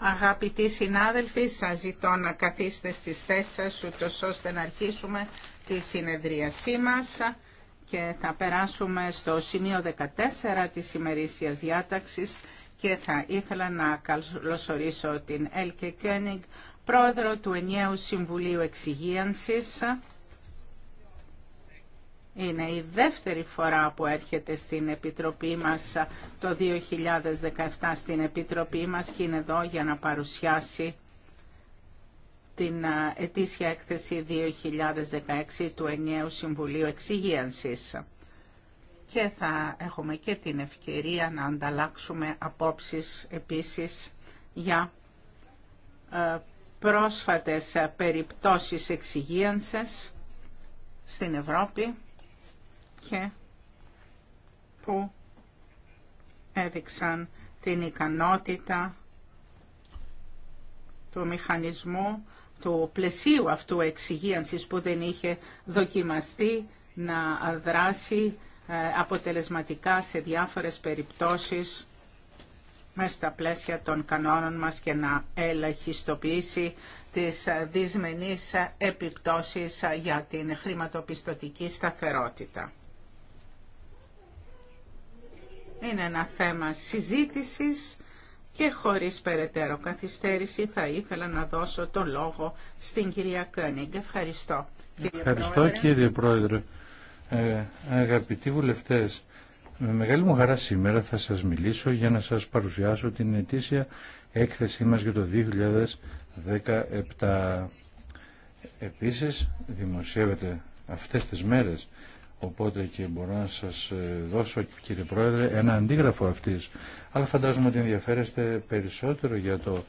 Αγαπητοί συνάδελφοι, σα ζητώ να καθίστε στι θέσει σα, ούτω ώστε να αρχίσουμε τη συνεδρίασή μα και θα περάσουμε στο σημείο 14 της ημερήσια διάταξη, και θα ήθελα να καλωσορίσω την Έλκε Κένιγκ, πρόεδρο του Ενιαίου Συμβουλίου Εξυγίανσης είναι η δεύτερη φορά που έρχεται στην Επιτροπή μας το 2017 στην Επιτροπή μας και είναι εδώ για να παρουσιάσει την ετήσια έκθεση 2016 του Ενιαίου Συμβουλίου Εξυγίανσης. Και θα έχουμε και την ευκαιρία να ανταλλάξουμε απόψεις επίσης για πρόσφατες περιπτώσεις εξυγίανσης στην Ευρώπη και που έδειξαν την ικανότητα του μηχανισμού, του πλαισίου αυτού εξυγίανσης που δεν είχε δοκιμαστεί να δράσει ε, αποτελεσματικά σε διάφορες περιπτώσεις μέσα στα πλαίσια των κανόνων μας και να ελαχιστοποιήσει τις δυσμενείς επιπτώσεις για την χρηματοπιστωτική σταθερότητα. Είναι ένα θέμα συζήτησης και χωρίς περαιτέρω καθυστέρηση θα ήθελα να δώσω το λόγο στην κυρία Κόνιγκ. Ευχαριστώ. Ευχαριστώ κύριε Πρόεδρε. Ε, αγαπητοί βουλευτές, με μεγάλη μου χαρά σήμερα θα σας μιλήσω για να σας παρουσιάσω την ετήσια έκθεσή μας για το 2017. Επίσης δημοσιεύεται αυτές τις μέρες Οπότε και μπορώ να σας ε, δώσω κύριε Πρόεδρε ένα αντίγραφο αυτής. Αλλά φαντάζομαι ότι ενδιαφέρεστε περισσότερο για το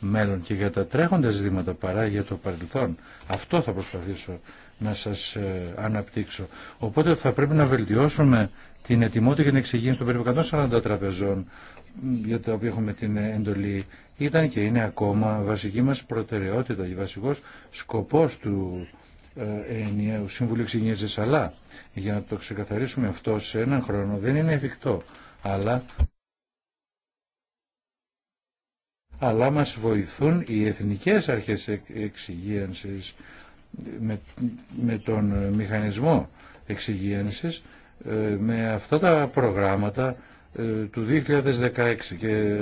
μέλλον και για τα τρέχοντα ζητήματα παρά για το παρελθόν. Αυτό θα προσπαθήσω να σας ε, αναπτύξω. Οπότε θα πρέπει να βελτιώσουμε την ετοιμότητα και την εξυγίνηση των περίπου 140 τραπεζών για τα οποία έχουμε την εντολή ήταν και είναι ακόμα βασική μας προτεραιότητα και βασικός σκοπός του ε, ενιαίου Σύμβουλου αλλά για να το ξεκαθαρίσουμε αυτό σε έναν χρόνο δεν είναι εφικτό, αλλά, αλλά μας βοηθούν οι εθνικές αρχές εξυγίανσης με, με τον μηχανισμό εξυγίανσης, ε, με αυτά τα προγράμματα ε, του 2016 και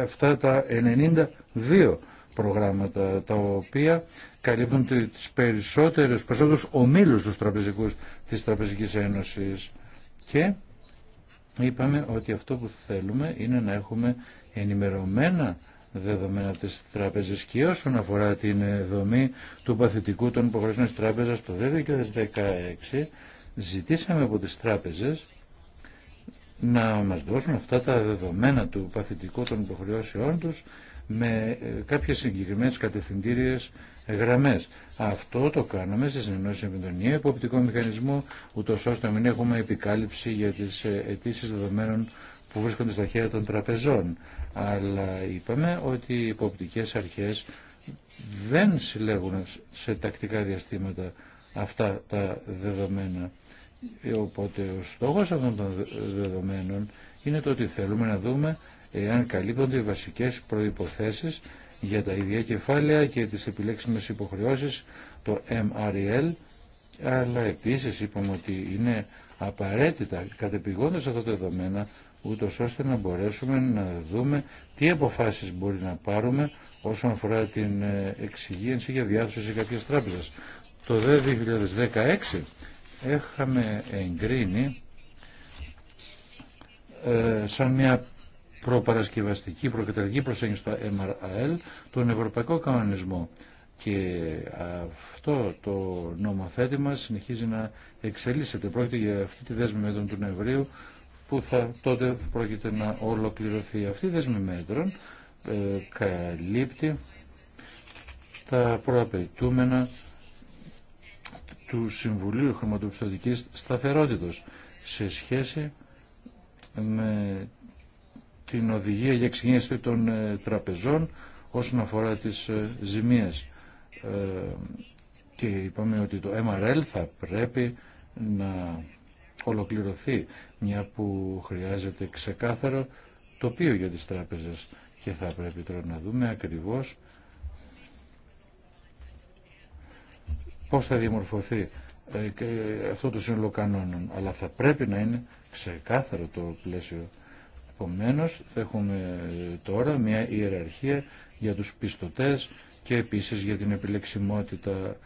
αυτά τα 92 προγράμματα τα οποία καλύπτουν τις περισσότερες, περισσότερους ομίλους τους τραπεζικούς της Τραπεζικής Ένωσης. Και είπαμε ότι αυτό που θέλουμε είναι να έχουμε ενημερωμένα δεδομένα της τράπεζας και όσον αφορά την δομή του παθητικού των υποχρεώσεων της τράπεζας το 2016 ζητήσαμε από τις τράπεζες να μας δώσουν αυτά τα δεδομένα του παθητικού των υποχρεώσεών τους με ε, κάποιες συγκεκριμένες κατευθυντήριες γραμμές. Αυτό το κάναμε σε συνεννόηση με τον ΙΕ, υποπτικό μηχανισμό, ούτω ώστε να μην έχουμε επικάλυψη για τι ε, αιτήσει δεδομένων που βρίσκονται στα χέρια των τραπεζών. Αλλά είπαμε ότι οι υποπτικέ αρχές δεν συλλέγουν σε τακτικά διαστήματα αυτά τα δεδομένα. Οπότε ο στόχος αυτών των δεδομένων είναι το ότι θέλουμε να δούμε εάν καλύπτονται οι βασικές προϋποθέσεις για τα ίδια κεφάλαια και τις επιλέξιμες υποχρεώσεις, το MREL, αλλά επίσης είπαμε ότι είναι απαραίτητα κατεπηγώντας αυτά τα δεδομένα ούτω ώστε να μπορέσουμε να δούμε τι αποφάσεις μπορεί να πάρουμε όσον αφορά την ε, εξυγίανση για διάθεση κάποιες τράπεζες. Το 2016 έχαμε εγκρίνει ε, σαν μια προπαρασκευαστική, προκαταρική προσέγγιση στο MRAL, τον Ευρωπαϊκό Κανονισμό. Και αυτό το νομοθέτημα συνεχίζει να εξελίσσεται. Πρόκειται για αυτή τη δέσμη μέτρων του Νευρίου που θα, τότε πρόκειται να ολοκληρωθεί. Αυτή η δέσμη μέτρων ε, καλύπτει τα προαπαιτούμενα του Συμβουλίου Χρηματοπιστωτικής Σταθερότητος σε σχέση με την οδηγία για εξηγήνωση των ε, τραπεζών όσον αφορά τις ε, ζημίες. Ε, και είπαμε ότι το MRL θα πρέπει να ολοκληρωθεί, μια που χρειάζεται ξεκάθαρο τοπίο για τις τράπεζες. Και θα πρέπει τώρα να δούμε ακριβώς πώς θα διαμορφωθεί αυτό το σύνολο κανόνων. Αλλά θα πρέπει να είναι ξεκάθαρο το πλαίσιο Επομένως θα έχουμε τώρα μια ιεραρχία για τους πιστωτές και επίσης για την επιλεξιμότητα.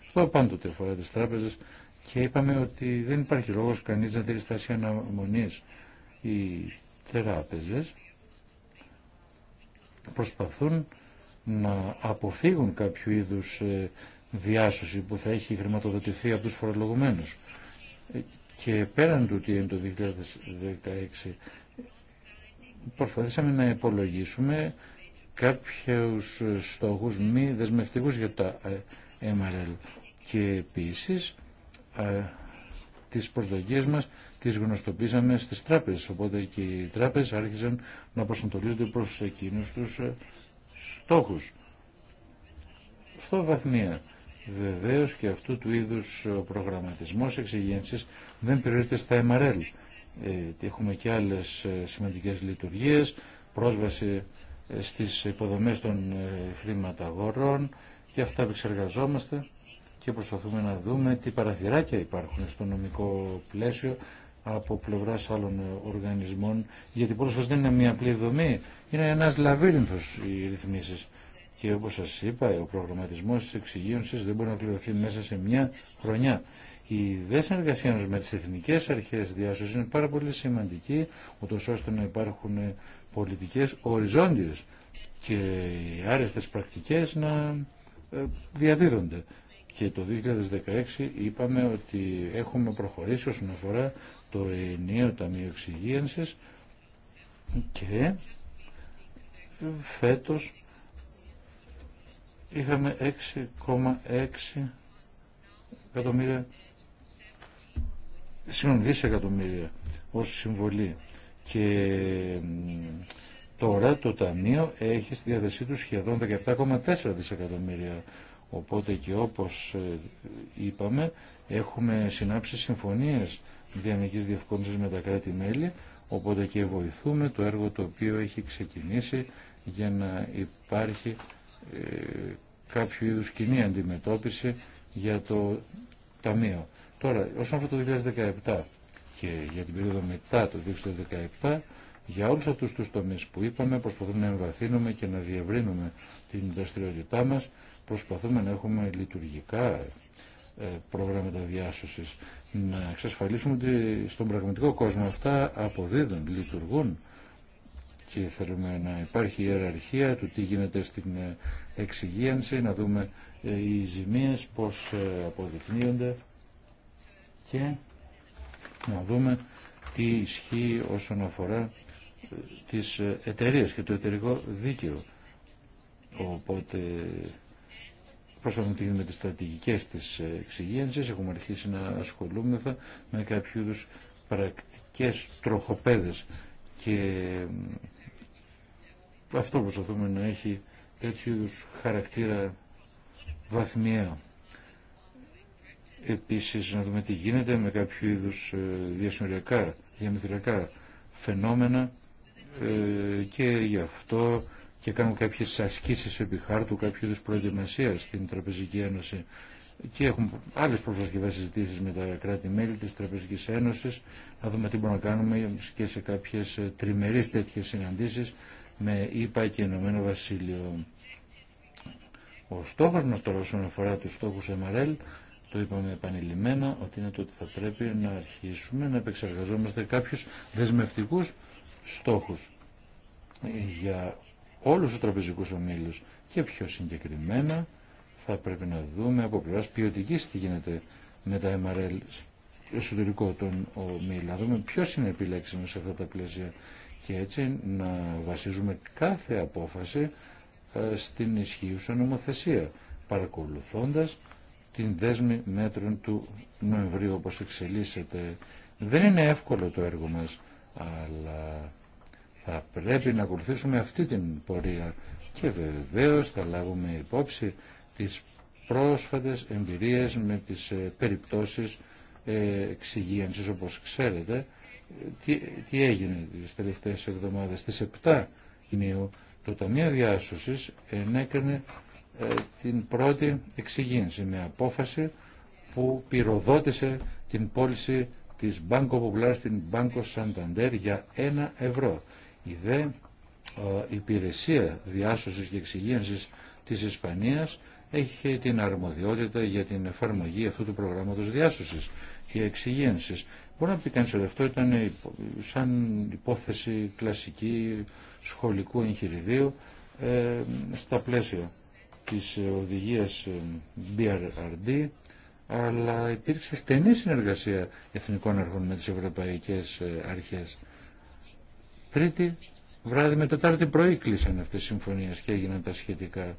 Αυτό πάντοτε αφορά τις τράπεζες και είπαμε ότι δεν υπάρχει λόγος κανείς να τηρεί στάση αναμονής. Οι τράπεζες προσπαθούν να αποφύγουν κάποιο είδους ε, διάσωση που θα έχει χρηματοδοτηθεί από τους φορολογουμένους. Ε, και πέραν του τι είναι το 2016, προσπαθήσαμε να υπολογίσουμε κάποιους στόχους μη δεσμευτικούς για τα ε, MRL και επίσης ε, τις προσδοκίες μας τις γνωστοποίησαμε στις τράπεζες οπότε και οι τράπεζες άρχισαν να προσανατολίζονται προς εκείνους τους ε, στόχους. Στο βαθμία Βεβαίως και αυτού του είδους ο προγραμματισμός εξυγένσης δεν περιορίζεται στα MRL. Ε, έχουμε και άλλες ε, σημαντικές λειτουργίες, πρόσβαση ε, στις υποδομές των χρηματαγορών και αυτά επεξεργαζόμαστε και προσπαθούμε να δούμε τι παραθυράκια υπάρχουν στο νομικό πλαίσιο από πλευράς άλλων οργανισμών, γιατί πρόσφατα δεν είναι μια απλή δομή, είναι ένας λαβύρινθος οι ρυθμίσεις και όπως σας είπα ο προγραμματισμός της εξυγίωσης δεν μπορεί να κληρωθεί μέσα σε μια χρονιά. Η δε συνεργασία με τις εθνικές αρχές διάσωσης είναι πάρα πολύ σημαντική ούτως ώστε να υπάρχουν πολιτικές οριζόντιες και οι άρεστες πρακτικές να ε, διαδίδονται. Και το 2016 είπαμε ότι έχουμε προχωρήσει όσον αφορά το ενίο Ταμείο Εξυγίανσης και φέτος είχαμε 6,6 εκατομμύρια συγγνώμη δισεκατομμύρια ως συμβολή και τώρα το Ταμείο έχει στη διάθεσή του σχεδόν 17,4 δισεκατομμύρια οπότε και όπως ε, είπαμε έχουμε συνάψει συμφωνίες διαμικής διευκόνησης με τα κράτη-μέλη οπότε και βοηθούμε το έργο το οποίο έχει ξεκινήσει για να υπάρχει ε, κάποιο είδους κοινή αντιμετώπιση για το Ταμείο. Τώρα, όσον αφορά το 2017 και για την περίοδο μετά το 2017, για όλους αυτούς τους τομείς που είπαμε, προσπαθούμε να εμβαθύνουμε και να διευρύνουμε την δραστηριότητά μας, προσπαθούμε να έχουμε λειτουργικά ε, προγράμματα διάσωσης, να εξασφαλίσουμε ότι στον πραγματικό κόσμο αυτά αποδίδουν, λειτουργούν και θέλουμε να υπάρχει ιεραρχία του τι γίνεται στην ε, εξυγίανση, να δούμε ε, οι ζημίες πώς ε, αποδεικνύονται και να δούμε τι ισχύει όσον αφορά τις εταιρείες και το εταιρικό δίκαιο. Οπότε πώς τι με τις στρατηγικές της εξυγίανσης έχουμε αρχίσει να ασχολούμεθα με κάποιου πρακτικές τροχοπέδες και αυτό προσπαθούμε να έχει τέτοιου είδου χαρακτήρα βαθμιαία. Επίσης να δούμε τι γίνεται με κάποιο είδους ε, διασυνοριακά, διαμετριακά φαινόμενα ε, και γι' αυτό και κάνουμε κάποιες ασκήσεις επί χάρτου, κάποιο είδους προετοιμασία στην Τραπεζική Ένωση και έχουμε άλλες προσκευές συζητήσεις με τα κράτη-μέλη της Τραπεζικής Ένωσης να δούμε τι μπορούμε να κάνουμε και σε κάποιες ε, τριμερείς τέτοιες συναντήσεις με ΙΠΑ και Ηνωμένο Βασίλειο. Ο στόχος μας τώρα όσον αφορά τους στόχους MRL, το είπαμε επανειλημμένα, ότι είναι το ότι θα πρέπει να αρχίσουμε να επεξεργαζόμαστε κάποιους δεσμευτικούς στόχους για όλους τους τραπεζικούς ομίλους και πιο συγκεκριμένα θα πρέπει να δούμε από πλευρά ποιοτική τι γίνεται με τα MRL εσωτερικό των ομίλων. Να δούμε ποιο είναι επιλέξιμο σε αυτά τα πλαίσια και έτσι να βασίζουμε κάθε απόφαση ε, στην ισχύουσα νομοθεσία παρακολουθώντας την δέσμη μέτρων του Νοεμβρίου όπως εξελίσσεται. Δεν είναι εύκολο το έργο μας, αλλά θα πρέπει να ακολουθήσουμε αυτή την πορεία και βεβαίως θα λάβουμε υπόψη τις πρόσφατες εμπειρίες με τις ε, περιπτώσεις ε, εξυγίανσης όπως ξέρετε τι, τι έγινε τις τελευταίες εβδομάδες. Στις 7 Ιουνίου το Ταμείο Διάσωσης ενέκρινε ε, την πρώτη εξηγήνση με απόφαση που πυροδότησε την πώληση της Banco Popular στην Banco Santander για ένα ευρώ. Η δε ε, υπηρεσία διάσωσης και εξηγήνσης της Ισπανίας έχει την αρμοδιότητα για την εφαρμογή αυτού του προγράμματος διάσωσης και εξηγήνσης Μπορεί να πει κανεί ότι αυτό ήταν σαν υπόθεση κλασική σχολικού εγχειριδίου ε, στα πλαίσια της οδηγίας BRRD ε, αλλά υπήρξε στενή συνεργασία εθνικών αρχών με τις ευρωπαϊκές ε, αρχές. Τρίτη βράδυ με Τετάρτη πρωί κλείσαν αυτές οι συμφωνίες και έγιναν τα σχετικά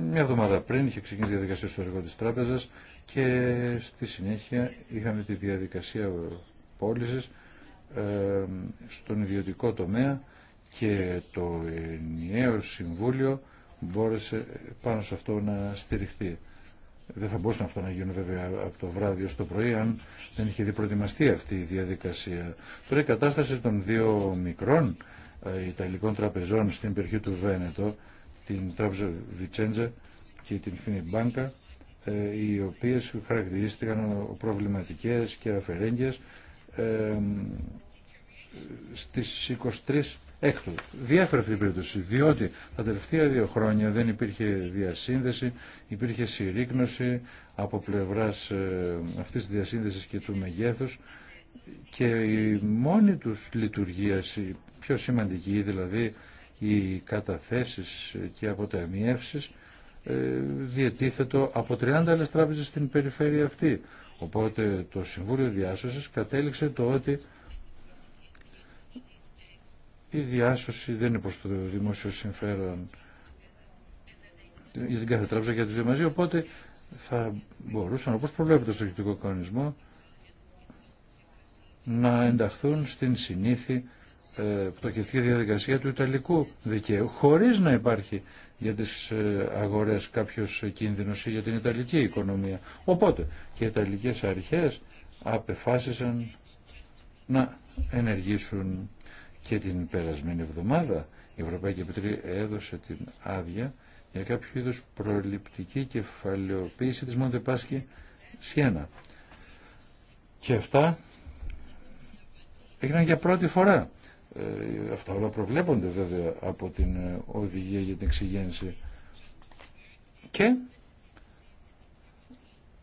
Μια εβδομάδα πριν είχε ξεκινήσει η διαδικασία στο εργό της τράπεζας και στη συνέχεια είχαμε τη διαδικασία πώλησης στον ιδιωτικό τομέα και το ενιαίο συμβούλιο μπόρεσε πάνω σε αυτό να στηριχτεί. Δεν θα μπορούσαν αυτά να γίνουν βέβαια από το βράδυ ως το πρωί αν δεν είχε προετοιμαστεί αυτή η διαδικασία. Τώρα η κατάσταση των δύο μικρών ε, Ιταλικών τραπεζών στην περιοχή του Βένετο την τράπεζα Βιτσέντζα και την Φινιμπάνκα ε, οι οποίες χαρακτηρίστηκαν προβληματικές και αφαιρέγγιες ε, στις 23 έκτου. Διάφερε αυτή η περίπτωση, διότι τα τελευταία δύο χρόνια δεν υπήρχε διασύνδεση, υπήρχε συρρήκνωση από πλευράς ε, αυτής της διασύνδεσης και του μεγέθους και η μόνη τους λειτουργία, η πιο σημαντική δηλαδή οι καταθέσεις και αποταμιεύσεις ε, διετίθετο από 30 άλλες τράπεζες στην περιφέρεια αυτή. Οπότε το Συμβούλιο Διάσωσης κατέληξε το ότι η διάσωση δεν είναι προς το δημόσιο συμφέρον για την κάθε τράπεζα και για μαζί, οπότε θα μπορούσαν, όπως προβλέπεται στο κοινωνικό κανονισμό, να ενταχθούν στην συνήθεια ε, πτωχευτική διαδικασία του Ιταλικού δικαίου, χωρίς να υπάρχει για τις ε, αγορές κάποιος κίνδυνος ή για την Ιταλική οικονομία. Οπότε και οι Ιταλικές αρχές απεφάσισαν να ενεργήσουν και την περασμένη εβδομάδα. Η Ευρωπαϊκή Επιτροπή έδωσε την άδεια για κάποιο είδους προληπτική κεφαλαιοποίηση της Μοντεπάσχη Σιένα. Και αυτά έγιναν για πρώτη φορά ε, αυτά όλα προβλέπονται βέβαια από την ε, οδηγία για την εξηγένση. και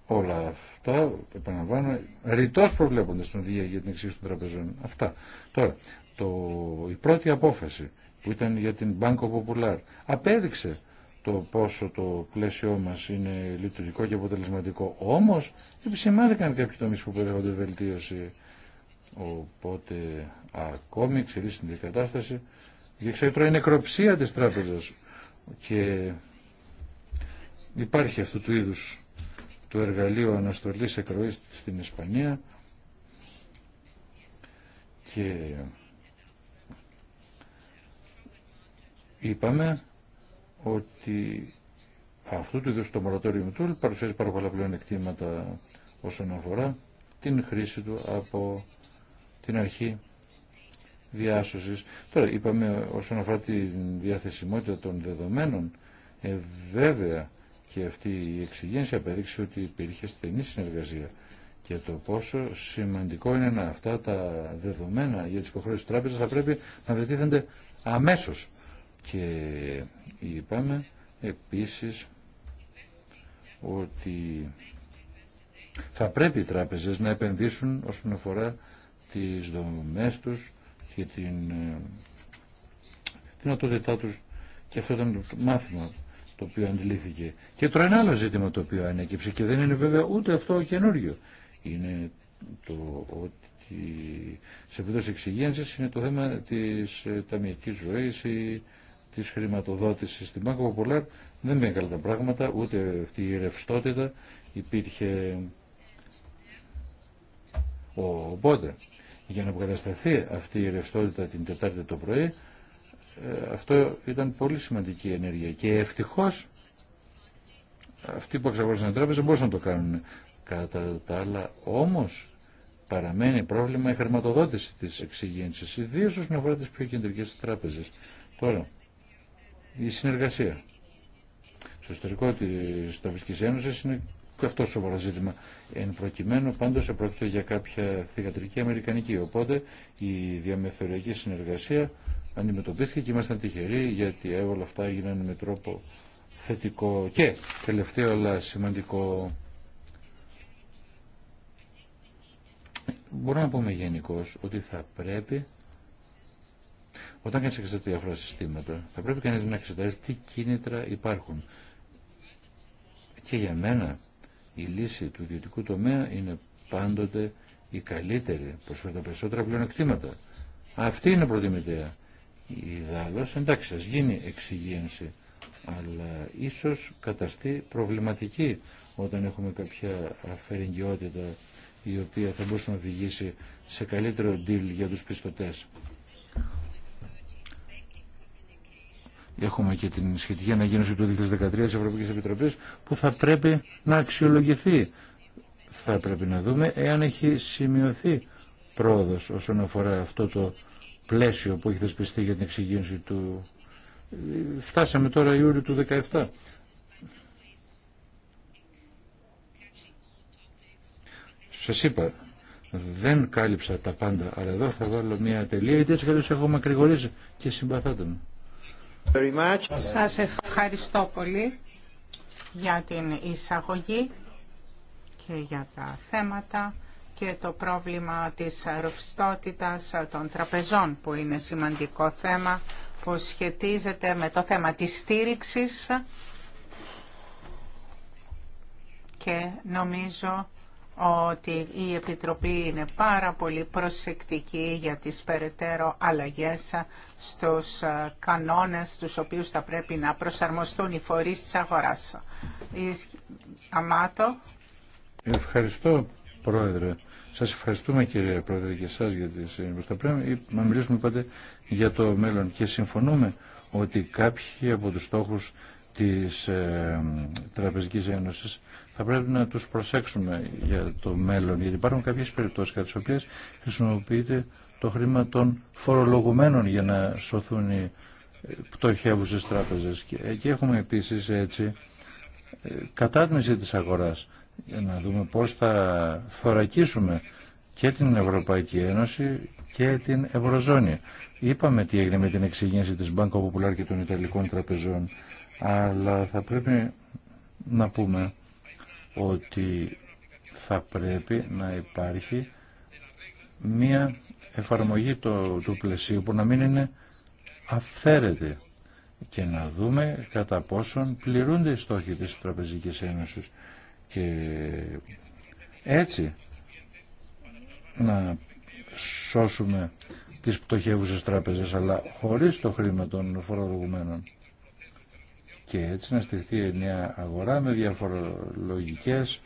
όλα αυτά επαναλαμβάνω ρητός προβλέπονται στην οδηγία για την εξήγηση των τραπεζών αυτά τώρα το, η πρώτη απόφαση που ήταν για την Banco Popular απέδειξε το πόσο το πλαίσιό μας είναι λειτουργικό και αποτελεσματικό όμως επισημάνθηκαν κάποιοι τομείς που περιέχονται βελτίωση Οπότε ακόμη εξελίσσεται την κατάσταση και ξέρω τώρα είναι νεκροψία της τράπεζας και υπάρχει αυτού του είδους το εργαλείο αναστολής εκροής στην Ισπανία και είπαμε ότι αυτού του είδους το moratorium tool παρουσιάζει πάρα πολλά πλέον εκτίματα όσον αφορά την χρήση του από την αρχή διάσωσης. Τώρα είπαμε όσον αφορά τη διαθεσιμότητα των δεδομένων, ε, βέβαια και αυτή η εξηγένση απέδειξε ότι υπήρχε στενή συνεργασία και το πόσο σημαντικό είναι να αυτά τα δεδομένα για τις υποχρεώσεις τράπεζας θα πρέπει να διατίθενται αμέσως. Και είπαμε επίσης ότι θα πρέπει οι τράπεζες να επενδύσουν όσον αφορά τις δομές τους και την δυνατότητά ε, τους και αυτό ήταν το μάθημα το οποίο αντιλήθηκε. Και τώρα ένα άλλο ζήτημα το οποίο ανέκυψε και δεν είναι βέβαια ούτε αυτό καινούριο. Είναι το ότι σε περίπτωση εξυγίανσης είναι το θέμα της ε, ταμιακής ζωής ή της χρηματοδότησης. Στην Banco ποπολαρ δεν πήγαν καλά τα πράγματα, ούτε αυτή η ρευστότητα υπήρχε. Οπότε, για να αποκατασταθεί αυτή η ρευστότητα την Τετάρτη το πρωί ε, αυτό ήταν πολύ σημαντική ενέργεια και ευτυχώ αυτοί που εξαγόρασαν την τράπεζα μπορούσαν να το κάνουν κατά τα άλλα όμως παραμένει πρόβλημα η χρηματοδότηση τη εξυγίανση, ιδίω όσον αφορά τι πιο κεντρικέ τράπεζε. τώρα η συνεργασία στο ιστορικό τη Τραπεζικής Ένωση είναι και αυτό σοβαρό ζήτημα Εν προκειμένου πάντως επρόκειτο για κάποια θηγατρική αμερικανική. Οπότε η διαμεθοριακή συνεργασία αντιμετωπίστηκε και ήμασταν τυχεροί γιατί όλα αυτά έγιναν με τρόπο θετικό και τελευταίο αλλά σημαντικό. Μπορώ να πούμε γενικώ ότι θα πρέπει όταν κανείς εξετάζει διάφορα συστήματα θα πρέπει κανείς να εξετάζει τι κίνητρα υπάρχουν. Και για μένα η λύση του ιδιωτικού τομέα είναι πάντοτε η καλύτερη, προσφέρει τα περισσότερα πλεονεκτήματα. Αυτή είναι προτιμητέα. Η δάλος, εντάξει, ας γίνει εξυγίανση, αλλά ίσως καταστεί προβληματική όταν έχουμε κάποια αφαιρεγγιότητα η οποία θα μπορούσε να οδηγήσει σε καλύτερο deal για τους πιστωτές. Έχουμε και την σχετική αναγένωση του 2013 της Ευρωπαϊκής Επιτροπής που θα πρέπει να αξιολογηθεί. Θα πρέπει να δούμε εάν έχει σημειωθεί πρόοδος όσον αφορά αυτό το πλαίσιο που έχει θεσπιστεί για την εξηγήνωση του... Φτάσαμε τώρα Ιούλιο του 2017. Σα είπα, δεν κάλυψα τα πάντα, αλλά εδώ θα βάλω μια τελεία, γιατί έτσι καλώς έχω μακρηγορήσει και συμπαθάτε μου. Σας ευχαριστώ πολύ για την εισαγωγή και για τα θέματα και το πρόβλημα της ρευστότητας των τραπεζών που είναι σημαντικό θέμα που σχετίζεται με το θέμα της στήριξης και νομίζω ότι η Επιτροπή είναι πάρα πολύ προσεκτική για τις περαιτέρω αλλαγές στους ε, κανόνες τους οποίους θα πρέπει να προσαρμοστούν οι φορείς της αγοράς. Αμάτο. Ευχαριστώ Πρόεδρε. Σας ευχαριστούμε κύριε Πρόεδρε και εσάς για τις πρέπει Να μιλήσουμε πάντα για το μέλλον και συμφωνούμε ότι κάποιοι από τους στόχους της ε, Τραπεζικής Ένωσης θα πρέπει να τους προσέξουμε για το μέλλον, γιατί υπάρχουν κάποιες περιπτώσεις κατά τις οποίες χρησιμοποιείται το χρήμα των φορολογουμένων για να σωθούν οι πτωχεύουσες τράπεζες. Και ε, έχουμε επίσης έτσι ε, κατάτμιση της αγοράς για να δούμε πώς θα θωρακίσουμε και την Ευρωπαϊκή Ένωση και την Ευρωζώνη. Είπαμε τι έγινε με την εξηγήνση της Banco Popular και των Ιταλικών τραπεζών, αλλά θα πρέπει να πούμε ότι θα πρέπει να υπάρχει μία εφαρμογή το, του πλαισίου που να μην είναι αυθαίρετη και να δούμε κατά πόσον πληρούνται οι στόχοι της Τραπεζικής Ένωσης και έτσι να σώσουμε τις πτωχεύουσες τράπεζες αλλά χωρίς το χρήμα των φορολογουμένων και έτσι να στηριχθεί μια αγορά με διαφορολογικές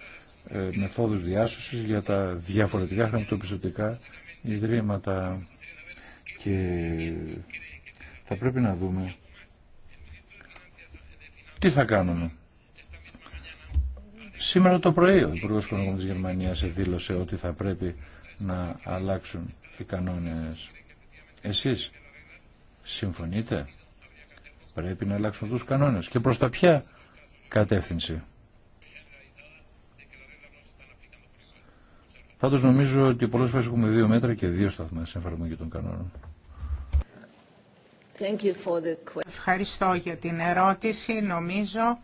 ε, μεθόδους διάσωσης για τα διαφορετικά χρηματοπιστωτικά ιδρύματα και θα πρέπει να δούμε τι θα κάνουμε. Σήμερα το πρωί ο Υπουργό Οικονομικών της Γερμανίας δήλωσε ότι θα πρέπει να αλλάξουν οι κανόνες. Εσείς συμφωνείτε Πρέπει να αλλάξουν τους κανόνες. Και προς τα ποια κατεύθυνση. Πάντως νομίζω ότι πολλές φορές έχουμε δύο μέτρα και δύο σταθμά σε εφαρμογή των κανόνων. Ευχαριστώ για την ερώτηση. Νομίζω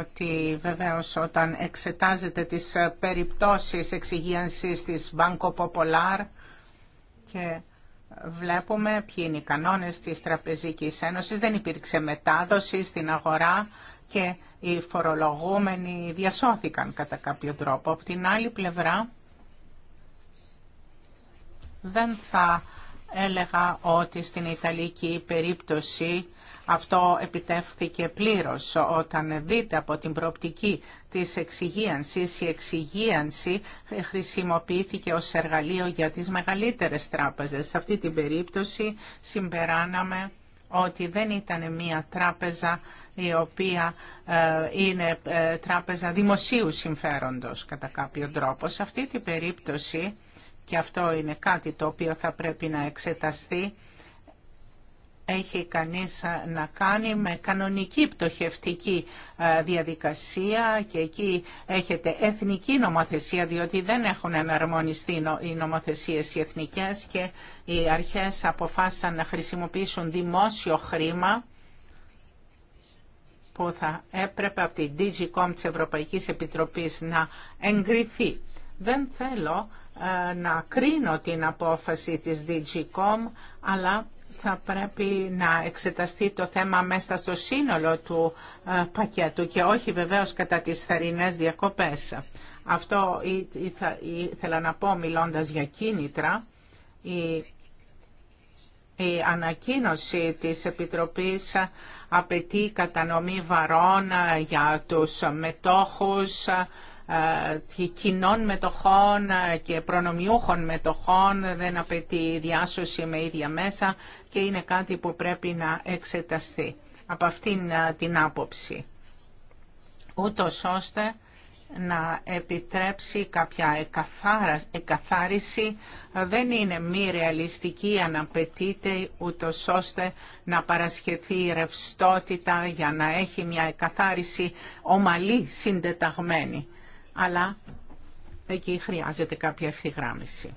ότι βεβαίως όταν εξετάζετε τις περιπτώσεις εξυγίανσης της Banco Popular και βλέπουμε ποιοι είναι οι κανόνες της Τραπεζικής Ένωσης. Δεν υπήρξε μετάδοση στην αγορά και οι φορολογούμενοι διασώθηκαν κατά κάποιο τρόπο. Από την άλλη πλευρά δεν θα έλεγα ότι στην Ιταλική περίπτωση αυτό επιτεύχθηκε πλήρως όταν δείτε από την προοπτική της εξυγίανσης. Η εξυγίανση χρησιμοποιήθηκε ως εργαλείο για τις μεγαλύτερες τράπεζες. Σε αυτή την περίπτωση συμπεράναμε ότι δεν ήταν μια τράπεζα η οποία ε, είναι ε, τράπεζα δημοσίου συμφέροντος κατά κάποιο τρόπο. Σε αυτή την περίπτωση, και αυτό είναι κάτι το οποίο θα πρέπει να εξεταστεί, έχει κανείς να κάνει με κανονική πτωχευτική ε, διαδικασία και εκεί έχετε εθνική νομοθεσία διότι δεν έχουν εναρμονιστεί οι νομοθεσίες οι εθνικές και οι αρχές αποφάσισαν να χρησιμοποιήσουν δημόσιο χρήμα που θα έπρεπε από την Digicom της Ευρωπαϊκής Επιτροπής να εγκριθεί. Δεν θέλω ε, να κρίνω την απόφαση της DGCOM αλλά θα πρέπει να εξεταστεί το θέμα μέσα στο σύνολο του ε, πακέτου και όχι βεβαίως κατά τις θερινές διακοπές. Αυτό ήθελα να πω μιλώντας για κίνητρα. Η η ανακοίνωση της Επιτροπής απαιτεί κατανομή βαρών ε, για τους μετόχους, ε, ε, κοινών μετοχών ε, και προνομιούχων μετοχών, δεν απαιτεί διάσωση με ίδια μέσα και είναι κάτι που πρέπει να εξεταστεί από αυτήν ε, την άποψη. Ούτως ώστε να επιτρέψει κάποια εκαθάριση δεν είναι μη ρεαλιστική αν απαιτείται ούτως ώστε να παρασχεθεί ρευστότητα για να έχει μια εκαθάριση ομαλή συντεταγμένη αλλά εκεί χρειάζεται κάποια ευθυγράμμιση.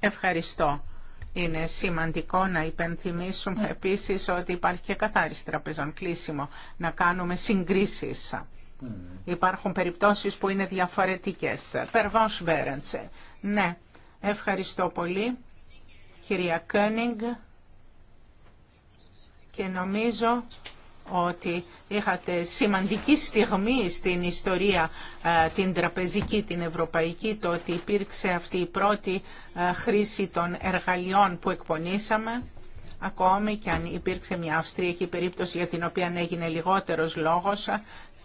Ευχαριστώ. Είναι σημαντικό να υπενθυμίσουμε επίσης ότι υπάρχει και καθάριση τραπεζών κλείσιμο, να κάνουμε συγκρίσεις. Mm. Υπάρχουν περιπτώσεις που είναι διαφορετικές. Περβάνς Μπέρεντσε. Ναι, ευχαριστώ πολύ. Κυρία Κόνιγκ. Και νομίζω ότι είχατε σημαντική στιγμή στην ιστορία ε, την τραπεζική, την ευρωπαϊκή, το ότι υπήρξε αυτή η πρώτη ε, χρήση των εργαλειών που εκπονήσαμε, ακόμη και αν υπήρξε μια αυστριακή περίπτωση για την οποία έγινε λιγότερος λόγος,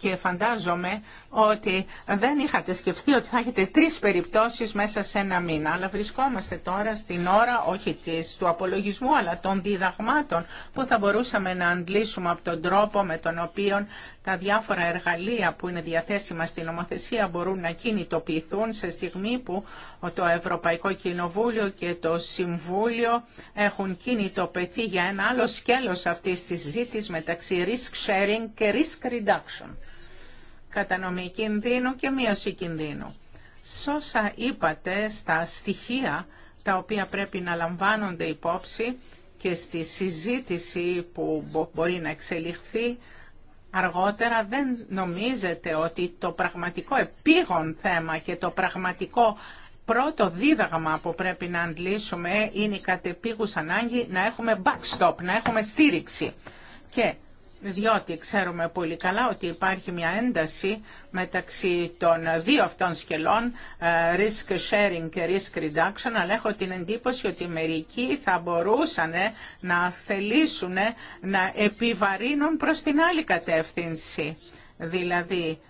και φαντάζομαι ότι δεν είχατε σκεφτεί ότι θα έχετε τρεις περιπτώσεις μέσα σε ένα μήνα. Αλλά βρισκόμαστε τώρα στην ώρα όχι της, του απολογισμού αλλά των διδαγμάτων που θα μπορούσαμε να αντλήσουμε από τον τρόπο με τον οποίο τα διάφορα εργαλεία που είναι διαθέσιμα στην νομοθεσία μπορούν να κινητοποιηθούν σε στιγμή που το Ευρωπαϊκό Κοινοβούλιο και το Συμβούλιο έχουν κινητοποιηθεί για ένα άλλο σκέλος αυτής της συζήτησης μεταξύ risk sharing και risk reduction. Κατανομή κινδύνου και μείωση κινδύνου. Σόσα είπατε στα στοιχεία τα οποία πρέπει να λαμβάνονται υπόψη και στη συζήτηση που μπορεί να εξελιχθεί αργότερα δεν νομίζετε ότι το πραγματικό επίγον θέμα και το πραγματικό πρώτο δίδαγμα που πρέπει να αντλήσουμε είναι η κατεπίγους ανάγκη να έχουμε backstop, να έχουμε στήριξη. Και διότι ξέρουμε πολύ καλά ότι υπάρχει μια ένταση μεταξύ των δύο αυτών σκελών, ε, risk sharing και risk reduction, αλλά έχω την εντύπωση ότι μερικοί θα μπορούσαν να θελήσουν να επιβαρύνουν προς την άλλη κατεύθυνση. Δηλαδή,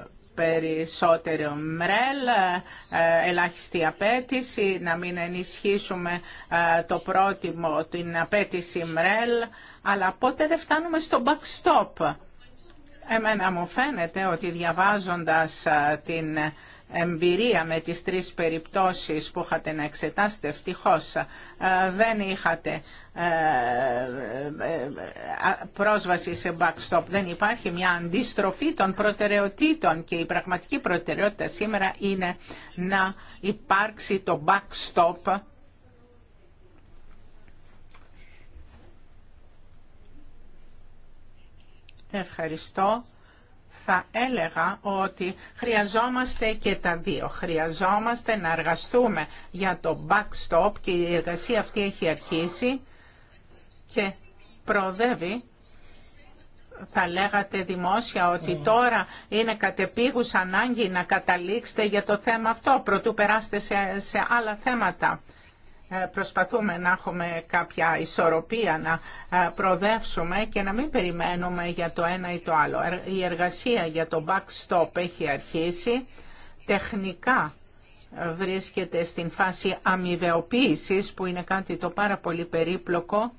ε, περισσότερο ΜΡΕΛ, ε, ελάχιστη απέτηση, να μην ενισχύσουμε ε, το πρότιμο, την απέτηση ΜΡΕΛ, αλλά πότε δεν φτάνουμε στο backstop. Εμένα μου φαίνεται ότι διαβάζοντας ε, την εμπειρία με τις τρεις περιπτώσεις που είχατε να εξετάσετε. Ευτυχώς ε, δεν είχατε ε, ε, πρόσβαση σε backstop. Δεν υπάρχει μια αντιστροφή των προτεραιοτήτων και η πραγματική προτεραιότητα σήμερα είναι να υπάρξει το backstop Ευχαριστώ θα έλεγα ότι χρειαζόμαστε και τα δύο. Χρειαζόμαστε να εργαστούμε για το backstop και η εργασία αυτή έχει αρχίσει και προοδεύει θα λέγατε δημόσια ότι ναι. τώρα είναι κατεπίγους ανάγκη να καταλήξετε για το θέμα αυτό, προτού περάστε σε άλλα θέματα. Ε, προσπαθούμε να έχουμε κάποια ισορροπία, να ε, προδεύσουμε και να μην περιμένουμε για το ένα ή το άλλο. Ε, η εργασία για το backstop έχει αρχίσει. Τεχνικά βρίσκεται στην φάση αμοιβεοποίησης που είναι κάτι το πάρα πολύ περίπλοκο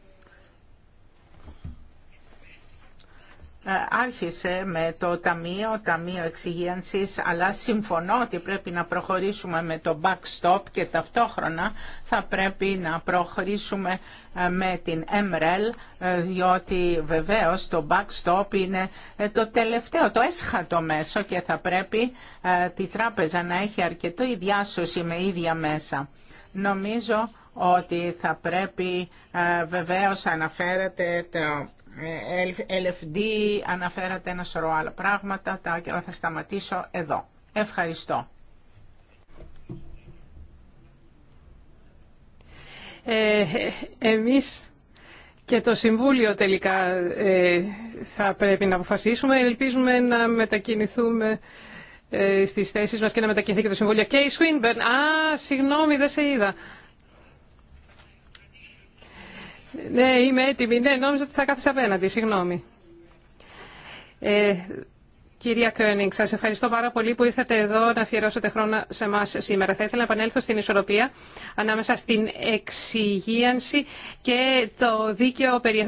Ε, άρχισε με το Ταμείο, Ταμείο Εξυγίανσης, αλλά συμφωνώ ότι πρέπει να προχωρήσουμε με το backstop και ταυτόχρονα θα πρέπει να προχωρήσουμε ε, με την MREL, ε, διότι βεβαίως το backstop είναι το τελευταίο, το έσχατο μέσο και θα πρέπει τη τράπεζα να έχει αρκετό διάσωση με ίδια μέσα. Νομίζω ότι θα πρέπει βεβαίως αναφέρεται το LFD, αναφέρατε ένα σωρό άλλα πράγματα, τα, θα σταματήσω εδώ. Ευχαριστώ. Ε, εμείς και το Συμβούλιο τελικά ε, θα πρέπει να αποφασίσουμε. Ελπίζουμε να μετακινηθούμε ε, στις θέσεις μας και να μετακινηθεί και το Συμβούλιο. Και η Σουίνμπερν. Α, συγγνώμη, δεν σε είδα. Ναι, είμαι έτοιμη. Ναι, νόμιζα ότι θα κάθεσαι απέναντι. Συγγνώμη. Ε, κυρία Κόνιγκ, σας ευχαριστώ πάρα πολύ που ήρθατε εδώ να αφιερώσετε χρόνο σε εμά σήμερα. Θα ήθελα να επανέλθω στην ισορροπία ανάμεσα στην εξυγίανση και το δίκαιο περί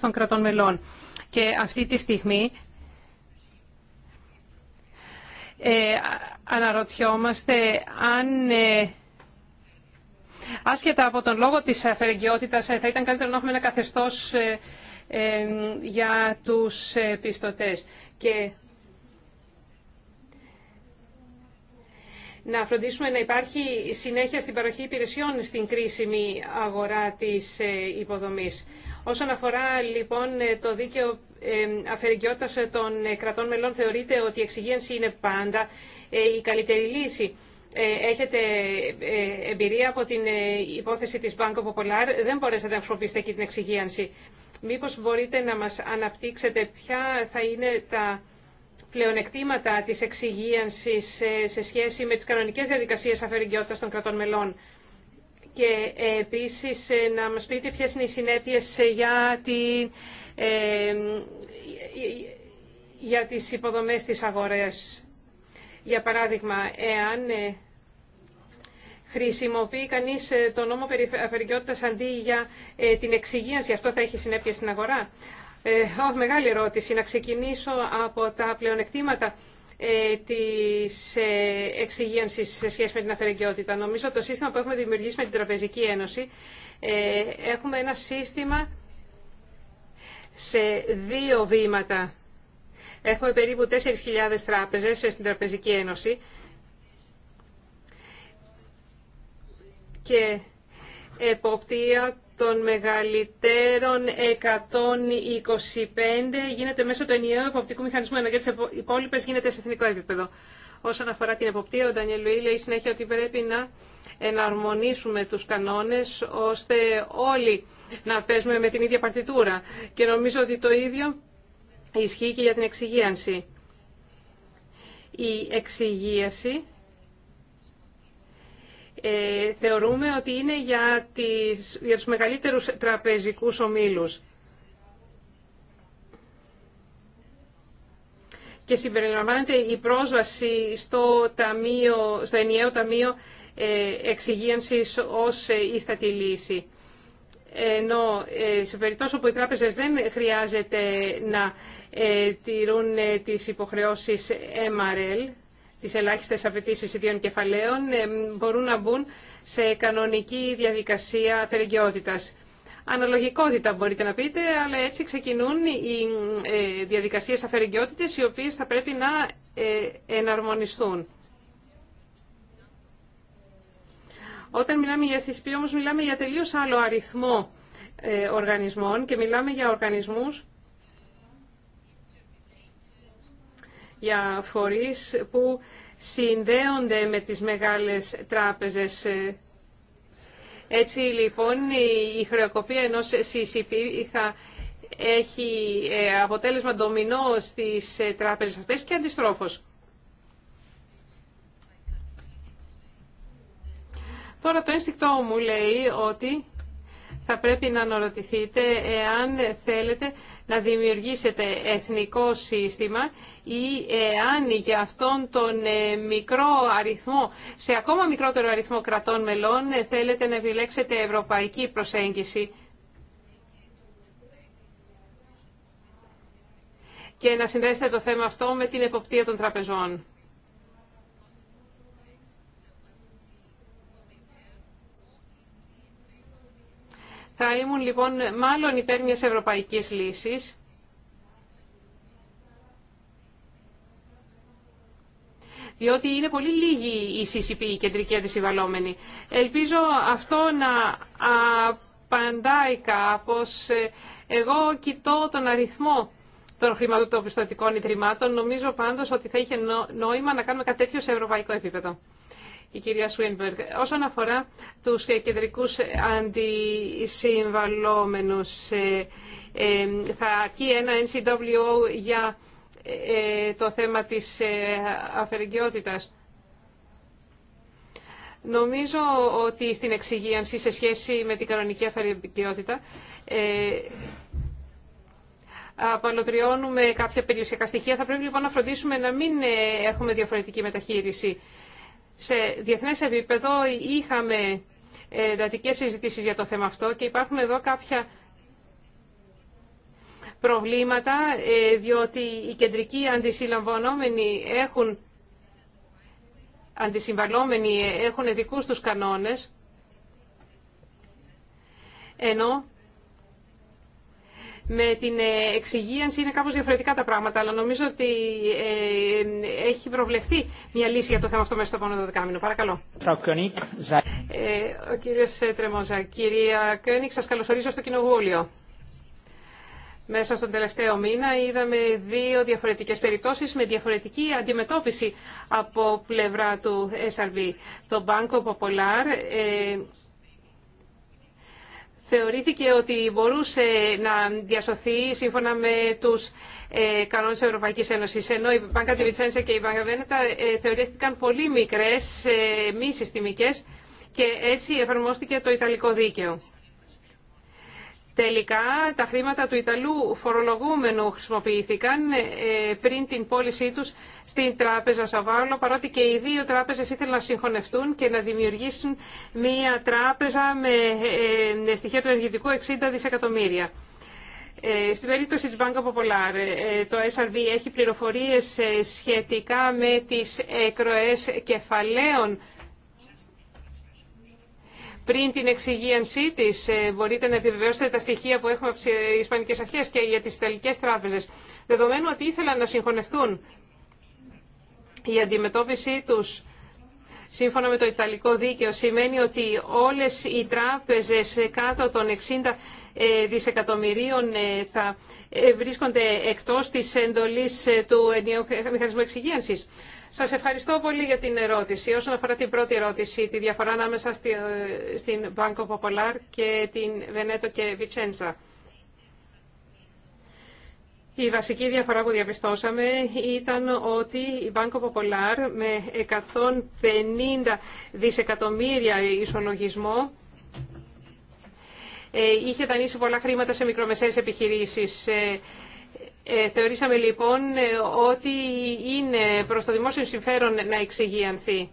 των κρατών μελών. Και αυτή τη στιγμή ε, αναρωτιόμαστε αν... Ε, Άσχετα από τον λόγο της αφαιρεγγιότητας, ε, θα ήταν καλύτερο να έχουμε ένα καθεστώς ε, ε, για τους πιστωτές. Και να φροντίσουμε να υπάρχει συνέχεια στην παροχή υπηρεσιών στην κρίσιμη αγορά της υποδομής. Όσον αφορά λοιπόν το δίκαιο αφαιρεγγιότητας των κρατών μελών, θεωρείται ότι η εξυγίανση είναι πάντα η καλύτερη λύση. Ε, έχετε ε, εμπειρία από την ε, υπόθεση της Banco Popular, δεν μπορέσατε να χρησιμοποιήσετε εκεί την εξυγίανση. Μήπως μπορείτε να μας αναπτύξετε ποια θα είναι τα πλεονεκτήματα της εξυγίανσης σε σχέση με τις κανονικές διαδικασίες αφαιρεγγιότητας των κρατών μελών. Και επίσης να μας πείτε ποιες είναι οι συνέπειες για, την, ε, για τις υποδομές της αγορές. Για παράδειγμα, εάν ε, χρησιμοποιεί κανείς ε, το νόμο περιφερειακότητας αντί για ε, την εξυγίανση, αυτό θα έχει συνέπεια στην αγορά. Ε, μεγάλη ερώτηση. Να ξεκινήσω από τα πλεονεκτήματα ε, της ε, σε σχέση με την αφαιρεγκαιότητα. Νομίζω το σύστημα που έχουμε δημιουργήσει με την Τραπεζική Ένωση ε, έχουμε ένα σύστημα σε δύο βήματα. Έχουμε περίπου 4.000 τράπεζες στην Τραπεζική Ένωση και εποπτεία των μεγαλύτερων 125 γίνεται μέσω του ενιαίου εποπτικού μηχανισμού, ενώ για τις υπόλοιπες γίνεται σε εθνικό επίπεδο. Όσον αφορά την εποπτεία, ο Ντανιέλ Λουί λέει συνέχεια ότι πρέπει να εναρμονίσουμε τους κανόνες ώστε όλοι να παίζουμε με την ίδια παρτιτούρα. Και νομίζω ότι το ίδιο ισχύει και για την εξυγίανση. Η εξυγίαση ε, θεωρούμε ότι είναι για, τις, για τους μεγαλύτερους τραπεζικούς ομίλους. Και συμπεριλαμβάνεται η πρόσβαση στο, ταμείο, στο ενιαίο ταμείο ε, εξυγίανσης ως ιστατή ε, λύση ενώ ε, σε περίπτωση όπου οι τράπεζες δεν χρειάζεται να ε, τηρούν ε, τις υποχρεώσεις MRL, τις ελάχιστες απαιτήσει ιδίων κεφαλαίων, μπορούν να μπουν σε κανονική διαδικασία αφαιρεγγιότητας. Αναλογικότητα μπορείτε να πείτε, αλλά έτσι ξεκινούν οι διαδικασίες αφαιρεγγιότητες, οι οποίες θα πρέπει να εναρμονιστούν. Όταν μιλάμε για CCP όμως μιλάμε για τελείως άλλο αριθμό ε, οργανισμών και μιλάμε για οργανισμούς για φορείς που συνδέονται με τις μεγάλες τράπεζες. Έτσι λοιπόν η χρεοκοπία ενός CCP θα έχει ε, αποτέλεσμα ντομινό στις ε, τράπεζες αυτές και αντιστρόφως. Τώρα το ένστικτό μου λέει ότι θα πρέπει να αναρωτηθείτε εάν θέλετε να δημιουργήσετε εθνικό σύστημα ή εάν για αυτόν τον ε, μικρό αριθμό, σε ακόμα μικρότερο αριθμό κρατών μελών, ε, θέλετε να επιλέξετε ευρωπαϊκή προσέγγιση. και να συνδέσετε το θέμα αυτό με την εποπτεία των τραπεζών. Θα ήμουν λοιπόν μάλλον υπέρ μια ευρωπαϊκή λύση. διότι είναι πολύ λίγοι οι CCP, οι κεντρικοί αντισυμβαλόμενοι. Ελπίζω αυτό να απαντάει κάπως. Εγώ κοιτώ τον αριθμό των χρηματοπιστωτικών ιδρυμάτων. Νομίζω πάντως ότι θα είχε νόημα να κάνουμε κάτι τέτοιο σε ευρωπαϊκό επίπεδο η κυρία Σουίνμπεργκ. Όσον αφορά τους κεντρικούς αντισυμβαλόμενους, ε, ε, θα αρκεί ένα NCWO για ε, το θέμα της αφαιρεγγιότητας. Νομίζω ότι στην εξυγίανση σε σχέση με την κανονική αφαιρεγγιότητα απαλωτριώνουμε κάποια περιουσιακά στοιχεία. Θα πρέπει λοιπόν να φροντίσουμε να μην έχουμε διαφορετική μεταχείριση. Σε διεθνές επίπεδο είχαμε ε, εντατικές συζητήσεις για το θέμα αυτό και υπάρχουν εδώ κάποια προβλήματα, ε, διότι οι κεντρικοί αντισυλλαμβανόμενοι έχουν αντισυμβαλόμενοι έχουν δικούς τους κανόνες, ενώ με την ε, εξυγίανση είναι κάπως διαφορετικά τα πράγματα, αλλά νομίζω ότι ε, ε, έχει προβλεφθεί μια λύση για το θέμα αυτό μέσα στο επόμενο δεκάμινο. Παρακαλώ. Ο κύριος Τρεμόζα, κυρία Κόνικ, σας καλωσορίζω στο Κοινοβούλιο. Μέσα στον τελευταίο μήνα είδαμε δύο διαφορετικές περιπτώσεις με διαφορετική αντιμετώπιση από πλευρά του SRB. Το Banco Popular θεωρήθηκε ότι μπορούσε να διασωθεί σύμφωνα με τους ε, κανόνε τη Ευρωπαϊκής Ένωσης, ενώ η Μπάνκα Τιβιτσένσε και η Μπάνκα Βένετα θεωρήθηκαν πολύ μικρές, ε, μη συστημικές και έτσι εφαρμόστηκε το Ιταλικό Δίκαιο. Τελικά τα χρήματα του Ιταλού φορολογούμενου χρησιμοποιήθηκαν ε, πριν την πώλησή τους στην τράπεζα Σαβάλλο, παρότι και οι δύο τράπεζες ήθελαν να συγχωνευτούν και να δημιουργήσουν μία τράπεζα με ε, ε, στοιχεία του ενεργητικού 60 δισεκατομμύρια. Στην περίπτωση της Banco Popular, το SRB έχει πληροφορίες σχετικά με τις εκροές κεφαλαίων πριν την εξυγίανσή της. Ε, μπορείτε να επιβεβαιώσετε τα στοιχεία που έχουμε από τι ε, Ισπανικές Αρχές και για τις Ιταλικές Τράπεζες. Δεδομένου ότι ήθελαν να συγχωνευτούν η αντιμετώπιση τους σύμφωνα με το Ιταλικό Δίκαιο σημαίνει ότι όλες οι τράπεζες κάτω των 60 ε, δισεκατομμυρίων θα βρίσκονται εκτός της εντολής του ενιαίου μηχανισμού εξυγίανσης. Σας ευχαριστώ πολύ για την ερώτηση. Όσον αφορά την πρώτη ερώτηση, τη διαφορά ανάμεσα ε, στην Banco Popular και την Veneto και Vicenza. Η βασική διαφορά που διαπιστώσαμε ήταν ότι η Banco Popular με 150 δισεκατομμύρια ισολογισμό ε, είχε δανείσει πολλά χρήματα σε μικρομεσαίες επιχειρήσεις. Ε, ε, θεωρήσαμε λοιπόν ε, ότι είναι προς το δημόσιο συμφέρον να εξηγιανθεί.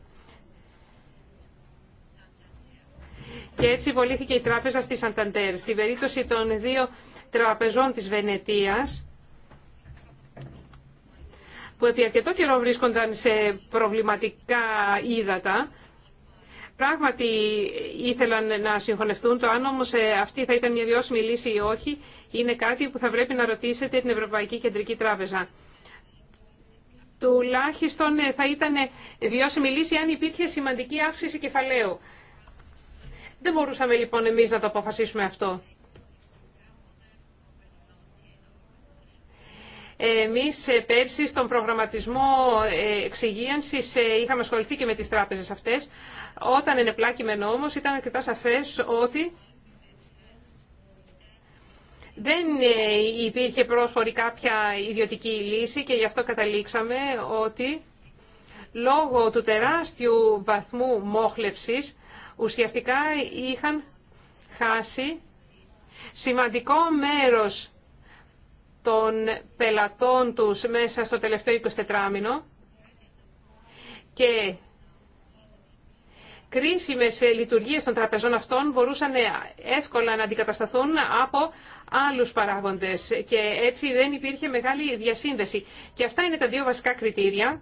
Και έτσι βολήθηκε η τράπεζα στη Σανταντέρ. Στην περίπτωση των δύο τραπεζών της Βενετίας, που επί αρκετό καιρό βρίσκονταν σε προβληματικά ύδατα, Πράγματι ήθελαν να συγχωνευτούν. Το αν όμω ε, αυτή θα ήταν μια βιώσιμη λύση ή όχι είναι κάτι που θα πρέπει να ρωτήσετε την Ευρωπαϊκή Κεντρική Τράπεζα. Τουλάχιστον ε, θα ήταν βιώσιμη λύση αν υπήρχε σημαντική αύξηση κεφαλαίου. Δεν μπορούσαμε λοιπόν εμεί να το αποφασίσουμε αυτό. Εμείς ε, πέρσι στον προγραμματισμό ε, εξυγίανσης ε, είχαμε ασχοληθεί και με τις τράπεζες αυτές. Όταν ενεπλάκημενο όμως ήταν αρκετά σαφές ότι δεν υπήρχε πρόσφορη κάποια ιδιωτική λύση και γι' αυτό καταλήξαμε ότι λόγω του τεράστιου βαθμού μόχλευσης ουσιαστικά είχαν χάσει σημαντικό μέρος των πελατών τους μέσα στο τελευταίο 24 μήνο και κρίσιμες λειτουργίες των τραπεζών αυτών μπορούσαν εύκολα να αντικατασταθούν από άλλους παράγοντες και έτσι δεν υπήρχε μεγάλη διασύνδεση. Και αυτά είναι τα δύο βασικά κριτήρια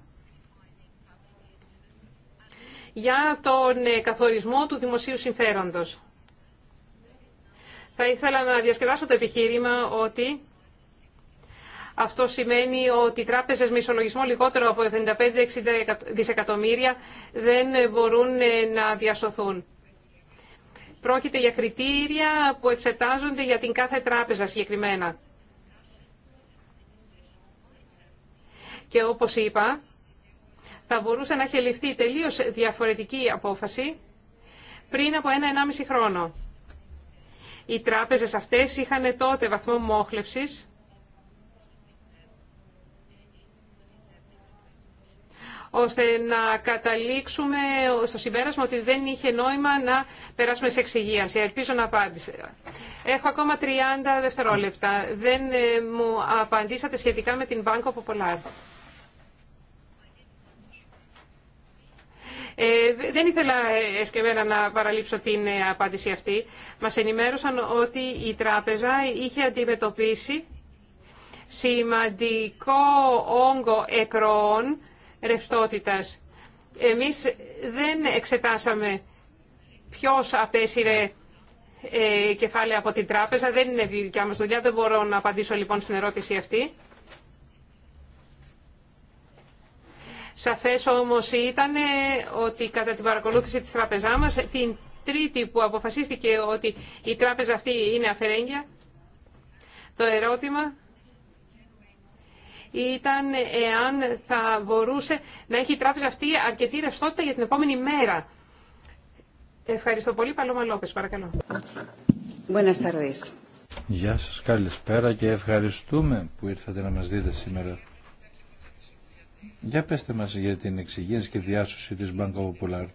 για τον καθορισμό του δημοσίου συμφέροντος. Θα ήθελα να διασκεδάσω το επιχείρημα ότι αυτό σημαίνει ότι οι τράπεζες με ισολογισμό λιγότερο από 75-60 δισεκατομμύρια δεν μπορούν ε, να διασωθούν. Πρόκειται για κριτήρια που εξετάζονται για την κάθε τράπεζα συγκεκριμένα. Και όπως είπα, θα μπορούσε να έχει ληφθεί τελείως διαφορετική απόφαση πριν από ένα-ενάμιση χρόνο. Οι τράπεζες αυτές είχαν τότε βαθμό μόχλευσης ώστε να καταλήξουμε στο συμπέρασμα ότι δεν είχε νόημα να περάσουμε σε εξυγίανση. Ελπίζω να απάντησε. Έχω ακόμα 30 δευτερόλεπτα. Δεν ε, μου απαντήσατε σχετικά με την Banco Popular. Ε, δεν ήθελα εσκεμένα να παραλείψω την ε, απάντηση αυτή. Μας ενημέρωσαν ότι η τράπεζα είχε αντιμετωπίσει σημαντικό όγκο εκροών ρευστότητας. Εμείς δεν εξετάσαμε ποιος απέσυρε ε, κεφάλαια από την τράπεζα. Δεν είναι δικιά μας δουλειά, δεν μπορώ να απαντήσω λοιπόν στην ερώτηση αυτή. Σαφές όμως ήταν ε, ότι κατά την παρακολούθηση της τράπεζά μας, την τρίτη που αποφασίστηκε ότι η τράπεζα αυτή είναι αφαιρέγγια, το ερώτημα ήταν εάν θα μπορούσε να έχει η τράπεζα αυτή αρκετή ρευστότητα για την επόμενη μέρα. Ευχαριστώ πολύ. Παλώμα Λόπες, παρακαλώ. Γεια σας, καλησπέρα και ευχαριστούμε που ήρθατε να μας δείτε σήμερα. Για πέστε μας για την εξυγίανση και διάσωση της Banco Popular.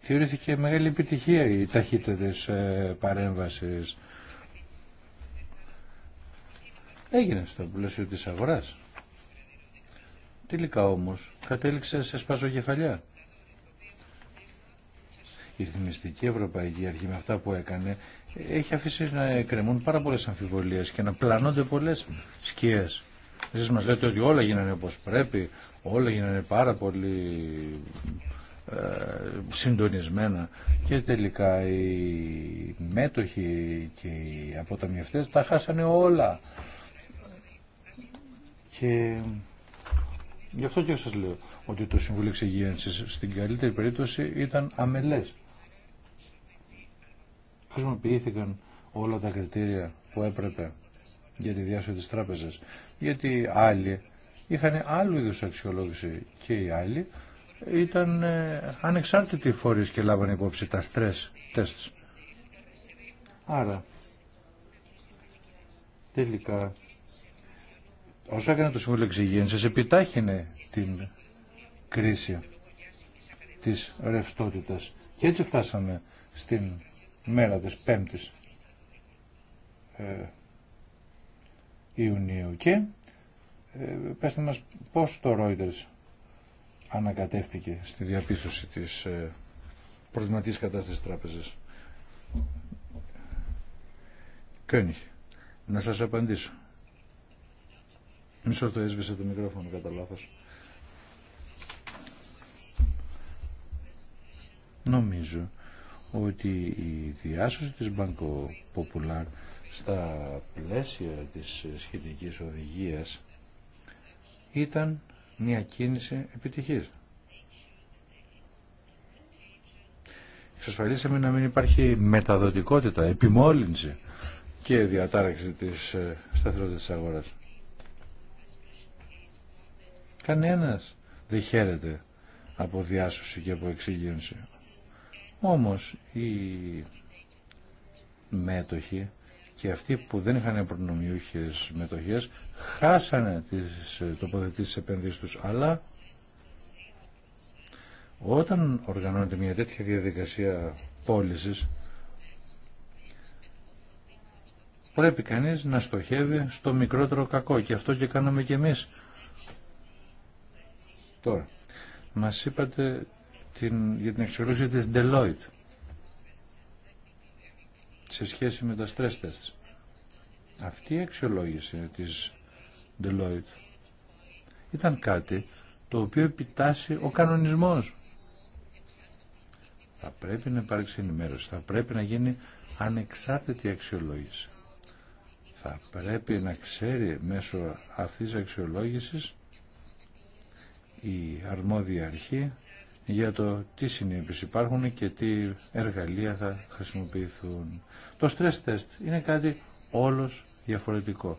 Θεωρήθηκε μεγάλη επιτυχία η ταχύτητα της ε, παρέμβασης έγινε στο πλαίσιο της αγοράς. Τελικά όμως κατέληξε σε σπαζογεφαλιά. Η θυμιστική Ευρωπαϊκή Αρχή με αυτά που έκανε έχει αφήσει να εκκρεμούν πάρα πολλές αμφιβολίες και να πλανώνται πολλές σκιές. Εσείς μας λέτε ότι όλα γίνανε όπως πρέπει, όλα γίνανε πάρα πολύ ε, συντονισμένα και τελικά οι μέτοχοι και οι αποταμιευτές τα χάσανε όλα και γι' αυτό και σας λέω ότι το Συμβούλιο Εξυγένσης στην καλύτερη περίπτωση ήταν αμελές. Χρησιμοποιήθηκαν όλα τα κριτήρια που έπρεπε για τη διάσωση της τράπεζας. Γιατί άλλοι είχαν άλλου είδου αξιολόγηση και οι άλλοι ήταν ε, ανεξάρτητοι φορείς και λάβανε υπόψη τα στρες τεστ. Άρα, τελικά όσο έκανε το Συμβούλιο επιτάχυνε την κρίση της ρευστότητα. Και έτσι φτάσαμε στην μέρα της 5ης ε, Ιουνίου. Και ε, πέστε μας πώς το Reuters ανακατεύτηκε στη διαπίστωση της ε, προβληματικής κατάστασης τράπεζας. Κόνιχ, να σας απαντήσω. Μισό το έσβησε το μικρόφωνο κατά λάθο. Νομίζω ότι η διάσωση της Banco Popular στα πλαίσια της σχετικής οδηγίας ήταν μια κίνηση επιτυχής. Εξασφαλίσαμε να μην υπάρχει μεταδοτικότητα, επιμόλυνση και διατάραξη της ε, σταθερότητας της αγοράς. Κανένας δεν χαίρεται από διάσωση και από εξήγηση. Όμως οι μέτοχοι και αυτοί που δεν είχαν προνομιούχες μετοχές χάσανε τις τοποθετήσεις επενδύσεις τους, αλλά όταν οργανώνεται μια τέτοια διαδικασία πώλησης πρέπει κανείς να στοχεύει στο μικρότερο κακό και αυτό και κάναμε και εμείς Τώρα, μας είπατε την, για την αξιολόγηση της Deloitte σε σχέση με τα stress tests. Αυτή η αξιολόγηση της Deloitte ήταν κάτι το οποίο επιτάσσει ο κανονισμός. Θα πρέπει να υπάρξει ενημέρωση, θα πρέπει να γίνει ανεξάρτητη αξιολόγηση. Θα πρέπει να ξέρει μέσω αυτής της αξιολόγησης η αρμόδια αρχή για το τι συνήθειες υπάρχουν και τι εργαλεία θα χρησιμοποιηθούν. Το stress test είναι κάτι όλος διαφορετικό.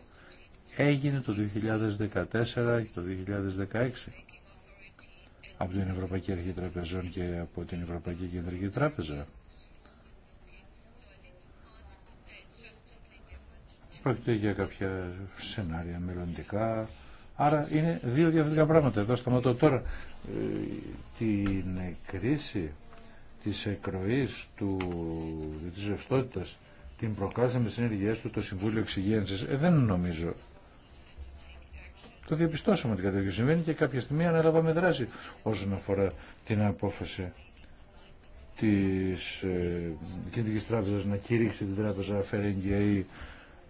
Έγινε το 2014 και το 2016 από την Ευρωπαϊκή Αρχή Τραπεζών και από την Ευρωπαϊκή Κεντρική Τράπεζα. Πρόκειται για κάποια σενάρια μελλοντικά, Άρα είναι δύο διαφορετικά πράγματα. Εδώ σταματώ τώρα ε, την κρίση της εκροής του, της ρευστότητας την προκάλεσε με συνεργειές του το Συμβούλιο Εξυγένσης. Ε, δεν νομίζω. Το διαπιστώσαμε ότι κάτι συμβαίνει και κάποια στιγμή αναλάβαμε δράση όσον αφορά την απόφαση της ε, Κεντρικής Τράπεζας να κηρύξει την Τράπεζα αφαιρέγγια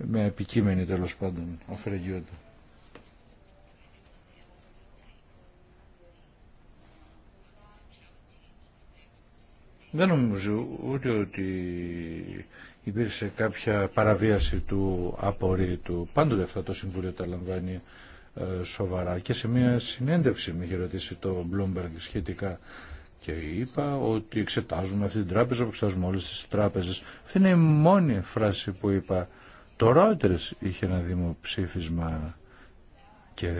με επικείμενη τέλος πάντων αφαιρεγγιότητα. Δεν νομίζω ούτε ότι υπήρξε κάποια παραβίαση του απορρίτου. Πάντοτε αυτό το Συμβούλιο τα λαμβάνει ε, σοβαρά. Και σε μια συνέντευξη με είχε ρωτήσει το Bloomberg σχετικά και είπα ότι εξετάζουμε αυτή την τράπεζα που εξετάζουμε όλες τις τράπεζες. Αυτή είναι η μόνη φράση που είπα. Το Reuters είχε ένα δημοψήφισμα και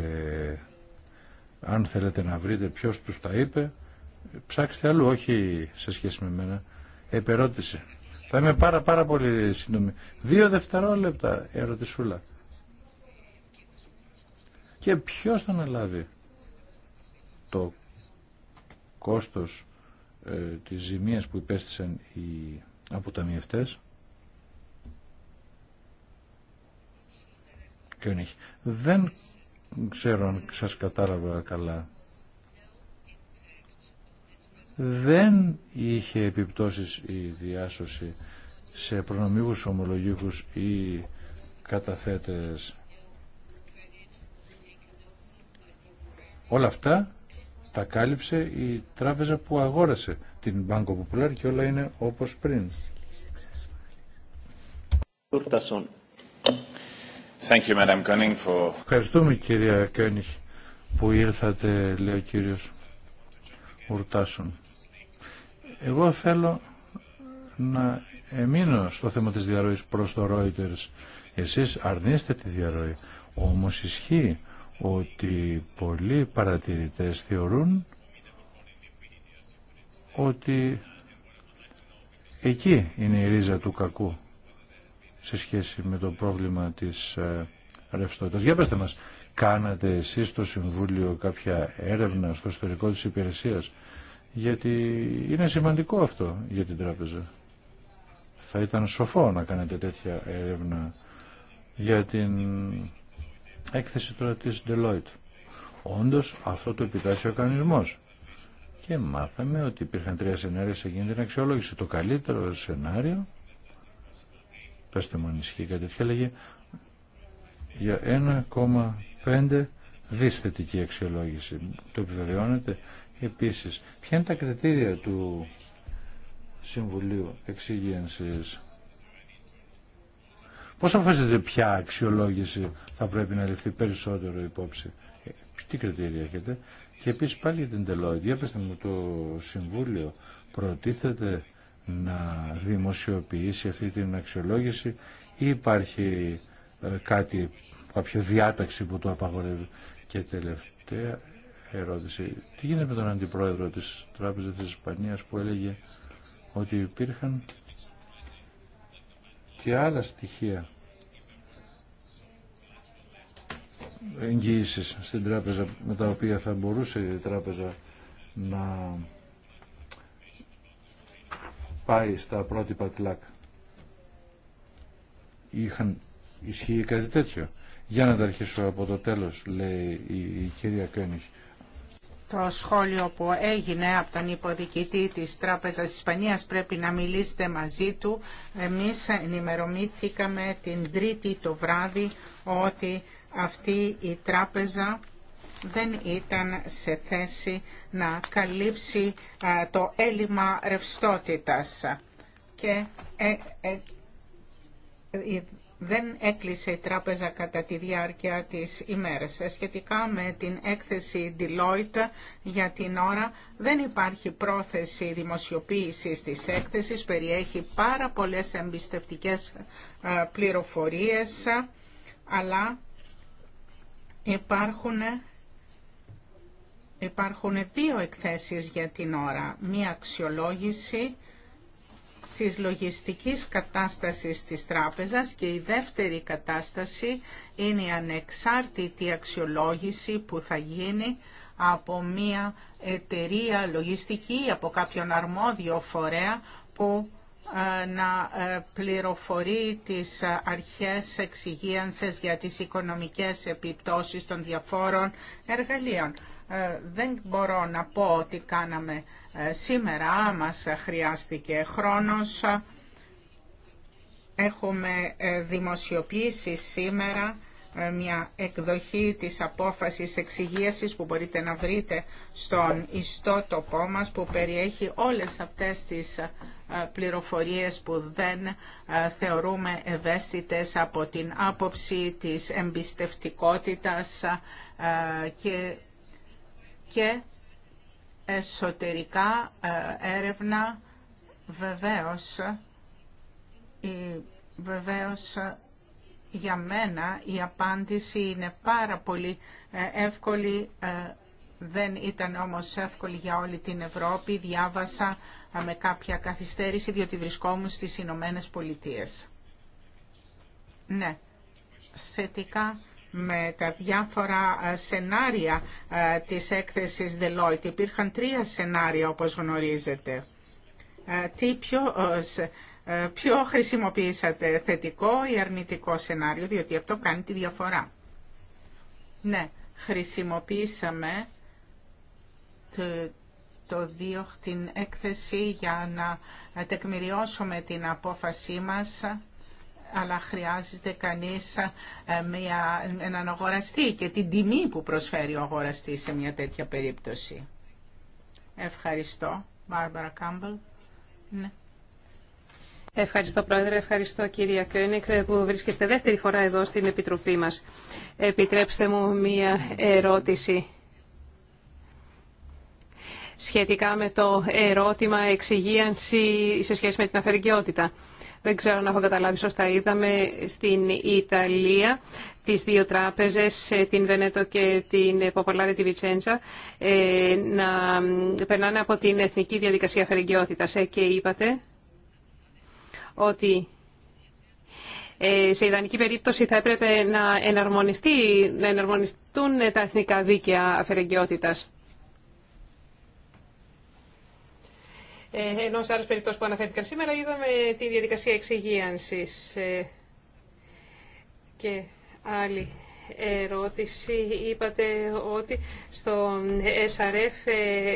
αν θέλετε να βρείτε ποιος τους τα είπε ψάξτε αλλού, όχι σε σχέση με εμένα Επερώτηση. Θα είμαι πάρα πάρα πολύ σύντομη. Δύο δευτερόλεπτα ερωτησούλα. Και ποιος θα αναλάβει το κόστος ε, της ζημίας που υπέστησαν οι αποταμιευτές. Και Δεν ξέρω αν σας κατάλαβα καλά δεν είχε επιπτώσεις η διάσωση σε προνομίους ομολογίχους ή καταθέτες. Όλα αυτά τα κάλυψε η τράπεζα που αγόρασε την Banco Popular και όλα είναι όπως πριν. Ευχαριστούμε κυρία Κένιχ που ήρθατε, λέει ο κύριος Ουρτάσον. Εγώ θέλω να εμείνω στο θέμα της διαρροής προς το Reuters. Εσείς αρνείστε τη διαρροή. Όμως ισχύει ότι πολλοί παρατηρητές θεωρούν ότι εκεί είναι η ρίζα του κακού σε σχέση με το πρόβλημα της ε, ρευστότητας. Για πέστε μας, κάνατε εσείς στο Συμβούλιο κάποια έρευνα στο ιστορικό της υπηρεσίας γιατί είναι σημαντικό αυτό για την τράπεζα. Θα ήταν σοφό να κάνετε τέτοια έρευνα για την έκθεση τώρα της Deloitte. Όντως αυτό το επιτάσσει ο κανισμός. Και μάθαμε ότι υπήρχαν τρία σενάρια σε εκείνη την αξιολόγηση. Το καλύτερο σενάριο, πέστε μου αν ισχύει κάτι τέτοιο, έλεγε για 1,5 δις αξιολόγηση. Το επιβεβαιώνεται Επίσης, ποια είναι τα κριτήρια του Συμβουλίου Εξυγένσης. Πώς αποφασίζετε ποια αξιολόγηση θα πρέπει να ληφθεί περισσότερο υπόψη. Τι κριτήρια έχετε. Και επίσης πάλι για την Deloitte. Για μου το Συμβούλιο προτίθεται να δημοσιοποιήσει αυτή την αξιολόγηση ή υπάρχει ε, κάτι, κάποια διάταξη που το απαγορεύει. Και τελευταία ερώτηση. Τι γίνεται με τον αντιπρόεδρο της Τράπεζας της Ισπανίας που έλεγε ότι υπήρχαν και άλλα στοιχεία εγγύησης στην τράπεζα με τα οποία θα μπορούσε η τράπεζα να πάει στα πρότυπα τλάκ. Είχαν ισχύει κάτι τέτοιο. Για να τα αρχίσω από το τέλος, λέει η, η κυρία Κένιχ το σχόλιο που έγινε από τον υποδικητή της Τράπεζας Ισπανίας πρέπει να μιλήσετε μαζί του. Εμείς ενημερωμήθηκαμε την Τρίτη το βράδυ ότι αυτή η τράπεζα δεν ήταν σε θέση να καλύψει το έλλειμμα ρευστότητας. Και ε, ε, δεν έκλεισε η τράπεζα κατά τη διάρκεια της ημέρας. Ε, σχετικά με την έκθεση Deloitte για την ώρα δεν υπάρχει πρόθεση δημοσιοποίησης της έκθεσης, περιέχει πάρα πολλές εμπιστευτικές ε, πληροφορίες, αλλά υπάρχουν Υπάρχουν δύο εκθέσεις για την ώρα. Μία αξιολόγηση της λογιστικής κατάστασης της τράπεζας και η δεύτερη κατάσταση είναι η ανεξάρτητη αξιολόγηση που θα γίνει από μια εταιρεία λογιστική, από κάποιον αρμόδιο φορέα που ε, να ε, πληροφορεί τις ε, αρχές εξυγίανσης για τις οικονομικές επιπτώσεις των διαφόρων εργαλείων. Δεν μπορώ να πω ότι κάναμε σήμερα, μας χρειάστηκε χρόνος. Έχουμε δημοσιοποιήσει σήμερα ε, μια εκδοχή της απόφασης εξηγίασης που μπορείτε να βρείτε στον ιστότοπό μας που περιέχει όλες αυτές τις ε, πληροφορίες που δεν ε, θεωρούμε ευαίσθητες από την άποψη της εμπιστευτικότητας και, και εσωτερικά έρευνα βεβαίως, η, για μένα η απάντηση είναι πάρα πολύ ε, εύκολη, ε, δεν ήταν όμως εύκολη για όλη την Ευρώπη. Διάβασα ε, με κάποια καθυστέρηση διότι βρισκόμουν στις Ηνωμένε Πολιτείε. Ναι, σχετικά με τα διάφορα σενάρια της έκθεσης Deloitte. Υπήρχαν τρία σενάρια όπως γνωρίζετε. Τι πιο ε, ποιο χρησιμοποιήσατε θετικό ή αρνητικό σενάριο, διότι αυτό κάνει τη διαφορά. Ναι, χρησιμοποίησαμε το, το δύο στην έκθεση για να ε, τεκμηριώσουμε την απόφασή μας αλλά χρειάζεται κανείς ε, μια, έναν αγοραστή και την τιμή που προσφέρει ο αγοραστής σε μια τέτοια περίπτωση. Ευχαριστώ. Μπάρμπαρα Κάμπελ. Ναι. Ευχαριστώ Πρόεδρε, ευχαριστώ κυρία Κιόνικ που βρίσκεστε δεύτερη φορά εδώ στην Επιτροπή μας. Επιτρέψτε μου μία ερώτηση σχετικά με το ερώτημα εξυγίανση σε σχέση με την αφαιρικαιότητα. Δεν ξέρω να έχω καταλάβει σωστά. Είδαμε στην Ιταλία τις δύο τράπεζες, την Βενέτο και την Ποπολάρη τη Βιτσέντσα, ε, να περνάνε από την εθνική διαδικασία αφαιρικαιότητας. Ε, και είπατε ότι ε, σε ιδανική περίπτωση θα έπρεπε να, εναρμονιστεί, να εναρμονιστούν τα εθνικά δίκαια αφαιρεγγιότητας. Ε, ενώ σε άλλες περιπτώσεις που αναφέρθηκαν σήμερα είδαμε τη διαδικασία εξυγίανσης. Ε, και άλλη ερώτηση. Είπατε ότι στο SRF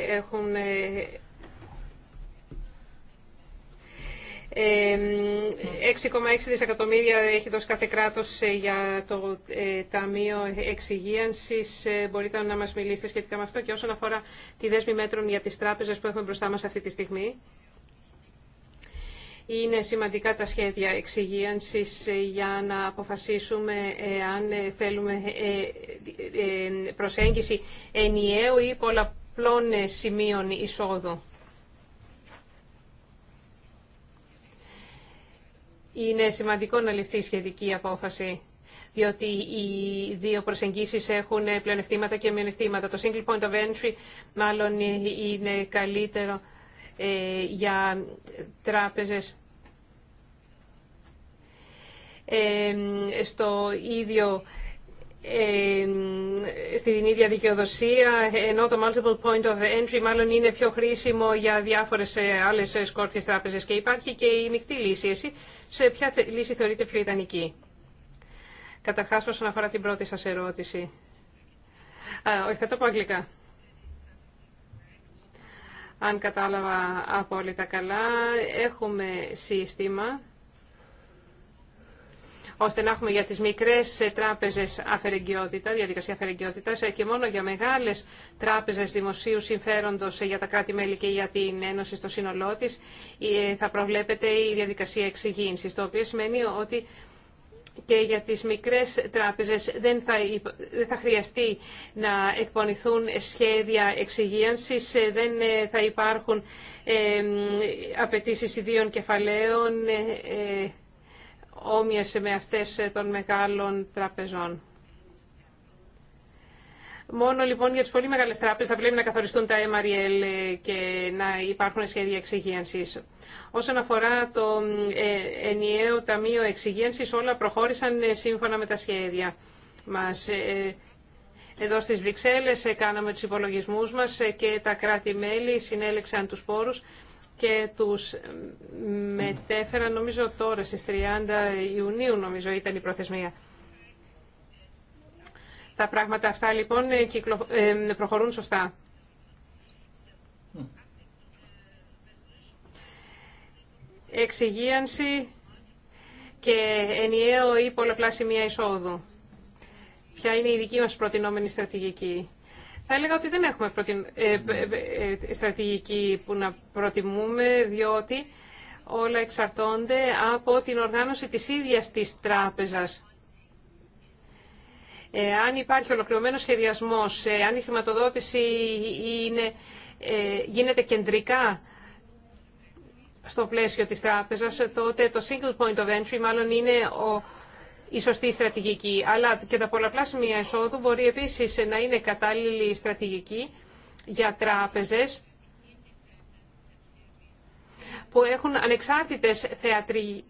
έχουν 6,6 δισεκατομμύρια έχει δώσει κάθε κράτος ε, για το ε, Ταμείο Εξυγίανσης. Ε, μπορείτε να μας μιλήσετε σχετικά με αυτό και όσον αφορά τη δέσμη μέτρων για τις τράπεζες που έχουμε μπροστά μας αυτή τη στιγμή. Είναι σημαντικά τα σχέδια εξυγίανσης για να αποφασίσουμε αν θέλουμε προσέγγιση ενιαίου ή πολλαπλών σημείων εισόδου. είναι σημαντικό να ληφθεί σχετική απόφαση, διότι οι δύο προσεγγίσεις έχουν πλεονεκτήματα και μειονεκτήματα. Το single point of entry μάλλον είναι καλύτερο ε, για τράπεζες ε, στο ίδιο στην ίδια δικαιοδοσία, ενώ το multiple point of entry μάλλον είναι πιο χρήσιμο για διάφορες ε, άλλες ε, σκόρπιες τράπεζες και υπάρχει και η μεικτή λύση. Εσύ σε ποια λύση θεωρείτε πιο ιδανική. Καταρχάς όσον αφορά την πρώτη σας ερώτηση. Α, όχι, θα το πω αγγλικά. Αν κατάλαβα απόλυτα καλά, έχουμε σύστημα ώστε να έχουμε για τις μικρές τράπεζες αφαιρεγγιότητα, διαδικασία αφαιρεγγιότητας ε, και μόνο για μεγάλες τράπεζες δημοσίου συμφέροντος ε, για τα κράτη-μέλη και για την Ένωση στο σύνολό της ε, θα προβλέπεται η διαδικασία εξυγήνσης, το οποίο σημαίνει ότι και για τις μικρές τράπεζες δεν θα, θα χρειαστεί να εκπονηθούν σχέδια εξυγίανσης, δεν θα υπάρχουν ε, απαιτήσει ιδίων κεφαλαίων, όμοιες με αυτές ε, των μεγάλων τραπεζών. Μόνο λοιπόν για τις πολύ μεγάλες τράπεζες θα πρέπει να καθοριστούν τα MRL ε, και να υπάρχουν σχέδια εξυγίανσης. Όσον αφορά το ε, ενιαίο Ταμείο Εξυγίανσης, όλα προχώρησαν σύμφωνα με τα σχέδια μας. Εδώ στις Βρυξέλλες κάναμε τους υπολογισμούς μας και τα κράτη-μέλη συνέλεξαν τους πόρους και τους μετέφεραν νομίζω τώρα στις 30 Ιουνίου νομίζω ήταν η προθεσμία. Τα πράγματα αυτά λοιπόν ε, προχωρούν σωστά. Εξυγίανση και ενιαίο ή πολλαπλά σημεία εισόδου. Ποια είναι η δική μας προτινόμενη στρατηγική. Θα έλεγα ότι δεν έχουμε ε, ε, ε, στρατηγική που να προτιμούμε, διότι όλα εξαρτώνται από την οργάνωση της ίδιας της τράπεζας. Αν υπάρχει ολοκληρωμένος σχεδιασμός, αν η χρηματοδότηση είναι, γίνεται κεντρικά στο πλαίσιο της τράπεζας, τότε το single point of entry μάλλον είναι ο η σωστή στρατηγική. Αλλά και τα πολλαπλά σημεία εισόδου μπορεί επίσης να είναι κατάλληλη στρατηγική για τράπεζες που έχουν ανεξάρτητες θεατρι...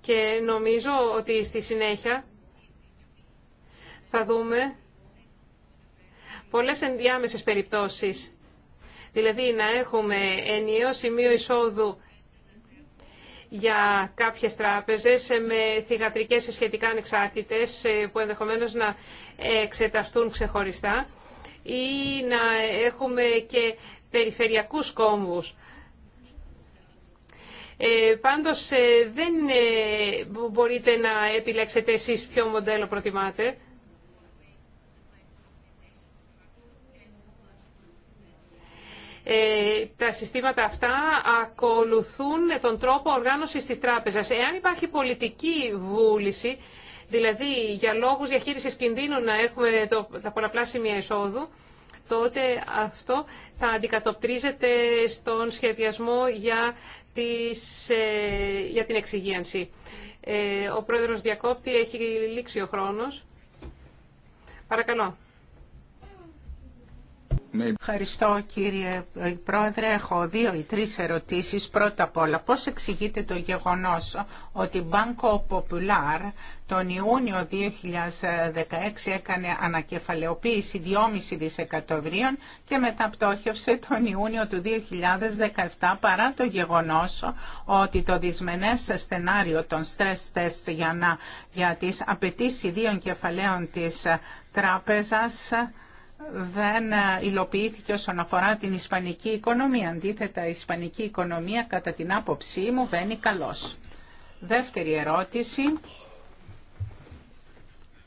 Και νομίζω ότι στη συνέχεια θα δούμε πολλές ενδιάμεσες περιπτώσεις. Δηλαδή να έχουμε ενιαίο σημείο εισόδου για κάποιες τράπεζες ε, με θηγατρικές σχετικά ανεξάρτητες ε, που ενδεχομένως να εξεταστούν ξεχωριστά ή να έχουμε και περιφερειακούς κόμβους. Ε, πάντως ε, δεν μπορείτε να επιλέξετε εσείς ποιο μοντέλο προτιμάτε. Ε, τα συστήματα αυτά ακολουθούν τον τρόπο οργάνωσης της τράπεζας. Εάν υπάρχει πολιτική βούληση, δηλαδή για λόγους διαχείρισης κινδύνου να έχουμε το, τα πολλαπλά σημεία εισόδου, τότε αυτό θα αντικατοπτρίζεται στον σχεδιασμό για, τις, ε, για την εξυγίανση. Ε, ο πρόεδρος Διακόπτη έχει λήξει ο χρόνος. Παρακαλώ. Ευχαριστώ κύριε ε, Πρόεδρε. Έχω δύο ή τρεις ερωτήσεις. Πρώτα απ' όλα, πώς εξηγείται το γεγονός ότι η Banco Popular τον Ιούνιο 2016 έκανε ανακεφαλαιοποίηση 2,5 δισεκατομμυρίων και μεταπτώχευσε τον Ιούνιο του 2017 παρά το γεγονός ότι το δυσμενές στενάριο των stress test για, να, για τις κεφαλαίων της ε, τράπεζας δεν ε, υλοποιήθηκε όσον αφορά την ισπανική οικονομία. Αντίθετα, η ισπανική οικονομία, κατά την άποψή μου, βαίνει καλώς. Δεύτερη ερώτηση.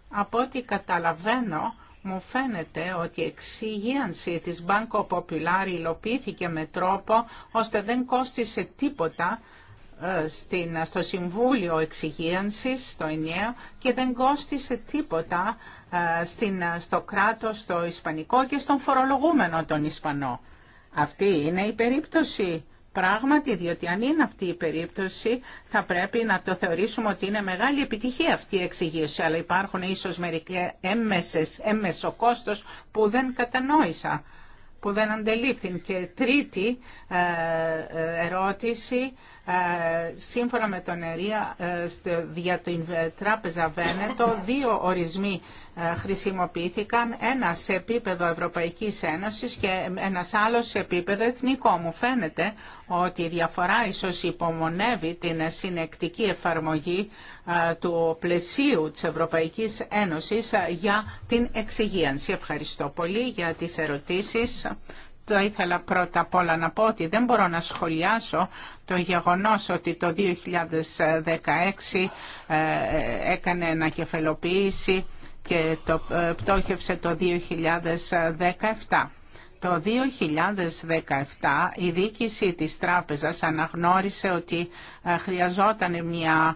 Από ό,τι καταλαβαίνω, μου φαίνεται ότι η εξυγίανση της Banco Popular υλοποιήθηκε με τρόπο ώστε δεν κόστισε τίποτα ε, στο Συμβούλιο Εξυγίανσης, στο ΕΝΙΑ, και δεν κόστισε τίποτα ε, στην, ε, στο κράτος, στο Ισπανικό και στον φορολογούμενο τον Ισπανό. Αυτή είναι η περίπτωση πράγματι, διότι αν είναι αυτή η περίπτωση θα πρέπει να το θεωρήσουμε ότι είναι μεγάλη επιτυχία αυτή η εξηγήση, αλλά υπάρχουν ίσως μερικές έμμεσες, έμμεσο κόστος που δεν κατανόησα που δεν αντελήφθην. Και τρίτη ε, ε, ερώτηση, ε, σύμφωνα με τον ΕΡΙΑ, για την Τράπεζα Βένετο, δύο ορισμοί χρησιμοποιήθηκαν, ένα σε επίπεδο Ευρωπαϊκής Ένωσης και ένας άλλος σε επίπεδο εθνικό. Μου φαίνεται ότι η διαφορά ίσως υπομονεύει την συνεκτική εφαρμογή ε, του πλαισίου της Ευρωπαϊκής Ένωσης ε, για την εξυγίανση. Ευχαριστώ πολύ για τις ερωτήσεις. Το ήθελα πρώτα απ' όλα να πω ότι δεν μπορώ να σχολιάσω το γεγονός ότι το 2016 ε, έκανε ανακεφαλοποίηση και το πτώχευσε το 2017. Το 2017 η δίκηση της τράπεζας αναγνώρισε ότι ε, χρειαζόταν μια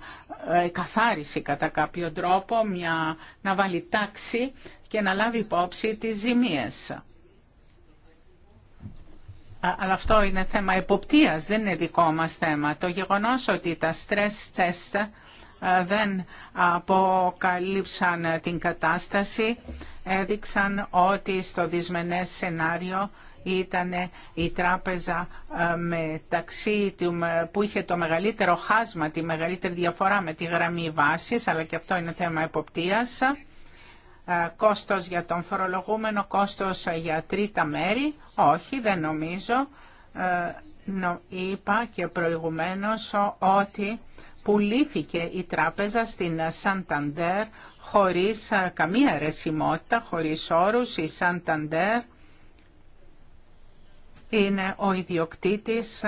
ε, καθάριση κατά κάποιο τρόπο, μια, να βάλει τάξη και να λάβει υπόψη τις ζημίες. Αλλά αυτό είναι θέμα εποπτείας, δεν είναι δικό μας θέμα. Το γεγονός ότι τα stress test ε, δεν αποκαλύψαν την κατάσταση έδειξαν ότι στο δυσμενές σενάριο ήταν η τράπεζα ε, μεταξύ ε, που είχε το μεγαλύτερο χάσμα, τη μεγαλύτερη διαφορά με τη γραμμή βάσης, αλλά και αυτό είναι θέμα εποπτείας, ε, κόστος για τον φορολογούμενο, κόστος για τρίτα μέρη, όχι δεν νομίζω, είπα και προηγουμένως ότι πουλήθηκε η τράπεζα στην Σανταντέρ χωρίς ε, καμία ρεσιμότητα, χωρίς όρους. Η Σανταντέρ είναι ο ιδιοκτήτης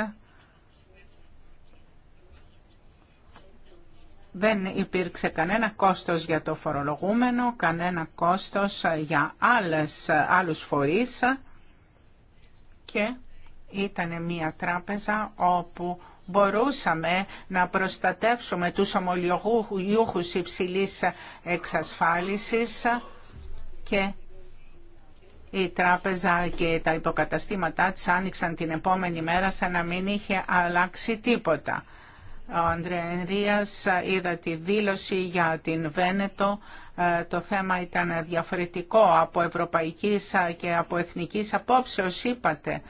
δεν υπήρξε κανένα κόστος για το φορολογούμενο, κανένα κόστος για άλλες, άλλους φορείς και ήταν μια τράπεζα όπου μπορούσαμε να προστατεύσουμε τους ομολιούχους υψηλής εξασφάλισης και η τράπεζα και τα υποκαταστήματά της άνοιξαν την επόμενη μέρα σαν να μην είχε αλλάξει τίποτα. Ο Ανδρεανδρίας είδα τη δήλωση για την Βένετο ε, το θέμα ήταν διαφορετικό από ευρωπαϊκής ε, και από εθνικής απόψεως είπατε.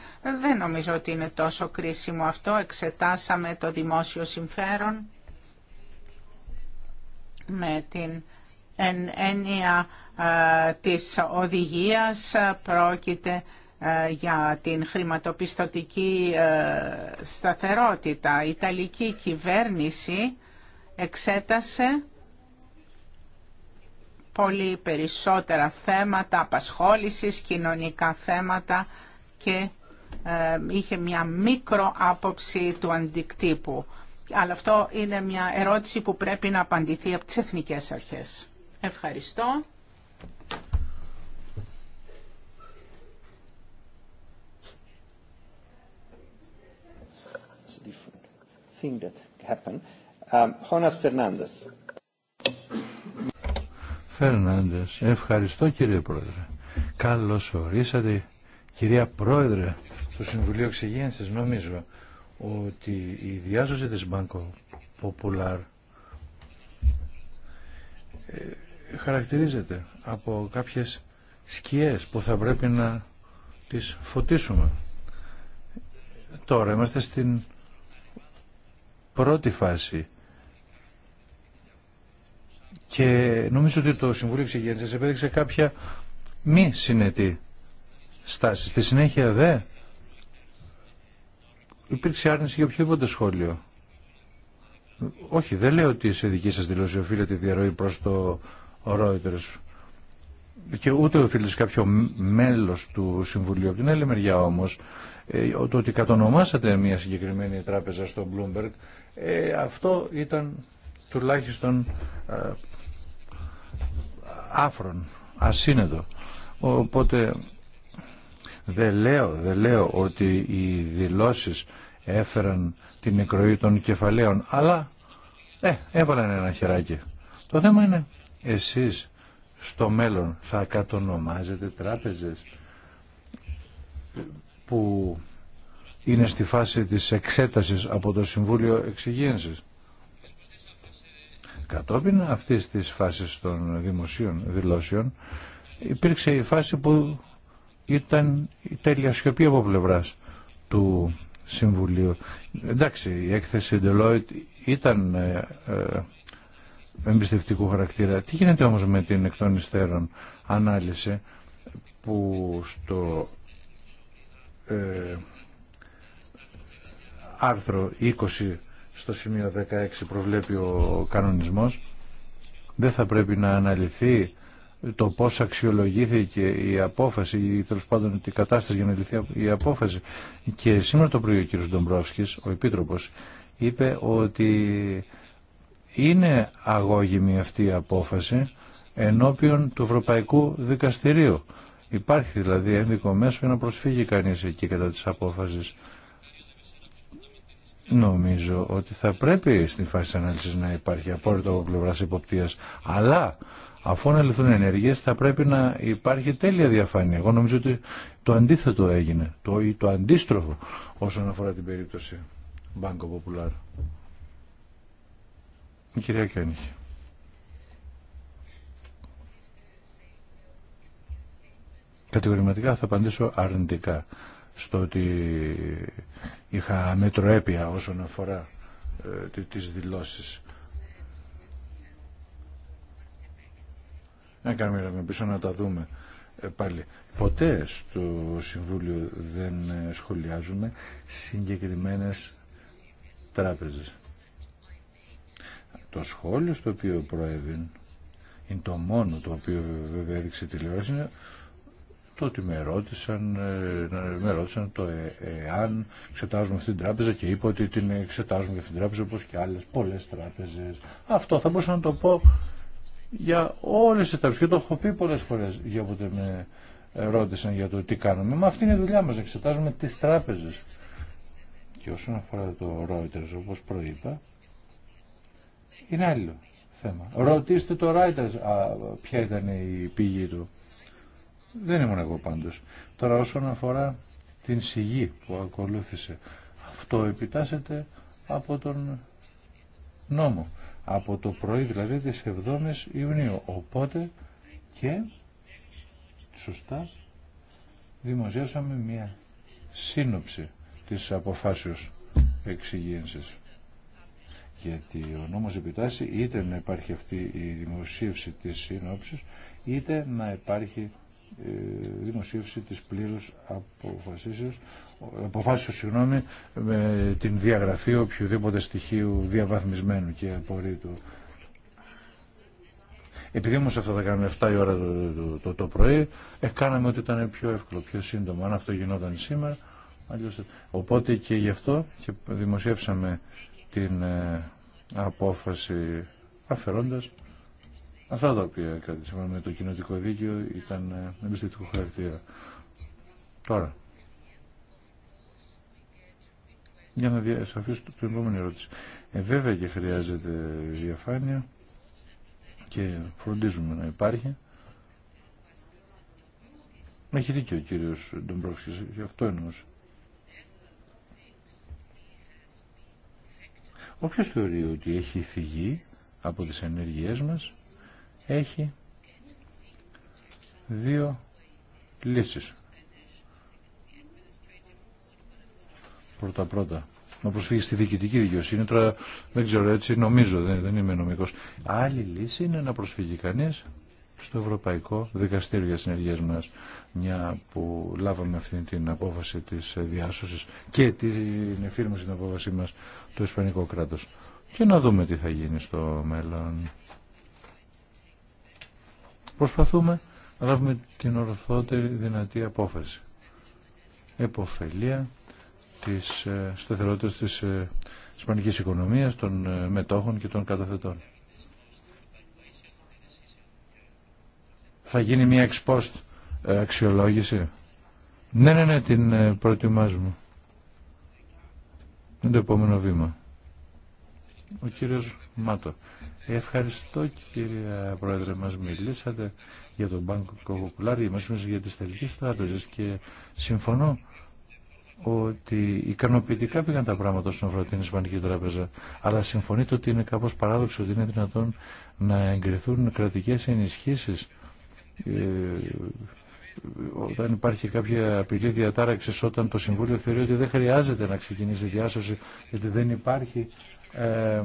Δεν νομίζω ότι είναι τόσο κρίσιμο αυτό. Εξετάσαμε το δημόσιο συμφέρον με την έννοια ε, της οδηγίας πρόκειται για την χρηματοπιστωτική σταθερότητα. Η Ιταλική κυβέρνηση εξέτασε πολύ περισσότερα θέματα απασχόλησης, κοινωνικά θέματα και ε, είχε μια μικρο άποψη του αντικτύπου. Αλλά αυτό είναι μια ερώτηση που πρέπει να απαντηθεί από τις εθνικές αρχές. Ευχαριστώ. Ευχαριστώ κύριε Πρόεδρε. Καλώς ορίσατε κυρία Πρόεδρε του Συμβουλίου Εξυγένσης. Νομίζω ότι η διάσωση της Banco Popular ε, χαρακτηρίζεται από κάποιες σκιές που θα πρέπει να τις φωτίσουμε. Τώρα είμαστε στην πρώτη φάση και νομίζω ότι το Συμβούλιο Εξηγένσης επέδειξε κάποια μη συνετή στάση. Στη συνέχεια δε υπήρξε άρνηση για οποιοδήποτε σχόλιο. Όχι, δεν λέω ότι σε δική σα δηλώση οφείλεται η διαρροή προ το Reuters και ούτε οφείλεται σε κάποιο μέλο του Συμβουλίου. Από την άλλη μεριά όμω, ε, το ότι κατονομάσατε μια συγκεκριμένη τράπεζα στο Bloomberg, ε, αυτό ήταν τουλάχιστον ε, άφρον, ασύνετο. Οπότε δεν λέω, ότι οι δηλώσεις έφεραν την νεκροή των κεφαλαίων, αλλά ε, έβαλαν ένα χεράκι. Το θέμα είναι εσείς στο μέλλον θα κατονομάζετε τράπεζες που είναι στη φάση της εξέτασης από το Συμβούλιο Εξυγένσης. Κατόπιν αυτής της φάσης των δημοσίων δηλώσεων υπήρξε η φάση που ήταν η τέλεια σιωπή από πλευρά του Συμβουλίου. Εντάξει, η έκθεση Deloitte ήταν ε, ε, εμπιστευτικού χαρακτήρα. Τι γίνεται όμως με την εκ των υστέρων ανάλυση που στο ε, άρθρο 20 στο σημείο 16 προβλέπει ο κανονισμός δεν θα πρέπει να αναλυθεί το πώς αξιολογήθηκε η απόφαση ή τέλο πάντων η κατάσταση για να λυθεί η απόφαση. Και σήμερα το πρωί ο κύριος Ντομπρόφσκης, ο Επίτροπος, είπε ότι είναι αγώγιμη αυτή η απόφαση ενώπιον του Ευρωπαϊκού Δικαστηρίου. Υπάρχει δηλαδή ένδικο μέσο για να προσφύγει κανείς εκεί κατά της απόφασης. Νομίζω ότι θα πρέπει στην φάση της ανάλυσης να υπάρχει απόρριτο από πλευράς υποπτίας, αλλά αφού αναλυθούν ενέργειες θα πρέπει να υπάρχει τέλεια διαφάνεια. Εγώ νομίζω ότι το αντίθετο έγινε, το, το αντίστροφο όσον αφορά την περίπτωση Banco Popular. κυρία Κένιχη. Κατηγορηματικά θα απαντήσω αρνητικά στο ότι είχα αμετροέπεια όσον αφορά ε, τις δηλώσεις. Να κάνουμε πίσω να τα δούμε ε, πάλι. Ποτέ στο Συμβούλιο δεν ε, σχολιάζουμε συγκεκριμένες τράπεζες. Το σχόλιο στο οποίο προέβην είναι το μόνο το οποίο βέβαια έδειξε τηλεόραση το ότι με ρώτησαν, ε, με ρώτησαν το ε, εάν εξετάζουμε αυτή την τράπεζα και είπα ότι την εξετάζουμε αυτή την τράπεζα όπως και άλλες πολλές τράπεζες. Αυτό θα μπορούσα να το πω για όλες τις τράπεζες και το έχω πει πολλές φορές για όποτε με ρώτησαν για το τι κάνουμε. Μα αυτή είναι η δουλειά μας, εξετάζουμε τις τράπεζες. Και όσον αφορά το Reuters, όπως προείπα, είναι άλλο θέμα. Ρωτήστε το Reuters α, ποια ήταν η πηγή του. Δεν ήμουν εγώ πάντως. Τώρα όσον αφορά την σιγή που ακολούθησε, αυτό επιτάσσεται από τον νόμο. Από το πρωί δηλαδή της 7ης Ιουνίου. Οπότε και σωστά δημοσιεύσαμε μια σύνοψη της αποφάσεως εξηγήνσης. Γιατί ο νόμος επιτάσσει είτε να υπάρχει αυτή η δημοσίευση της σύνοψης, είτε να υπάρχει ε, δημοσίευση της πλήρους αποφασίσεως αποφάσεως συγγνώμη, με την διαγραφή οποιοδήποτε στοιχείου διαβαθμισμένου και απορρίτου. Επειδή όμω αυτό θα κάνουμε 7 η ώρα το, το, πρωί, ε, κάναμε ότι ήταν πιο εύκολο, πιο σύντομο. Αν αυτό γινόταν σήμερα, Οπότε και γι' αυτό και δημοσιεύσαμε την ε, απόφαση αφαιρώντας Αυτά τα οποία κρατήσαμε με το κοινοτικό δίκαιο ήταν ε, εμπιστευτικού χαρακτήρα. Τώρα. Για να διασαφίσω την επόμενη ερώτηση. Ε, βέβαια και χρειάζεται διαφάνεια και φροντίζουμε να υπάρχει. Έχει δίκιο ο κύριος Ντομπρόφης, γι' αυτό εννοούσε. Όποιος θεωρεί ότι έχει φυγεί από τις ενέργειές μας έχει δύο λύσεις. Πρώτα πρώτα να προσφύγει στη διοικητική δικαιοσύνη. Τώρα δεν ξέρω έτσι, νομίζω, δεν, δεν είμαι νομικός. Άλλη λύση είναι να προσφύγει κανείς στο Ευρωπαϊκό Δικαστήριο για Συνεργές μας, μια που λάβαμε αυτή την απόφαση της διάσωσης και την εφήρμαση την απόφαση μας το Ισπανικό κράτος. Και να δούμε τι θα γίνει στο μέλλον. Προσπαθούμε να λάβουμε την ορθότερη δυνατή απόφαση. Εποφελία της ε, σταθερότητας της ε, σπανικής οικονομίας, των ε, μετόχων και των καταθετών. Θα γίνει μια εξπόστ αξιολόγηση. Ναι, ναι, ναι, την προετοιμάζουμε. Είναι το επόμενο βήμα. Ο κύριος Μάτο. Ευχαριστώ κύριε Πρόεδρε, μας μιλήσατε για τον Κοκοκουλάρη, μας μιλήσατε για τις τελικές τράπεζες και συμφωνώ ότι ικανοποιητικά πήγαν τα πράγματα στον αφορά την Ισπανική Τράπεζα. Αλλά συμφωνείτε ότι είναι κάπως παράδοξο ότι είναι δυνατόν να εγκριθούν κρατικές ενισχύσεις ε, όταν υπάρχει κάποια απειλή διατάραξη όταν το Συμβούλιο θεωρεί ότι δεν χρειάζεται να ξεκινήσει διάσωση γιατί δεν υπάρχει ε,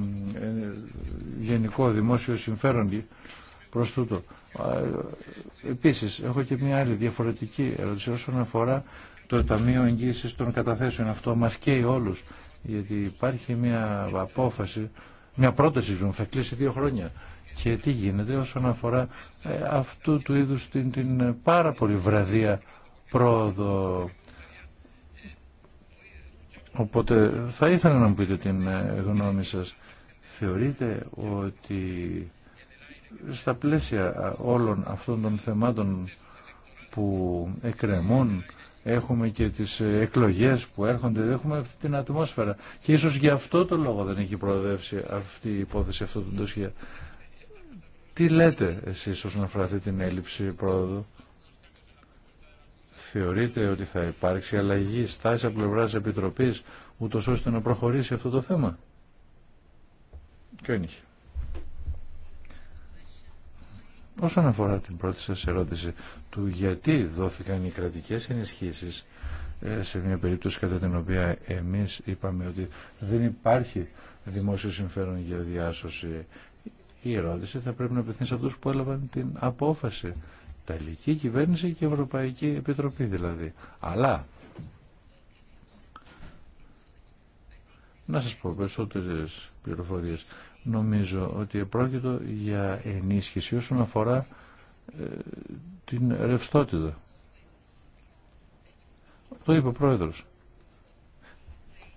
γενικό δημόσιο συμφέρον προς τούτο. Επίσης, έχω και μια άλλη διαφορετική ερώτηση όσον αφορά το Ταμείο Εγγύησης των Καταθέσεων. Αυτό μας καίει όλους, γιατί υπάρχει μια απόφαση, μια πρόταση που θα κλείσει δύο χρόνια. Και τι γίνεται όσον αφορά ε, αυτού του είδους την, την πάρα πολύ βραδία πρόοδο Οπότε θα ήθελα να μου πείτε την ε, γνώμη σας. Θεωρείτε ότι στα πλαίσια όλων αυτών των θεμάτων που εκκρεμούν έχουμε και τις ε, εκλογές που έρχονται, έχουμε την ατμόσφαιρα και ίσως γι' αυτό το λόγο δεν έχει προοδεύσει αυτή η υπόθεση, αυτό το ντοσχεία. Τι λέτε εσείς όσον αφορά αυτή την έλλειψη πρόοδου θεωρείτε ότι θα υπάρξει αλλαγή στάση από πλευρά τη Επιτροπή, ούτω ώστε να προχωρήσει αυτό το θέμα. Κιόνι. Όσον αφορά την πρώτη σας ερώτηση του γιατί δόθηκαν οι κρατικές ενισχύσεις ε, σε μια περίπτωση κατά την οποία εμείς είπαμε ότι δεν υπάρχει δημόσιο συμφέρον για διάσωση η ερώτηση θα πρέπει να απευθύνει σε αυτούς που έλαβαν την απόφαση Ιταλική κυβέρνηση και η Ευρωπαϊκή Επιτροπή δηλαδή. Αλλά να σας πω περισσότερες πληροφορίες. Νομίζω ότι επρόκειτο για ενίσχυση όσον αφορά ε, την ρευστότητα. Το είπε ο Πρόεδρος.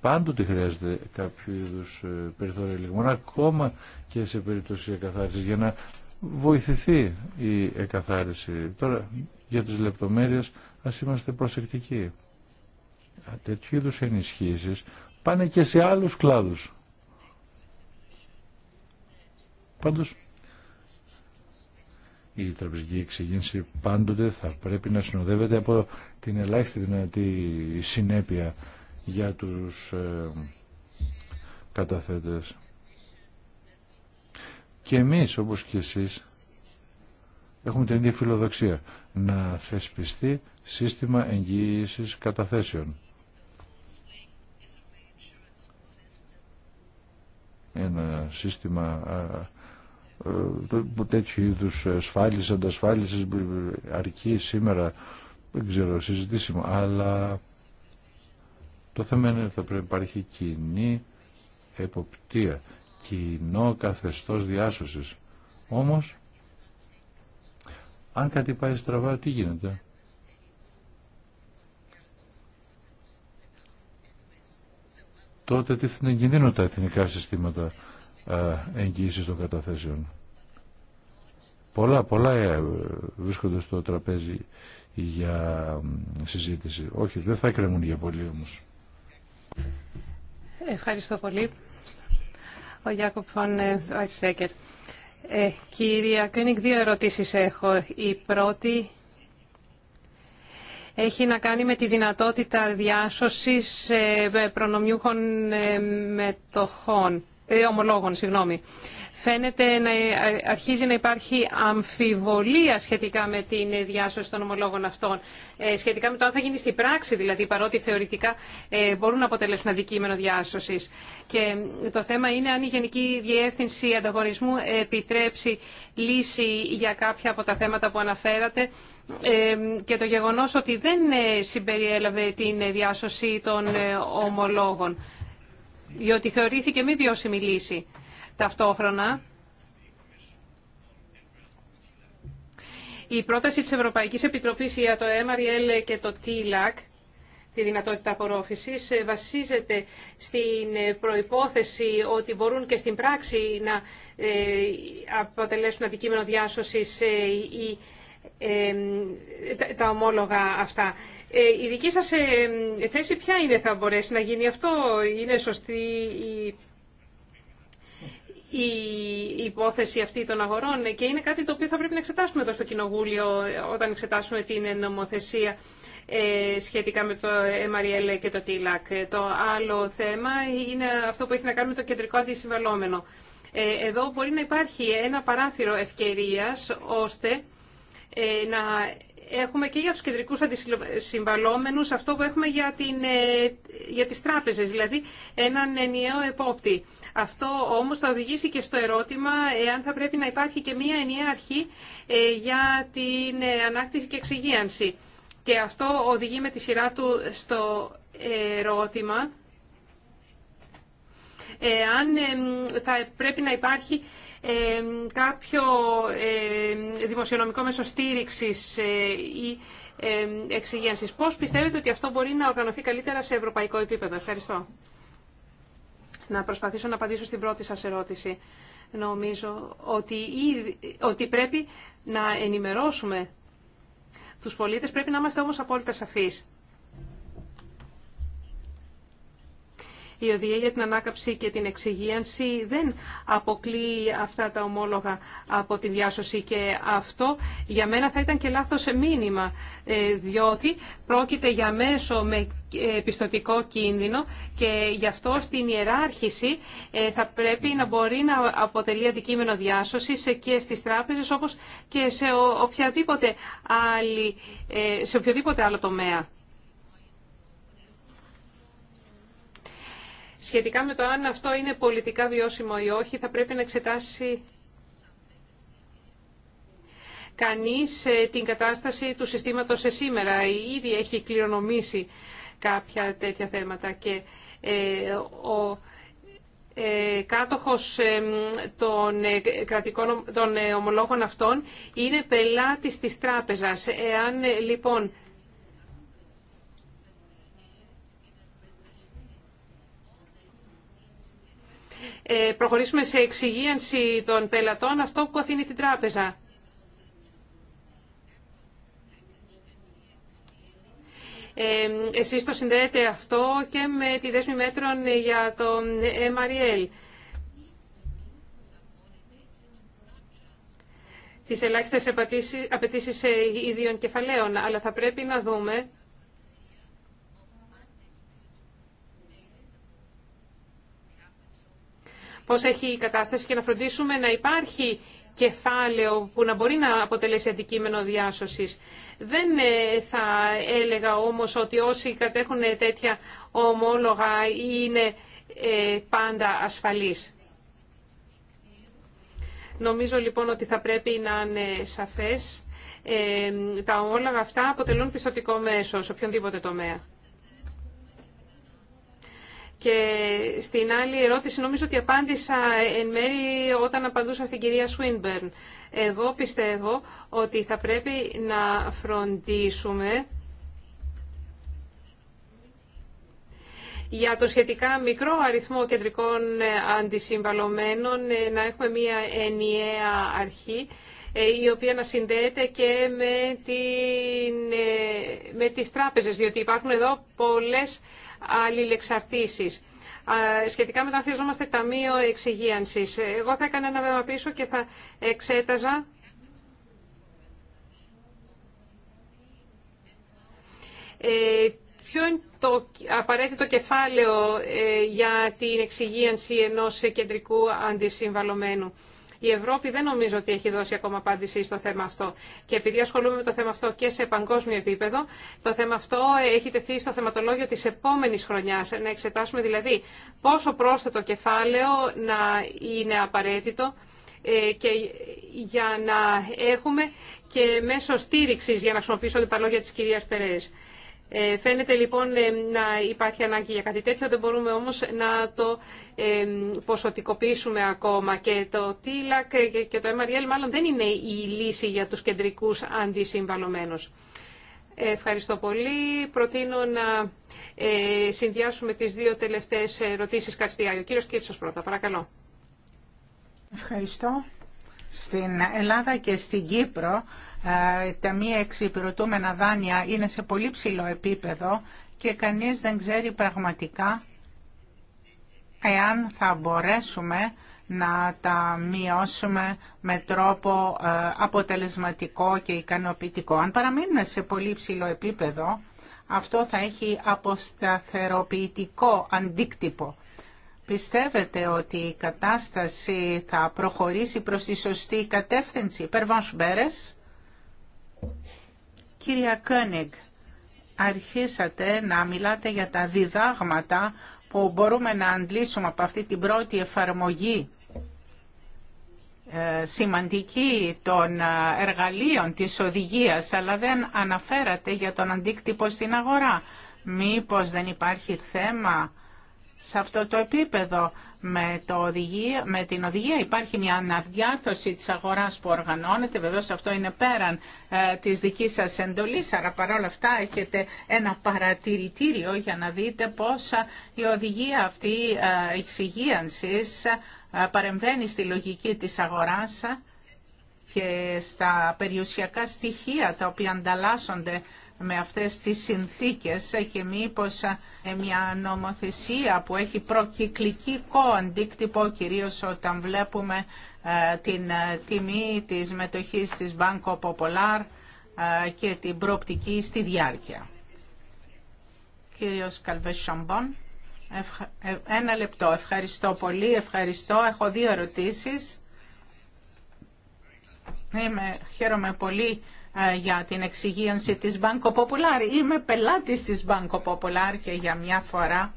Πάντοτε χρειάζεται κάποιο είδου ε, περιθώριο λιγμών, ακόμα και σε περίπτωση εκαθάριση, για να βοηθηθεί η εκαθάριση. Τώρα για τις λεπτομέρειες ας είμαστε προσεκτικοί. Τέτοιου είδου ενισχύσεις πάνε και σε άλλους κλάδους. Πάντως η τραπεζική εξηγήνση πάντοτε θα πρέπει να συνοδεύεται από την ελάχιστη δυνατή συνέπεια για τους ε, καταθέτες. Και εμείς όπως και εσείς έχουμε την ίδια φιλοδοξία να θεσπιστεί σύστημα εγγύησης καταθέσεων. Ένα σύστημα που τέτοιου είδους ασφάλισης, αντασφάλισης αρκεί σήμερα, δεν ξέρω, συζητήσιμο, αλλά το θέμα είναι ότι θα πρέπει να υπάρχει κοινή εποπτεία κοινό καθεστώς διάσωσης. Όμως, αν κάτι πάει στραβά, τι γίνεται. Τότε τι θα κινδύνο τα εθνικά συστήματα ε, εγγύησης των καταθέσεων. Πολλά, πολλά ε, βρίσκονται στο τραπέζι για συζήτηση. Όχι, δεν θα κρεμούν για πολύ όμως. Ευχαριστώ πολύ ο Γιάκοπ ε, κυρία ε, δύο ερωτήσεις έχω. Η πρώτη έχει να κάνει με τη δυνατότητα διάσωσης ε, προνομιούχων μετοχών, ε, ομολόγων. Συγγνώμη φαίνεται να ε, αρχίζει να υπάρχει αμφιβολία σχετικά με την διάσωση των ομολόγων αυτών. Ε, σχετικά με το αν θα γίνει στην πράξη, δηλαδή, παρότι θεωρητικά ε, μπορούν να αποτελέσουν αντικείμενο διάσωση. Και το θέμα είναι αν η Γενική Διεύθυνση Ανταγωνισμού επιτρέψει λύση για κάποια από τα θέματα που αναφέρατε και το γεγονός ότι δεν συμπεριέλαβε την διάσωση των ομολόγων, διότι θεωρήθηκε μη βιώσιμη λύση. Ταυτόχρονα, η πρόταση της Ευρωπαϊκής Επιτροπής για το MRL και το TILAC, τη δυνατότητα απορρόφησης βασίζεται στην προϋπόθεση ότι μπορούν και στην πράξη να ε, αποτελέσουν αντικείμενο διάσωσης ε, οι ε, τα ομόλογα αυτά. Η δική σας θέση ποια είναι θα μπορέσει να γίνει αυτό. Είναι σωστή η η υπόθεση αυτή των αγορών και είναι κάτι το οποίο θα πρέπει να εξετάσουμε εδώ στο Κοινοβούλιο όταν εξετάσουμε την νομοθεσία ε, σχετικά με το MRL και το TILAC. Το άλλο θέμα είναι αυτό που έχει να κάνει με το κεντρικό αντισυμβαλόμενο. Ε, εδώ μπορεί να υπάρχει ένα παράθυρο ευκαιρίας ώστε ε, να έχουμε και για τους κεντρικούς αντισυμβαλόμενους αυτό που έχουμε για, την, για τις τράπεζες, δηλαδή έναν ενιαίο επόπτη. Αυτό όμως θα οδηγήσει και στο ερώτημα εάν θα πρέπει να υπάρχει και μία ενιαία αρχή ε, για την ε, ανάκτηση και εξυγίανση. Και αυτό οδηγεί με τη σειρά του στο ερώτημα αν θα πρέπει να υπάρχει κάποιο δημοσιονομικό μέσο στήριξης ε, ή εξυγένσης. Πώς πιστεύετε ότι αυτό μπορεί να οργανωθεί καλύτερα σε ευρωπαϊκό επίπεδο. Ευχαριστώ να προσπαθήσω να απαντήσω στην πρώτη σας ερώτηση. Νομίζω ότι, ότι πρέπει να ενημερώσουμε τους πολίτες, πρέπει να είμαστε όμως απόλυτα σαφείς. Η οδηγία για την ανάκαψη και την εξυγίανση δεν αποκλείει αυτά τα ομόλογα από τη διάσωση και αυτό για μένα θα ήταν και λάθος μήνυμα, ε, διότι πρόκειται για μέσο με ε, πιστοτικό κίνδυνο και γι' αυτό στην ιεράρχηση ε, θα πρέπει να μπορεί να αποτελεί αντικείμενο διάσωση και στις τράπεζες όπως και σε, οποιαδήποτε άλλη, σε οποιοδήποτε άλλο τομέα. Σχετικά με το αν αυτό είναι πολιτικά βιώσιμο ή όχι, θα πρέπει να εξετάσει κανείς ε, την κατάσταση του συστήματος σε σήμερα. Ήδη έχει κληρονομήσει κάποια τέτοια θέματα και ε, ο ε, κάτοχος των, κρατικών, ομολόγων αυτών είναι πελάτης της τράπεζας. Εάν λοιπόν Ε, προχωρήσουμε σε εξυγίανση των πελατών, αυτό που αφήνει την τράπεζα. Ε, εσείς το συνδέετε αυτό και με τη δέσμη μέτρων για τον MRL. Τις ελάχιστες απαιτήσει ε, ιδίων κεφαλαίων, αλλά θα πρέπει να δούμε πώς έχει η κατάσταση και να φροντίσουμε να υπάρχει κεφάλαιο που να μπορεί να αποτελέσει αντικείμενο διάσωσης. Δεν ε, θα έλεγα όμως ότι όσοι κατέχουν ε, τέτοια ομόλογα είναι ε, πάντα ασφαλείς. Νομίζω λοιπόν ότι θα πρέπει να είναι σαφές. τα ομόλογα αυτά αποτελούν πιστοτικό μέσο σε οποιονδήποτε τομέα. Και στην άλλη ερώτηση νομίζω ότι απάντησα εν μέρη όταν απαντούσα στην κυρία Σουίνμπερν. Εγώ πιστεύω ότι θα πρέπει να φροντίσουμε για το σχετικά μικρό αριθμό κεντρικών αντισυμβαλωμένων ε, να έχουμε μία ενιαία αρχή ε, η οποία να συνδέεται και με, την, ε, με τις τράπεζες, διότι υπάρχουν εδώ πολλές αλληλεξαρτήσεις. Σχετικά με το αν χρειαζόμαστε ταμείο εξυγίανση. Εγώ θα έκανα ένα βήμα πίσω και θα εξέταζα ε, ποιο είναι το απαραίτητο κεφάλαιο ε, για την εξυγίανση ενός κεντρικού αντισυμβαλωμένου. Η Ευρώπη δεν νομίζω ότι έχει δώσει ακόμα απάντηση στο θέμα αυτό. Και επειδή ασχολούμαι με το θέμα αυτό και σε παγκόσμιο επίπεδο, το θέμα αυτό έχει τεθεί στο θεματολόγιο τη επόμενη χρονιά. Να εξετάσουμε δηλαδή πόσο πρόσθετο κεφάλαιο να είναι απαραίτητο ε, και για να έχουμε και μέσω στήριξη, για να χρησιμοποιήσω τα λόγια τη κυρία Περέ. Ε, φαίνεται λοιπόν ε, να υπάρχει ανάγκη για κάτι τέτοιο, δεν μπορούμε όμως να το ε, ποσοτικοποιήσουμε ακόμα. Και το TILAC και το MRL μάλλον δεν είναι η λύση για τους κεντρικούς αντισυμβαλωμένους. Ευχαριστώ πολύ. Προτείνω να συνδυάσουμε τις δύο τελευταίες ερωτήσεις Καστιάη. Ο κύριος πρώτα, παρακαλώ. Ευχαριστώ. Στην Ελλάδα και στην Κύπρο ε, τα μη εξυπηρετούμενα δάνεια είναι σε πολύ ψηλό επίπεδο και κανείς δεν ξέρει πραγματικά εάν θα μπορέσουμε να τα μειώσουμε με τρόπο ε, αποτελεσματικό και ικανοποιητικό. Αν παραμείνουμε σε πολύ ψηλό επίπεδο, αυτό θα έχει αποσταθεροποιητικό αντίκτυπο. Πιστεύετε ότι η κατάσταση θα προχωρήσει προς τη σωστή κατεύθυνση. περβάσου Μπέρες. Κυρία Κόνιγκ, αρχίσατε να μιλάτε για τα διδάγματα που μπορούμε να αντλήσουμε από αυτή την πρώτη εφαρμογή ε, σημαντική των ε, εργαλείων της οδηγίας, αλλά δεν αναφέρατε για τον αντίκτυπο στην αγορά. Μήπως δεν υπάρχει θέμα σε αυτό το επίπεδο. Με, το οδηγία, με την οδηγία υπάρχει μια αναδιάρθρωση της αγοράς που οργανώνεται. Βεβαίως αυτό είναι πέραν ε, της δικής σας εντολής, αλλά παρόλα αυτά έχετε ένα παρατηρητήριο για να δείτε πώς ε, η οδηγία αυτή ε, εξυγίανσης ε, παρεμβαίνει στη λογική της αγοράς και στα περιουσιακά στοιχεία τα οποία ανταλλάσσονται με αυτές τις συνθήκες και μήπως ε, μια νομοθεσία που έχει προκυκλικό αντίκτυπο κυρίως όταν βλέπουμε ε, την ε, τιμή της μετοχής της Banco Popular και την προοπτική στη διάρκεια. Κύριος Καλβέ ένα λεπτό. Ευχαριστώ πολύ, ευχαριστώ. Έχω δύο ερωτήσεις. Είμαι, χαίρομαι πολύ ε, για την εξυγίανση της Banco Popular. Είμαι πελάτης της Banco Popular και για μια φορά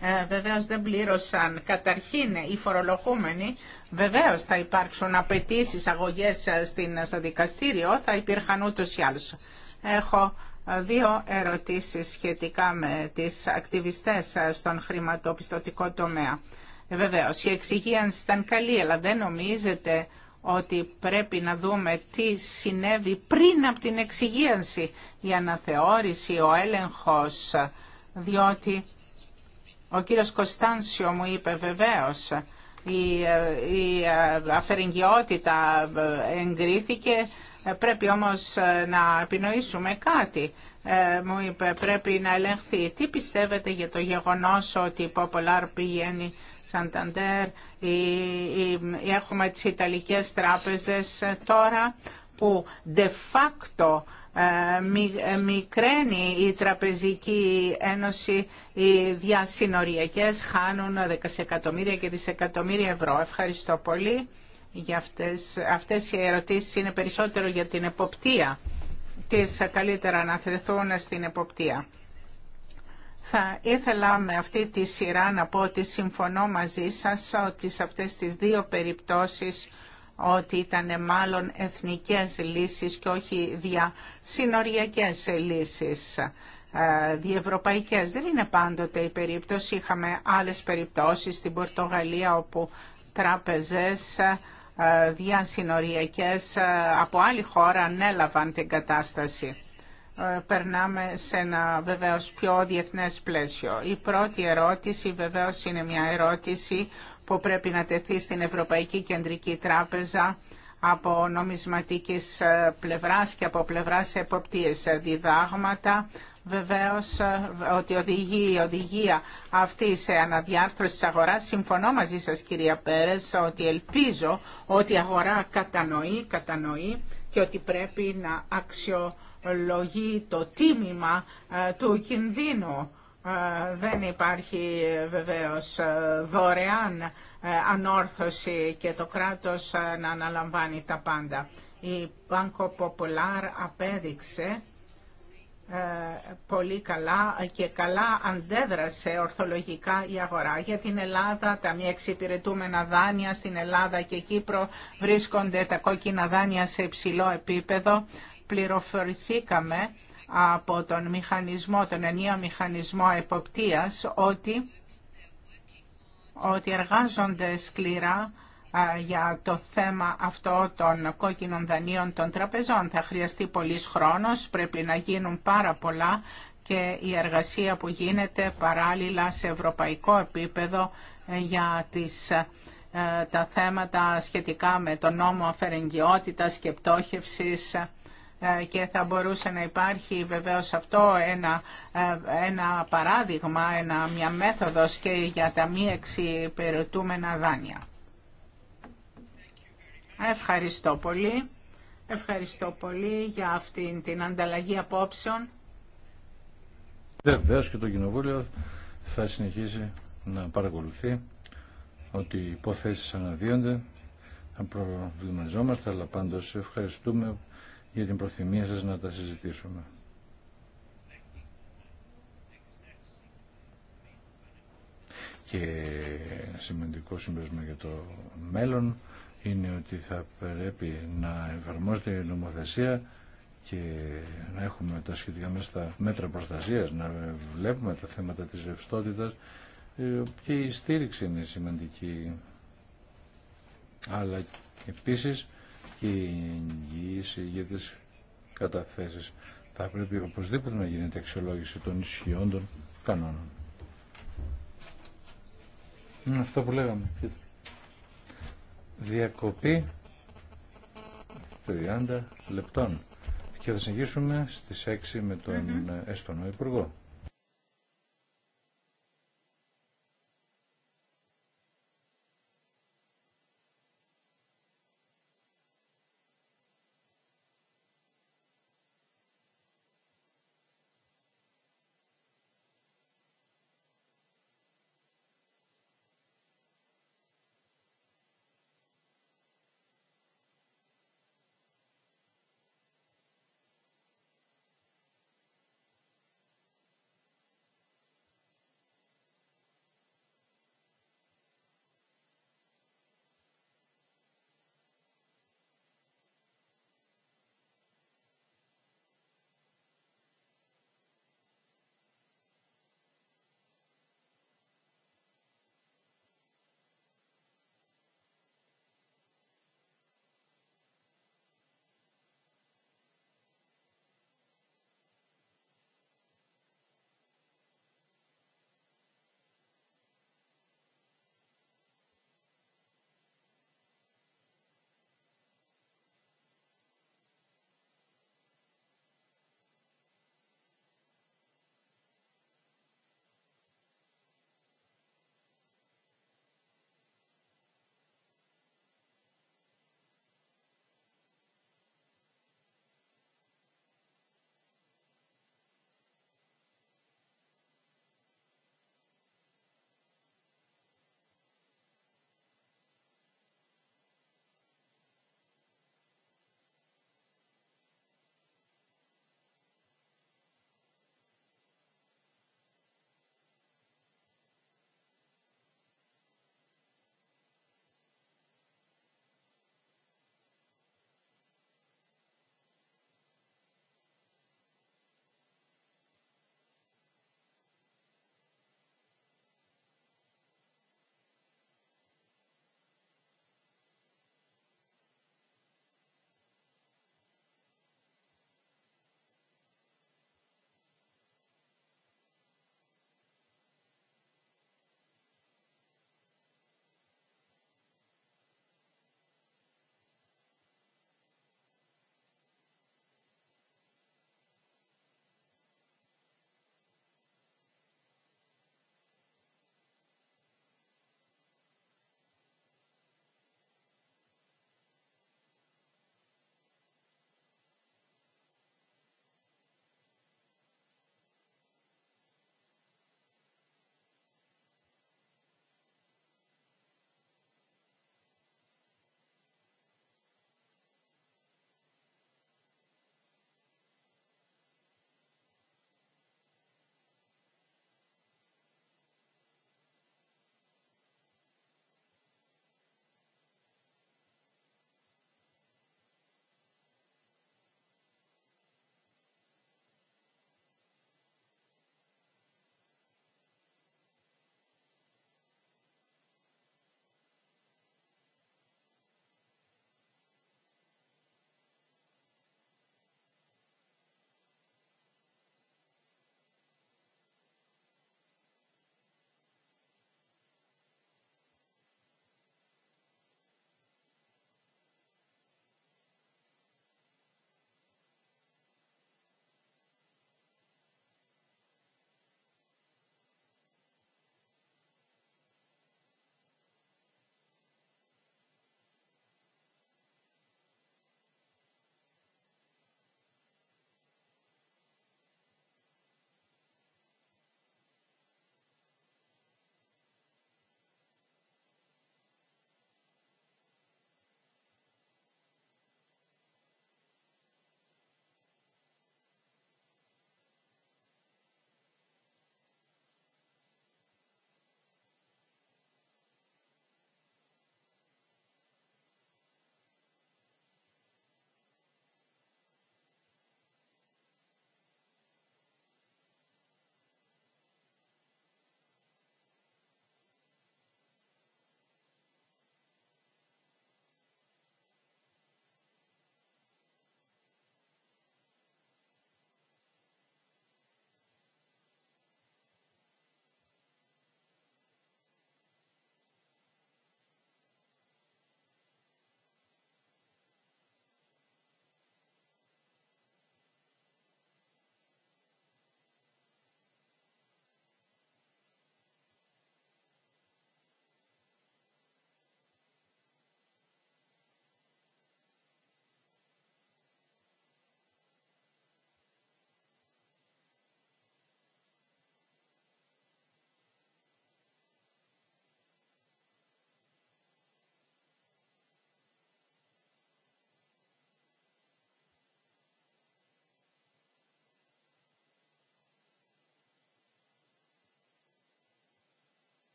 ε, βεβαίως δεν πλήρωσαν καταρχήν οι φορολογούμενοι. Βεβαίως θα υπάρξουν απαιτήσει αγωγές ε, στην, ε, στο δικαστήριο, θα υπήρχαν ούτως ή άλλως. Έχω δύο ερωτήσεις σχετικά με τις ακτιβιστές στον χρηματοπιστωτικό τομέα. Βεβαίως, η εξυγίανση ήταν καλή, αλλά δεν νομίζετε ότι πρέπει να δούμε τι συνέβη πριν από την εξυγίανση, η αναθεώρηση, ο έλεγχος, διότι ο κύριος Κωνστάνσιο μου είπε βεβαίως η, η ε, ε, εγκρίθηκε, ε, πρέπει όμως να επινοήσουμε κάτι. μου είπε πρέπει να ελεγχθεί. Τι πιστεύετε για το γεγονός ότι η Popular πηγαίνει Σανταντέρ, έχουμε τις Ιταλικές τράπεζες τώρα που de facto ε, ε, μικραίνει η Τραπεζική Ένωση, οι διασυνοριακές χάνουν δεκασεκατομμύρια και δισεκατομμύρια ευρώ. Ευχαριστώ πολύ για αυτές. Αυτές οι ερωτήσεις είναι περισσότερο για την εποπτεία. Τις καλύτερα να θεθούν στην εποπτεία. Θα ήθελα με αυτή τη σειρά να πω ότι συμφωνώ μαζί σας ότι σε αυτές τις δύο περιπτώσεις ότι ήταν μάλλον εθνικές λύσεις και όχι διασυνοριακές λύσεις ε, διευρωπαϊκές. Δεν είναι πάντοτε η περίπτωση. Είχαμε άλλες περιπτώσεις στην Πορτογαλία όπου τράπεζες ε, διασυνοριακές ε, από άλλη χώρα ανέλαβαν την κατάσταση. Ε, περνάμε σε ένα βεβαίως πιο διεθνές πλαίσιο. Η πρώτη ερώτηση βεβαίως είναι μια ερώτηση που πρέπει να τεθεί στην Ευρωπαϊκή Κεντρική Τράπεζα από νομισματικής ε, πλευράς και από πλευράς εποπτείες ε, διδάγματα. Βεβαίως ότι οδηγεί η οδηγία αυτή σε αναδιάρθρωση της αγοράς. Συμφωνώ μαζί σας κυρία Πέρες ότι ελπίζω ότι η αγορά κατανοεί, κατανοεί και ότι πρέπει να αξιοποιήσει λογή το τίμημα ε, του κινδύνου. Ε, δεν υπάρχει ε, βεβαίως δωρεάν ανόρθωση και το κράτος να αναλαμβάνει τα πάντα. Η Banco Popular απέδειξε πολύ καλά και καλά αντέδρασε ορθολογικά η αγορά. Για την Ελλάδα τα μη εξυπηρετούμενα δάνεια στην Ελλάδα και Κύπρο βρίσκονται τα κόκκινα δάνεια σε υψηλό επίπεδο πληροφορηθήκαμε από τον μηχανισμό, τον ενίο μηχανισμό εποπτείας ότι, ότι εργάζονται σκληρά για το θέμα αυτό των κόκκινων δανείων των τραπεζών. Θα χρειαστεί πολύς χρόνος, πρέπει να γίνουν πάρα πολλά και η εργασία που γίνεται παράλληλα σε ευρωπαϊκό επίπεδο ε, για τις, ε, τα θέματα σχετικά με τον νόμο αφαιρεγγιότητας και πτώχευσης ε, και θα μπορούσε να υπάρχει βεβαίως αυτό ένα, ε, ένα παράδειγμα, ένα, μια μέθοδος και για τα μη εξυπηρετούμενα δάνεια. Ευχαριστώ πολύ. Ευχαριστώ πολύ για αυτήν την ανταλλαγή απόψεων. Βεβαίω και το Κοινοβούλιο θα συνεχίσει να παρακολουθεί ότι οι υποθέσεις αναδύονται, θα προβληματιζόμαστε, αλλά πάντως ευχαριστούμε για την προθυμία σας να τα συζητήσουμε. Και σημαντικό συμπέρασμα για το μέλλον είναι ότι θα πρέπει να εφαρμόζεται η νομοθεσία και να έχουμε τα σχετικά μέσα στα μέτρα προστασίας, να βλέπουμε τα θέματα της ρευστότητα ε, και η στήριξη είναι σημαντική. Αλλά επίσης η εγγύηση για τις καταθέσεις. Θα πρέπει οπωσδήποτε να γίνεται αξιολόγηση των ισχυών των κανόνων. Είναι αυτό που λέγαμε. Διακοπή 30 λεπτών. Και θα συνεχίσουμε στις 6 με τον mm -hmm. Εστονό Υπουργό.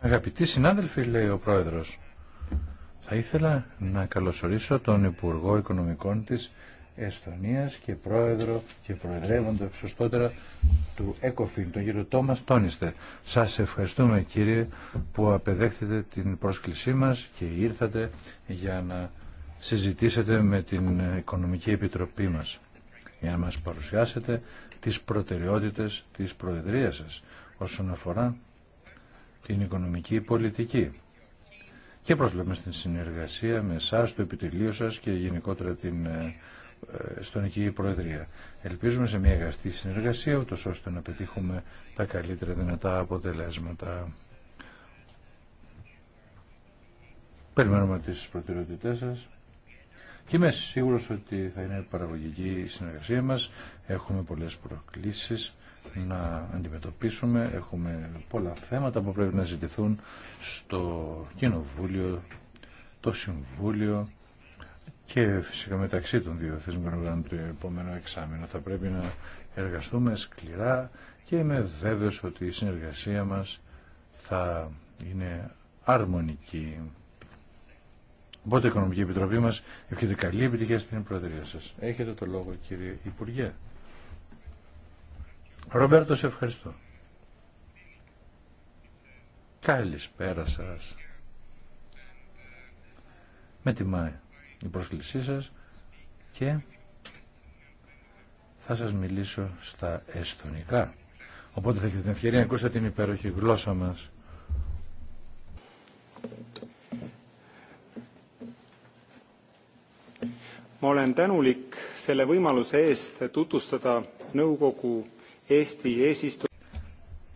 Αγαπητοί συνάδελφοι, λέει ο Πρόεδρος, θα ήθελα να καλωσορίσω τον Υπουργό Οικονομικών της Εστονίας και Πρόεδρο και Προεδρεύοντα σωστότερα του ΕΚΟΦΗΝ, τον κύριο Τόμας Τόνιστε. Σας ευχαριστούμε κύριε που απεδέχτετε την πρόσκλησή μας και ήρθατε για να συζητήσετε με την Οικονομική Επιτροπή μας για να μας παρουσιάσετε τις προτεραιότητες της Προεδρίας σας όσον αφορά την οικονομική πολιτική. Και προσβλέπουμε στην συνεργασία με εσά, το επιτελείο σας και γενικότερα την ε, ε, Στονική Προεδρία. Ελπίζουμε σε μια εργαστή συνεργασία, ούτως ώστε να πετύχουμε τα καλύτερα δυνατά αποτελέσματα. Περιμένουμε τις προτεραιότητές σας και είμαι σίγουρο ότι θα είναι παραγωγική η συνεργασία μας. Έχουμε πολλές προκλήσεις να αντιμετωπίσουμε. Έχουμε πολλά θέματα που πρέπει να ζητηθούν στο Κοινοβούλιο, το Συμβούλιο και φυσικά μεταξύ των δύο θεσμικών οργάνων του επόμενου εξάμεινου. Θα πρέπει να εργαστούμε σκληρά και είμαι βέβαιος ότι η συνεργασία μας θα είναι αρμονική. Οπότε η Οικονομική Επιτροπή μας εύχεται καλή επιτυχία στην Προεδρία σας. Έχετε το λόγο κύριε Υπουργέ. Ρομπέρτο, σε ευχαριστώ. Καλησπέρα σας. Με τιμάει η πρόσκλησή σας και θα σας μιλήσω στα εστονικά. Οπότε θα έχετε την ευκαιρία να ακούσετε την υπέροχη γλώσσα μας.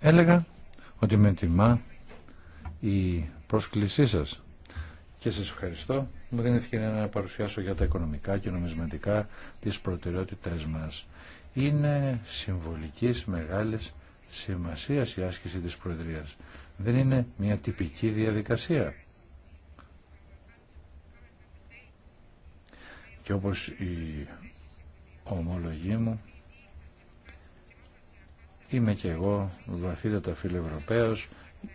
Έλεγα ότι με τιμά η πρόσκλησή σας και σας ευχαριστώ. Μου δίνει ευκαιρία να παρουσιάσω για τα οικονομικά και νομισματικά τις προτεραιότητες μας. Είναι συμβολικής μεγάλης σημασίας η άσκηση της Προεδρίας. Δεν είναι μια τυπική διαδικασία. Και όπως η ομολογή μου Είμαι και εγώ βαθύτατα ευρωπαίος,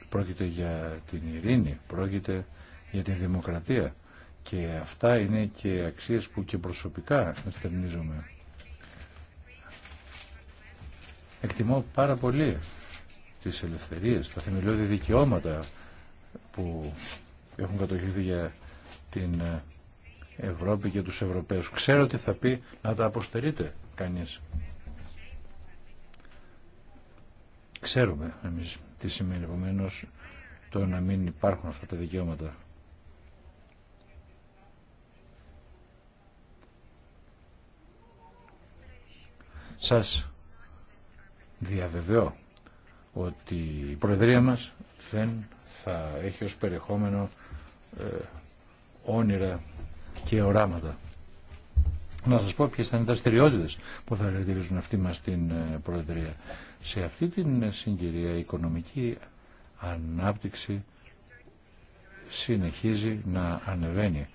πρόκειται για την ειρήνη, πρόκειται για την δημοκρατία και αυτά είναι και αξίες που και προσωπικά ενστερνίζομαι. Εκτιμώ πάρα πολύ τις ελευθερίες, τα θεμελιώδη δικαιώματα που έχουν κατοχήθει για την Ευρώπη και τους Ευρωπαίους. Ξέρω ότι θα πει να τα αποστερείτε κανείς. Ξέρουμε εμείς τι σημαίνει επομένω το να μην υπάρχουν αυτά τα δικαιώματα. Σας διαβεβαιώ ότι η Προεδρία μας δεν θα έχει ως περιεχόμενο ε, όνειρα και οράματα. Να σας πω ποιες θα είναι τα δραστηριότητες που θα διατηρήσουν αυτή μας την ε, Προεδρία. Σε αυτή την συγκυρία η οικονομική ανάπτυξη συνεχίζει να ανεβαίνει.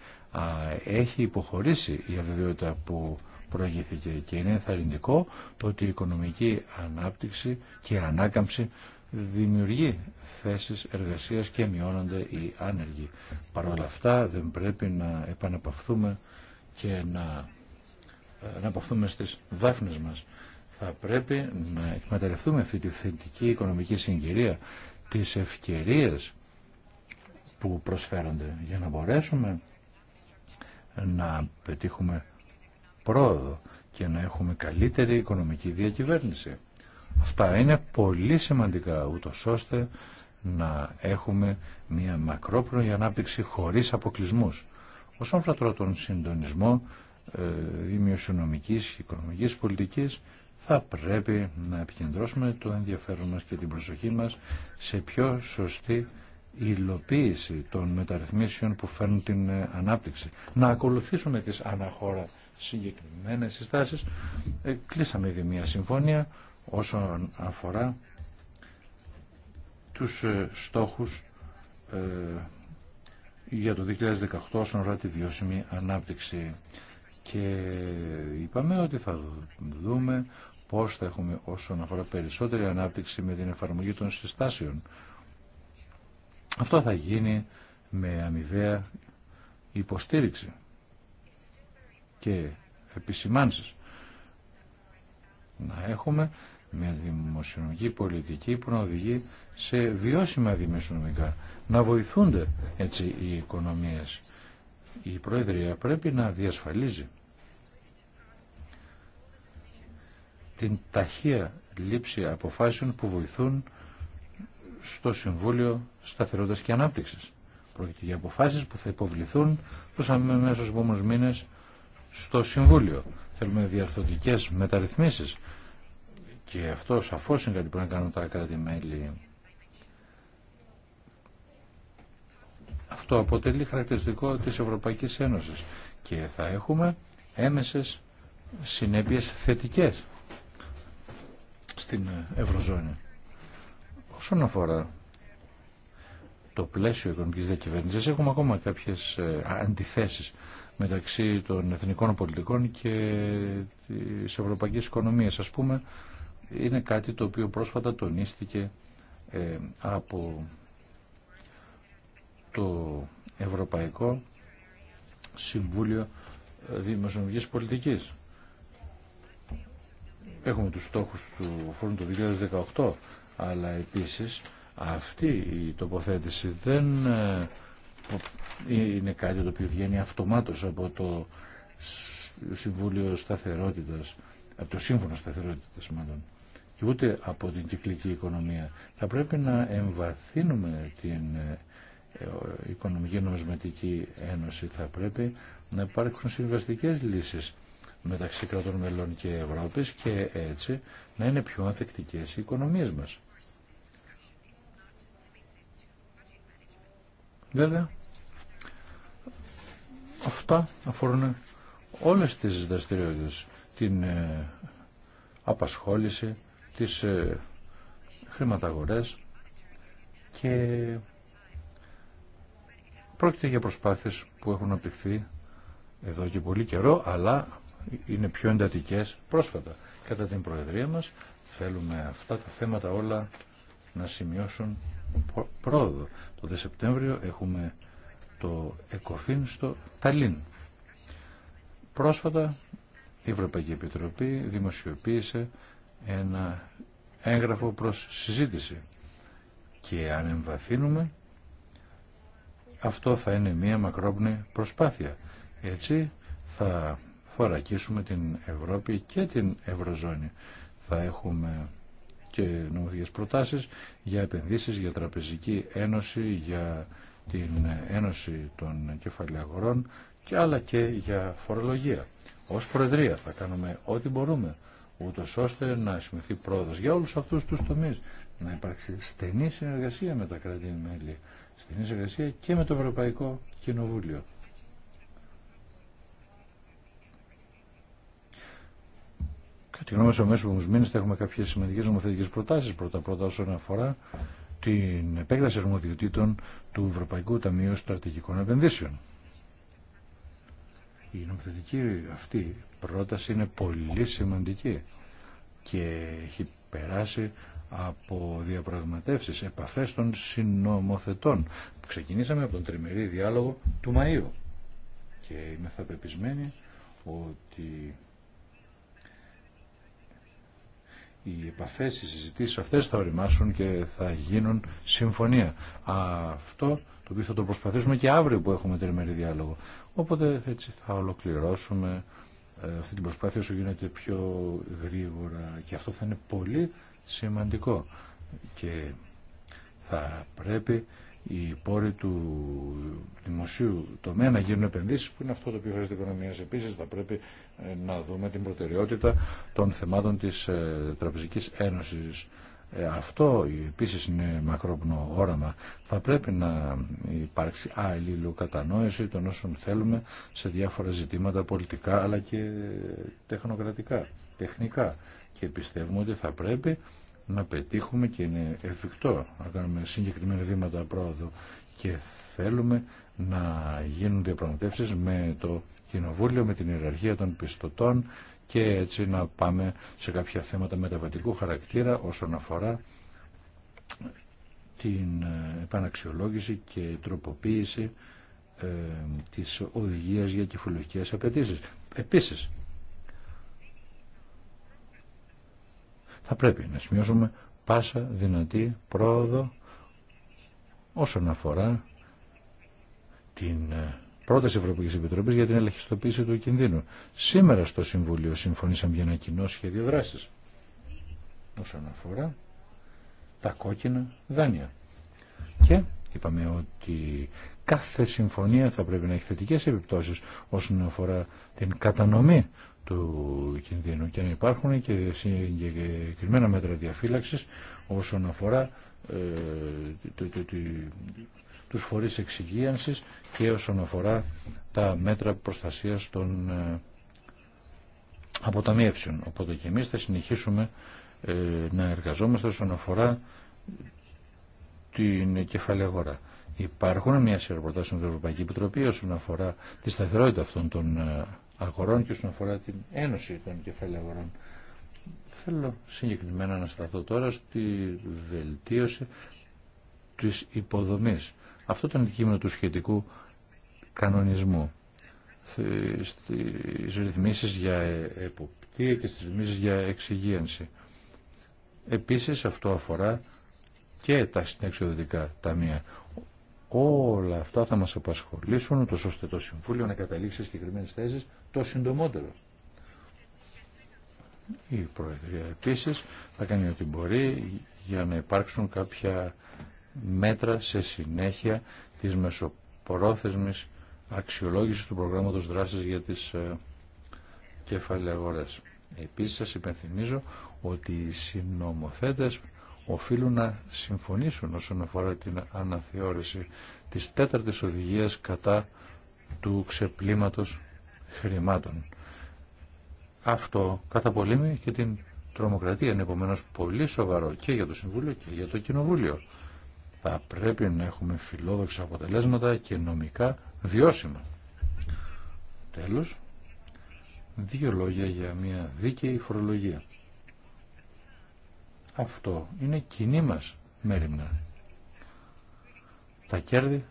Έχει υποχωρήσει η αβεβαιότητα που προηγήθηκε και είναι ενθαρρυντικό το ότι η οικονομική ανάπτυξη και ανάκαμψη δημιουργεί θέσεις εργασίας και μειώνονται οι άνεργοι. Παρ' όλα αυτά δεν πρέπει να επαναπαυθούμε και να, ε, να στις δάφνες μας θα πρέπει να εκμεταλλευτούμε αυτή τη θετική οικονομική συγκυρία, τις ευκαιρίες που προσφέρονται για να μπορέσουμε να πετύχουμε πρόοδο και να έχουμε καλύτερη οικονομική διακυβέρνηση. Αυτά είναι πολύ σημαντικά ούτω ώστε να έχουμε μια μακρόπνοη ανάπτυξη χωρίς αποκλεισμούς. Όσον αφορά τον συντονισμό ε, και οικονομικής πολιτικής, θα πρέπει να επικεντρώσουμε το ενδιαφέρον μας και την προσοχή μας σε πιο σωστή υλοποίηση των μεταρρυθμίσεων που φέρνουν την ε, ανάπτυξη. Να ακολουθήσουμε τις αναχώρα συγκεκριμένες συστάσεις. Ε, κλείσαμε ήδη μια συμφωνία όσον αφορά τους ε, στόχους για το 2018 όσον αφορά τη βιώσιμη ανάπτυξη. Και είπαμε ότι θα δούμε πώς θα έχουμε όσον αφορά περισσότερη ανάπτυξη με την εφαρμογή των συστάσεων. Αυτό θα γίνει με αμοιβαία υποστήριξη και επισημάνσεις. Να έχουμε μια δημοσιονομική πολιτική που να οδηγεί σε βιώσιμα δημοσιονομικά. Να βοηθούνται έτσι οι οικονομίες. Η Προεδρία πρέπει να διασφαλίζει την ταχεία λήψη αποφάσεων που βοηθούν στο Συμβούλιο Σταθερότητας και Ανάπτυξης. Πρόκειται για αποφάσεις που θα υποβληθούν τους αμέσως επόμενους μήνες στο Συμβούλιο. Θέλουμε διαρθωτικές μεταρρυθμίσεις και αυτό σαφώς είναι κάτι που να κάνουν τα κράτη-μέλη. Αυτό αποτελεί χαρακτηριστικό της Ευρωπαϊκής Ένωσης και θα έχουμε έμεσες συνέπειες θετικές στην ε, Ευρωζώνη. Όσον αφορά το πλαίσιο οικονομικής διακυβέρνησης, έχουμε ακόμα κάποιες ε, αντιθέσεις μεταξύ των εθνικών πολιτικών και της ευρωπαϊκής οικονομίας. Ας πούμε, είναι κάτι το οποίο πρόσφατα τονίστηκε ε, από το Ευρωπαϊκό Συμβούλιο Δημοσιονομικής Πολιτικής. Έχουμε τους στόχους του φόρου του 2018, αλλά επίσης αυτή η τοποθέτηση δεν ε, είναι κάτι το οποίο βγαίνει αυτομάτως από το Συμβούλιο Σταθερότητας, από το Σύμφωνο Σταθερότητας μάλλον, και ούτε από την κυκλική οικονομία. Θα πρέπει να εμβαθύνουμε την ε, ε, Οικονομική Νομισματική Ένωση. Θα πρέπει να υπάρχουν συμβαστικές λύσεις μεταξύ κρατών μελών και Ευρώπης και έτσι να είναι πιο ανθεκτικές οι οικονομίες μας. Βέβαια, αυτά αφορούν όλες τις δραστηριότητες, την ε, απασχόληση, τις ε, και πρόκειται για προσπάθειες που έχουν απτυχθεί εδώ και πολύ καιρό, αλλά είναι πιο εντατικές πρόσφατα. Κατά την Προεδρία μας θέλουμε αυτά τα θέματα όλα να σημειώσουν πρόοδο. Το δε Σεπτέμβριο έχουμε το ΕΚΟΦΗΝ στο Ταλίν. Πρόσφατα η Ευρωπαϊκή Επιτροπή δημοσιοποίησε ένα έγγραφο προς συζήτηση και αν εμβαθύνουμε αυτό θα είναι μία μακρόπνη προσπάθεια. Έτσι θα θωρακίσουμε την Ευρώπη και την Ευρωζώνη. Θα έχουμε και νομοθετικές προτάσεις για επενδύσεις, για τραπεζική ένωση, για την ένωση των κεφαλαίων και άλλα και για φορολογία. Ως Προεδρία θα κάνουμε ό,τι μπορούμε, ούτως ώστε να σημειωθεί πρόοδος για όλους αυτούς τους τομείς, να υπάρξει στενή συνεργασία με τα κράτη-μέλη, στενή συνεργασία και με το Ευρωπαϊκό Κοινοβούλιο. Κατά τη γνώμη στο εχουμε κάποιε σημαντικέ νομοθετικέ νομοθετικές προτάσεις πρώτα-πρώτα όσον αφορά την επέκταση αρμοδιοτήτων του Ευρωπαϊκού Ταμείου Στρατηγικών Επενδύσεων. Η νομοθετική αυτή πρόταση είναι πολύ σημαντική και έχει περάσει από διαπραγματεύσεις, επαφές των συνομοθετών. Ξεκινήσαμε από τον τριμερή διάλογο του Μαΐου και είμαι θα ότι οι επαφές, οι συζητήσεις αυτές θα οριμάσουν και θα γίνουν συμφωνία. Αυτό το οποίο θα το προσπαθήσουμε και αύριο που έχουμε τριμερή διάλογο. Οπότε έτσι θα ολοκληρώσουμε ε, αυτή την προσπάθεια όσο γίνεται πιο γρήγορα και αυτό θα είναι πολύ σημαντικό και θα πρέπει οι πόροι του δημοσίου τομέα να γίνουν επενδύσεις που είναι αυτό το οποίο χρειάζεται οικονομίας. Επίσης θα πρέπει ε, να δούμε την προτεραιότητα των θεμάτων της ε, Τραπεζικής Ένωσης. Ε, αυτό επίσης είναι μακρόπνο όραμα. Θα πρέπει να υπάρξει αλληλοκατανόηση των όσων θέλουμε σε διάφορα ζητήματα πολιτικά αλλά και τεχνοκρατικά, τεχνικά. Και πιστεύουμε ότι θα πρέπει να πετύχουμε και είναι εφικτό να κάνουμε συγκεκριμένα βήματα πρόοδου και θέλουμε να γίνουν διαπραγματεύσεις με το Κοινοβούλιο, με την ιεραρχία των πιστωτών και έτσι να πάμε σε κάποια θέματα μεταβατικού χαρακτήρα όσον αφορά την ε, επαναξιολόγηση και τροποποίηση ε, της οδηγίας για κυφολογικές απαιτήσεις. Επίσης, θα πρέπει να σημειώσουμε πάσα δυνατή πρόοδο όσον αφορά την ε, πρόταση Ευρωπαϊκή Επιτροπή για την ελαχιστοποίηση του κινδύνου. Σήμερα στο Συμβούλιο συμφωνήσαμε για ένα κοινό σχέδιο δράση όσον αφορά τα κόκκινα δάνεια. Και είπαμε ότι κάθε συμφωνία θα πρέπει να έχει θετικέ επιπτώσει όσον αφορά την κατανομή του κινδύνου και υπάρχουν και συγκεκριμένα μέτρα διαφύλαξης όσον αφορά ε, το, το, τους φορείς εξυγίανσης και όσον αφορά τα μέτρα προστασίας των ε, αποταμιεύσεων. Οπότε και εμείς θα συνεχίσουμε ε, να εργαζόμαστε όσον αφορά την κεφαλαία αγορά. Υπάρχουν μια σειρά προτάσεων την Ευρωπαϊκή Επιτροπή όσον αφορά τη σταθερότητα αυτών των ε, αγορών και όσον αφορά την Ένωση των Κεφαλαίων Αγορών. Θέλω συγκεκριμένα να σταθώ τώρα στη βελτίωση της υποδομής. Αυτό ήταν αντικείμενο του σχετικού κανονισμού στις ρυθμίσεις για εποπτεία και στις ρυθμίσεις για εξυγίανση. Επίσης αυτό αφορά και τα συνεξοδοτικά ταμεία. Όλα αυτά θα μας απασχολήσουν, το ώστε το Συμβούλιο να καταλήξει συγκεκριμένε θέσεις το συντομότερο. Η Προεδρία επίση θα κάνει ό,τι μπορεί για να υπάρξουν κάποια μέτρα σε συνέχεια της μεσοπρόθεσμης αξιολόγησης του προγράμματος δράσης για τις ε, κεφάλαια αγορές. Επίσης σας υπενθυμίζω ότι οι συνομοθέτες οφείλουν να συμφωνήσουν όσον αφορά την αναθεώρηση της τέταρτης οδηγίας κατά του ξεπλήματος χρημάτων. Αυτό καταπολέμει και την τρομοκρατία είναι επομένως πολύ σοβαρό και για το Συμβούλιο και για το Κοινοβούλιο. Θα πρέπει να έχουμε φιλόδοξα αποτελέσματα και νομικά βιώσιμα. Τέλος, δύο λόγια για μια δίκαιη φορολογία. Αυτό είναι κοινή μας μέρημνα. Τα κέρδη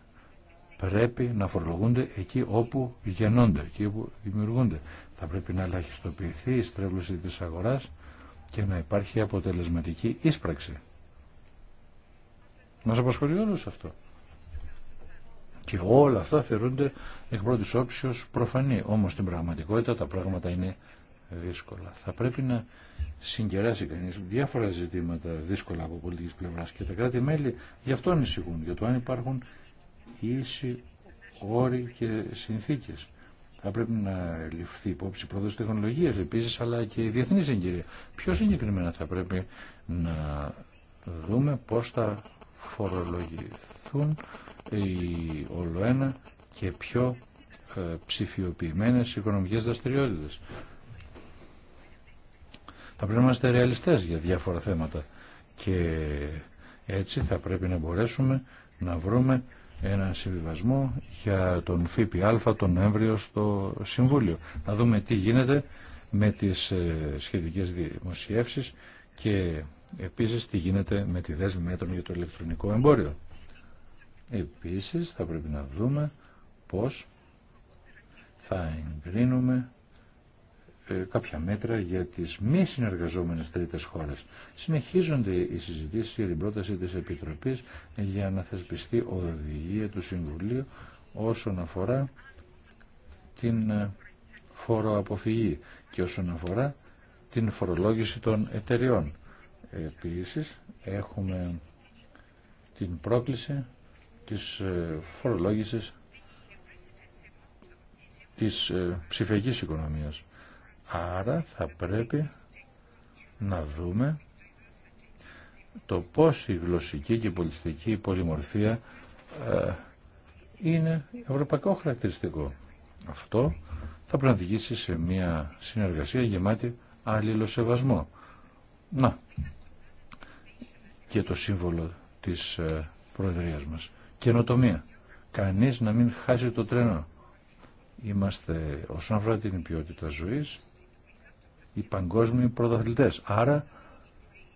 πρέπει να φορολογούνται εκεί όπου γεννώνται, εκεί όπου δημιουργούνται. Θα πρέπει να ελαχιστοποιηθεί η στρέβλωση της αγοράς και να υπάρχει αποτελεσματική ίσπραξη. Μας απασχολεί όλους αυτό. Και όλα αυτά θεωρούνται εκ πρώτης όψεως προφανή. Όμως στην πραγματικότητα τα πράγματα είναι δύσκολα. Θα πρέπει να συγκεράσει κανείς διάφορα ζητήματα δύσκολα από πολιτικής πλευράς και τα κράτη-μέλη γι' αυτό ανησυχούν, για το αν υπάρχουν ίση όροι και συνθήκες. Θα πρέπει να ληφθεί υπόψη πρόοδος τεχνολογίας επίσης, αλλά και η διεθνή συγκυρία. Πιο συγκεκριμένα θα πρέπει να δούμε πώς θα φορολογηθούν οι ολοένα και πιο ε, ψηφιοποιημένες οικονομικές δραστηριότητες. Θα πρέπει να είμαστε ρεαλιστές για διάφορα θέματα και έτσι θα πρέπει να μπορέσουμε να βρούμε ένα συμβιβασμό για τον ΦΠΑ τον Νοέμβριο στο Συμβούλιο. Να δούμε τι γίνεται με τις ε, σχετικές δημοσιεύσεις και επίσης τι γίνεται με τη δέσμη μέτρων για το ηλεκτρονικό εμπόριο. Επίσης θα πρέπει να δούμε πώς θα εγκρίνουμε ε, κάποια μέτρα για τις μη συνεργαζόμενες τρίτες χώρες. Συνεχίζονται οι συζητήσεις για την πρόταση της Επιτροπής για να θεσπιστεί οδηγία του Συμβουλίου όσον αφορά την ε, φοροαποφυγή και όσον αφορά την φορολόγηση των εταιριών. Επίσης έχουμε την πρόκληση της ε, φορολόγησης της ψηφιακής οικονομίας. Άρα θα πρέπει να δούμε το πώς η γλωσσική και η πολιτιστική πολυμορφία ε, είναι ευρωπαϊκό χαρακτηριστικό. Αυτό θα πρέπει να οδηγήσει σε μια συνεργασία γεμάτη αλληλοσεβασμό. Να, και το σύμβολο της ε, Προεδρίας μας. Καινοτομία. Κανείς να μην χάσει το τρένο. Είμαστε όσον αφορά την ποιότητα ζωής οι παγκόσμιοι πρωταθλητές. Άρα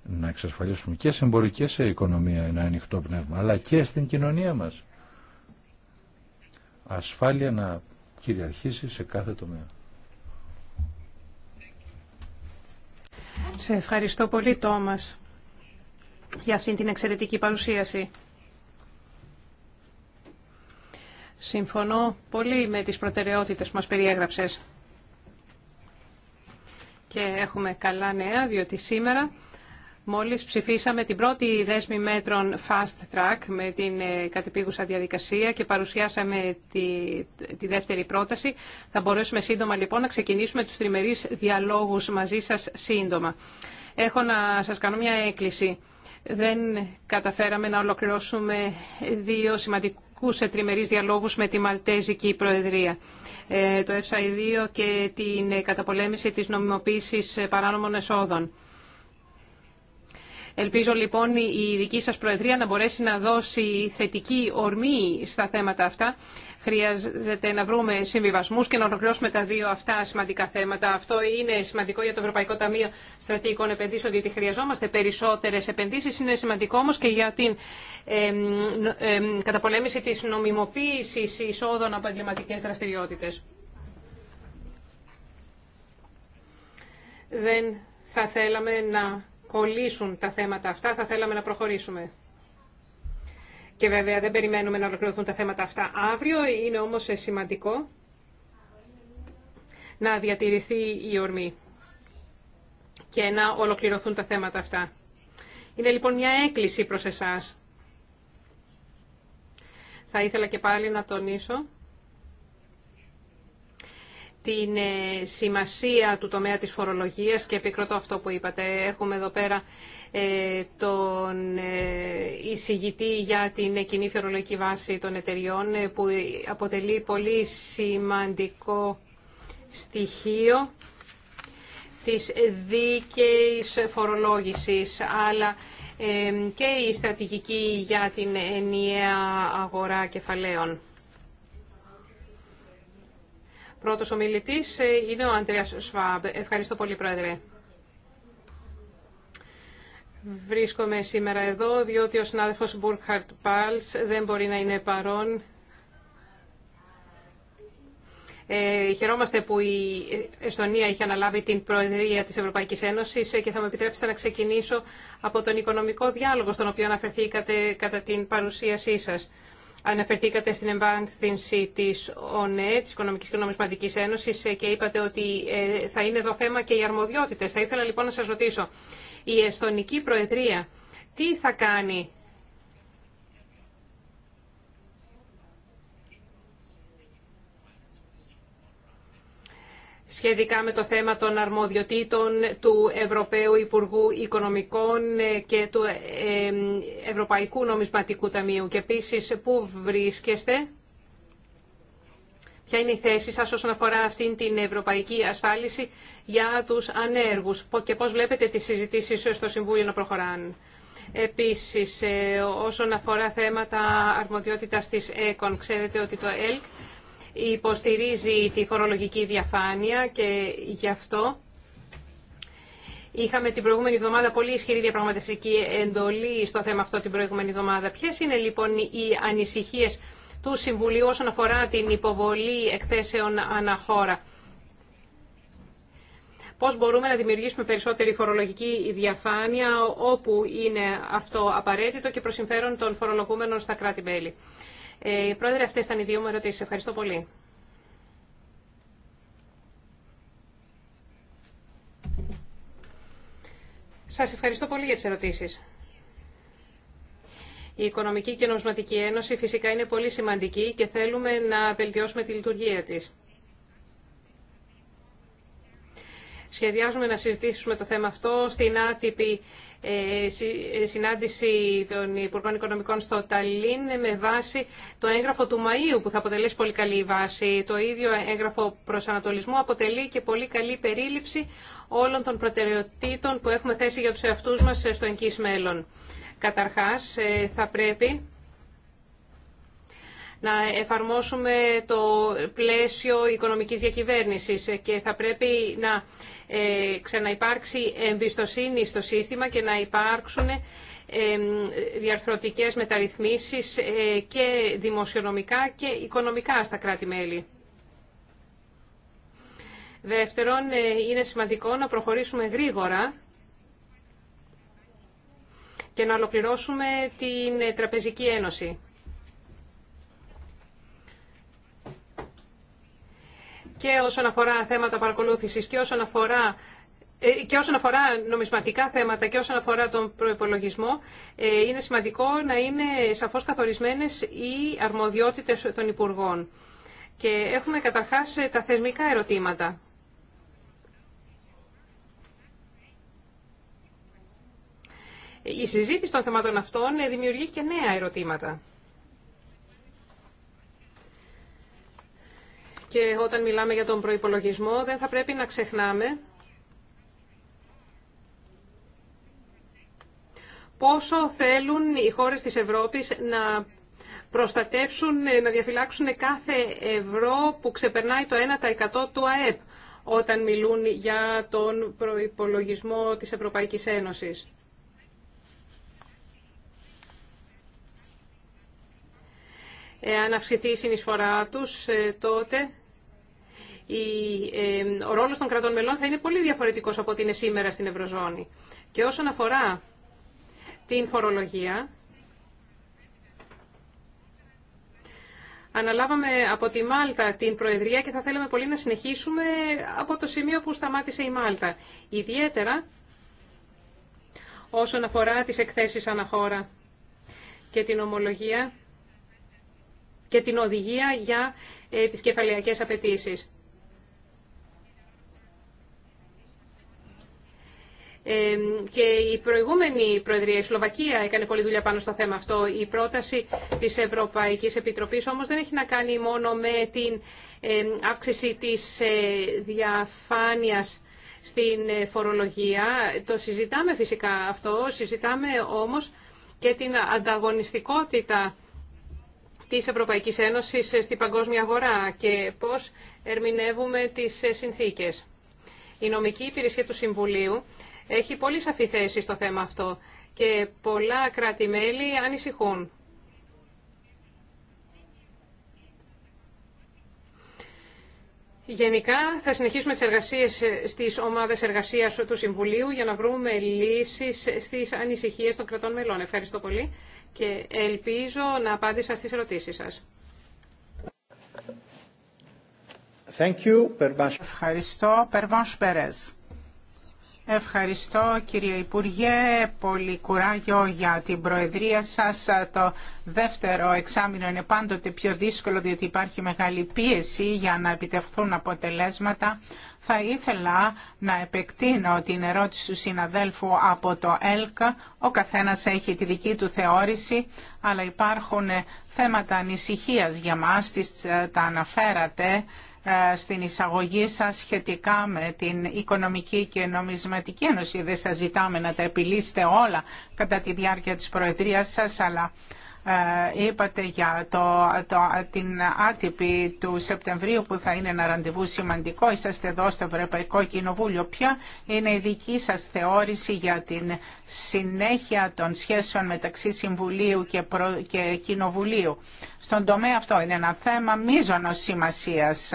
να εξασφαλίσουμε και σε εμπορική και σε οικονομία ένα ανοιχτό πνεύμα, αλλά και στην κοινωνία μας. Ασφάλεια να κυριαρχήσει σε κάθε τομέα. Σε ευχαριστώ πολύ, Τόμας, για αυτήν την εξαιρετική παρουσίαση. Συμφωνώ πολύ με τις προτεραιότητες που μας περιέγραψες. Και έχουμε καλά νέα, διότι σήμερα μόλις ψηφίσαμε την πρώτη δέσμη μέτρων Fast Track με την ε, κατεπίγουσα διαδικασία και παρουσιάσαμε τη, τη δεύτερη πρόταση. Θα μπορέσουμε σύντομα λοιπόν να ξεκινήσουμε τους τριμερείς διαλόγους μαζί σας σύντομα. Έχω να σας κάνω μια έκκληση. Δεν καταφέραμε να ολοκληρώσουμε δύο σημαντικού σε τριμερεί διαλόγους με τη Μαλτέζικη Προεδρία. Ε, το FSI2 και την ε, καταπολέμηση της νομιμοποίηση ε, παράνομων εσόδων. Ελπίζω λοιπόν η δική σας Προεδρία να μπορέσει να δώσει θετική ορμή στα θέματα αυτά Χρειάζεται να βρούμε συμβιβασμού και να ολοκληρώσουμε τα δύο αυτά σημαντικά θέματα. Αυτό είναι σημαντικό για το Ευρωπαϊκό Ταμείο Στρατηγικών Επενδύσεων, διότι χρειαζόμαστε περισσότερε επενδύσει. Είναι σημαντικό όμω και για την ε, καταπολέμηση τη νομιμοποίηση εισόδων από εγκληματικέ δραστηριότητε. Δεν θα θέλαμε να κολλήσουν τα θέματα αυτά, θα θέλαμε να προχωρήσουμε. Και βέβαια δεν περιμένουμε να ολοκληρωθούν τα θέματα αυτά αύριο, είναι όμως σημαντικό να διατηρηθεί η ορμή και να ολοκληρωθούν τα θέματα αυτά. Είναι λοιπόν μια έκκληση προς εσάς. Θα ήθελα και πάλι να τονίσω την ε, σημασία του τομέα της φορολογίας και επικροτώ αυτό που είπατε. Έχουμε εδώ πέρα ε, τον ε, εισηγητή για την κοινή φορολογική βάση των εταιριών ε, που αποτελεί πολύ σημαντικό στοιχείο της δίκαιης φορολόγησης αλλά και η στρατηγική για την ενιαία αγορά κεφαλαίων. Πρώτος ομιλητής είναι ο Αντρέας Σβάμπ. Ευχαριστώ πολύ, Πρόεδρε βρίσκομαι σήμερα εδώ, διότι ο συνάδελφος Μπουρκχαρτ Πάλς δεν μπορεί να είναι παρόν. Ε, χαιρόμαστε που η Εστονία είχε αναλάβει την Προεδρία της Ευρωπαϊκής Ένωσης ε, και θα με επιτρέψετε να ξεκινήσω από τον οικονομικό διάλογο στον οποίο αναφερθήκατε κατά την παρουσίασή σας. Αναφερθήκατε στην εμβάνθυνση της ΟΝΕ, της Οικονομικής και Νομισματικής Ένωσης ε, και είπατε ότι ε, θα είναι εδώ θέμα και οι αρμοδιότητες. Θα ήθελα λοιπόν να σας ρωτήσω, η Εστονική Προεδρία τι θα κάνει σχετικά με το θέμα των αρμοδιοτήτων του Ευρωπαίου Υπουργού Οικονομικών και του ε, Ευρωπαϊκού Νομισματικού Ταμείου. Και επίσης, πού βρίσκεστε ποια είναι η θέση σας όσον αφορά αυτήν την ευρωπαϊκή ασφάλιση για τους ανέργους και πώς βλέπετε τις συζητήσεις στο Συμβούλιο να προχωράνε. Επίσης, ε, όσον αφορά θέματα αρμοδιότητας της ΕΚΟΝ, ξέρετε ότι το ΕΛΚ υποστηρίζει τη φορολογική διαφάνεια και γι' αυτό είχαμε την προηγούμενη εβδομάδα πολύ ισχυρή διαπραγματευτική εντολή στο θέμα αυτό την προηγούμενη εβδομάδα. Ποιες είναι λοιπόν οι ανησυχίες του Συμβουλίου όσον αφορά την υποβολή εκθέσεων αναχώρα. Πώς μπορούμε να δημιουργήσουμε περισσότερη φορολογική διαφάνεια όπου είναι αυτό απαραίτητο και προσυμφέρον των φορολογούμενων στα κράτη-μέλη. Ε, πρόεδρε, αυτές ήταν οι δύο μου ερωτήσεις. Ευχαριστώ πολύ. Σας ευχαριστώ πολύ για τις ερωτήσεις. Η Οικονομική και Νομισματική Ένωση φυσικά είναι πολύ σημαντική και θέλουμε να βελτιώσουμε τη λειτουργία της. Σχεδιάζουμε να συζητήσουμε το θέμα αυτό στην άτυπη ε, ε, συνάντηση των Υπουργών Οικονομικών στο Ταλίν με βάση το έγγραφο του Μαΐου που θα αποτελέσει πολύ καλή βάση. Το ίδιο έγγραφο Ανατολισμού αποτελεί και πολύ καλή περίληψη όλων των προτεραιοτήτων που έχουμε θέσει για τους εαυτούς μας στο εγγύς μέλλον. Καταρχάς, ε, θα πρέπει να εφαρμόσουμε το πλαίσιο οικονομικής διακυβέρνησης και θα πρέπει να ε, ξαναυπάρξει εμπιστοσύνη στο σύστημα και να υπάρξουν ε, διαρθρωτικές μεταρρυθμίσεις και δημοσιονομικά και οικονομικά στα κράτη-μέλη. Δεύτερον, είναι σημαντικό να προχωρήσουμε γρήγορα και να ολοκληρώσουμε την ε, Τραπεζική Ένωση. Και όσον αφορά θέματα παρακολούθησης και όσον αφορά ε, και όσον αφορά νομισματικά θέματα και όσον αφορά τον προπολογισμό, ε, είναι σημαντικό να είναι σαφώς καθορισμένες οι αρμοδιότητες των Υπουργών. Και έχουμε καταρχάς τα θεσμικά ερωτήματα. η συζήτηση των θεμάτων αυτών ε, δημιουργεί και νέα ερωτήματα. Και όταν μιλάμε για τον προϋπολογισμό δεν θα πρέπει να ξεχνάμε πόσο θέλουν οι χώρες της Ευρώπης να προστατεύσουν, ε, να διαφυλάξουν κάθε ευρώ που ξεπερνάει το 1% του ΑΕΠ όταν μιλούν για τον προϋπολογισμό της Ευρωπαϊκής Ένωσης. αν αυξηθεί η συνεισφορά τους, ε, τότε ε, ο ρόλος των κρατών μελών θα είναι πολύ διαφορετικός από ό,τι είναι σήμερα στην Ευρωζώνη. Και όσον αφορά την φορολογία, αναλάβαμε από τη Μάλτα την Προεδρία και θα θέλαμε πολύ να συνεχίσουμε από το σημείο που σταμάτησε η Μάλτα. Ιδιαίτερα όσον αφορά τις εκθέσεις αναχώρα και την ομολογία και την οδηγία για ε, τις κεφαλαιακές απαιτήσει. και η προηγούμενη Προεδρία, η Σλοβακία, έκανε πολλή δουλειά πάνω στο θέμα αυτό. Η πρόταση της Ευρωπαϊκής Επιτροπής όμως δεν έχει να κάνει μόνο με την αύξηση της ε, διαφάνειας στην ε, φορολογία. Το συζητάμε φυσικά αυτό, συζητάμε όμως και την ανταγωνιστικότητα της Ευρωπαϊκής Ένωσης στην παγκόσμια αγορά και πώς ερμηνεύουμε τις συνθήκες. Η νομική υπηρεσία του Συμβουλίου έχει πολύ σαφή θέση στο θέμα αυτό και πολλά κράτη-μέλη ανησυχούν. Γενικά θα συνεχίσουμε τις εργασίες στις ομάδες εργασίας του Συμβουλίου για να βρούμε λύσεις στις ανησυχίες των κρατών μελών. Ευχαριστώ πολύ και ελπίζω να απάντησα στις ερωτήσεις σας. Thank you, Ευχαριστώ, Περβάνς Περές. Ευχαριστώ κύριε Υπουργέ, πολύ κουράγιο για την Προεδρία σας. Το δεύτερο εξάμεινο είναι πάντοτε πιο δύσκολο διότι υπάρχει μεγάλη πίεση για να επιτευχθούν αποτελέσματα θα ήθελα να επεκτείνω την ερώτηση του συναδέλφου από το ΕΛΚΑ. Ο καθένας έχει τη δική του θεώρηση, αλλά υπάρχουν θέματα ανησυχίας για μας, ε, τα αναφέρατε ε, στην εισαγωγή σας σχετικά με την Οικονομική και Νομισματική Ένωση. Δεν σας ζητάμε να τα επιλύσετε όλα κατά τη διάρκεια της Προεδρίας σας, αλλά ε, είπατε για το, το, την άτυπη του Σεπτεμβρίου που θα είναι ένα ραντεβού σημαντικό. Είσαστε εδώ στο Ευρωπαϊκό Κοινοβούλιο. Ποια είναι η δική σας θεώρηση για την συνέχεια των σχέσεων μεταξύ Συμβουλίου και, και Κοινοβουλίου. Στον τομέα αυτό είναι ένα θέμα μείζωνος σημασίας.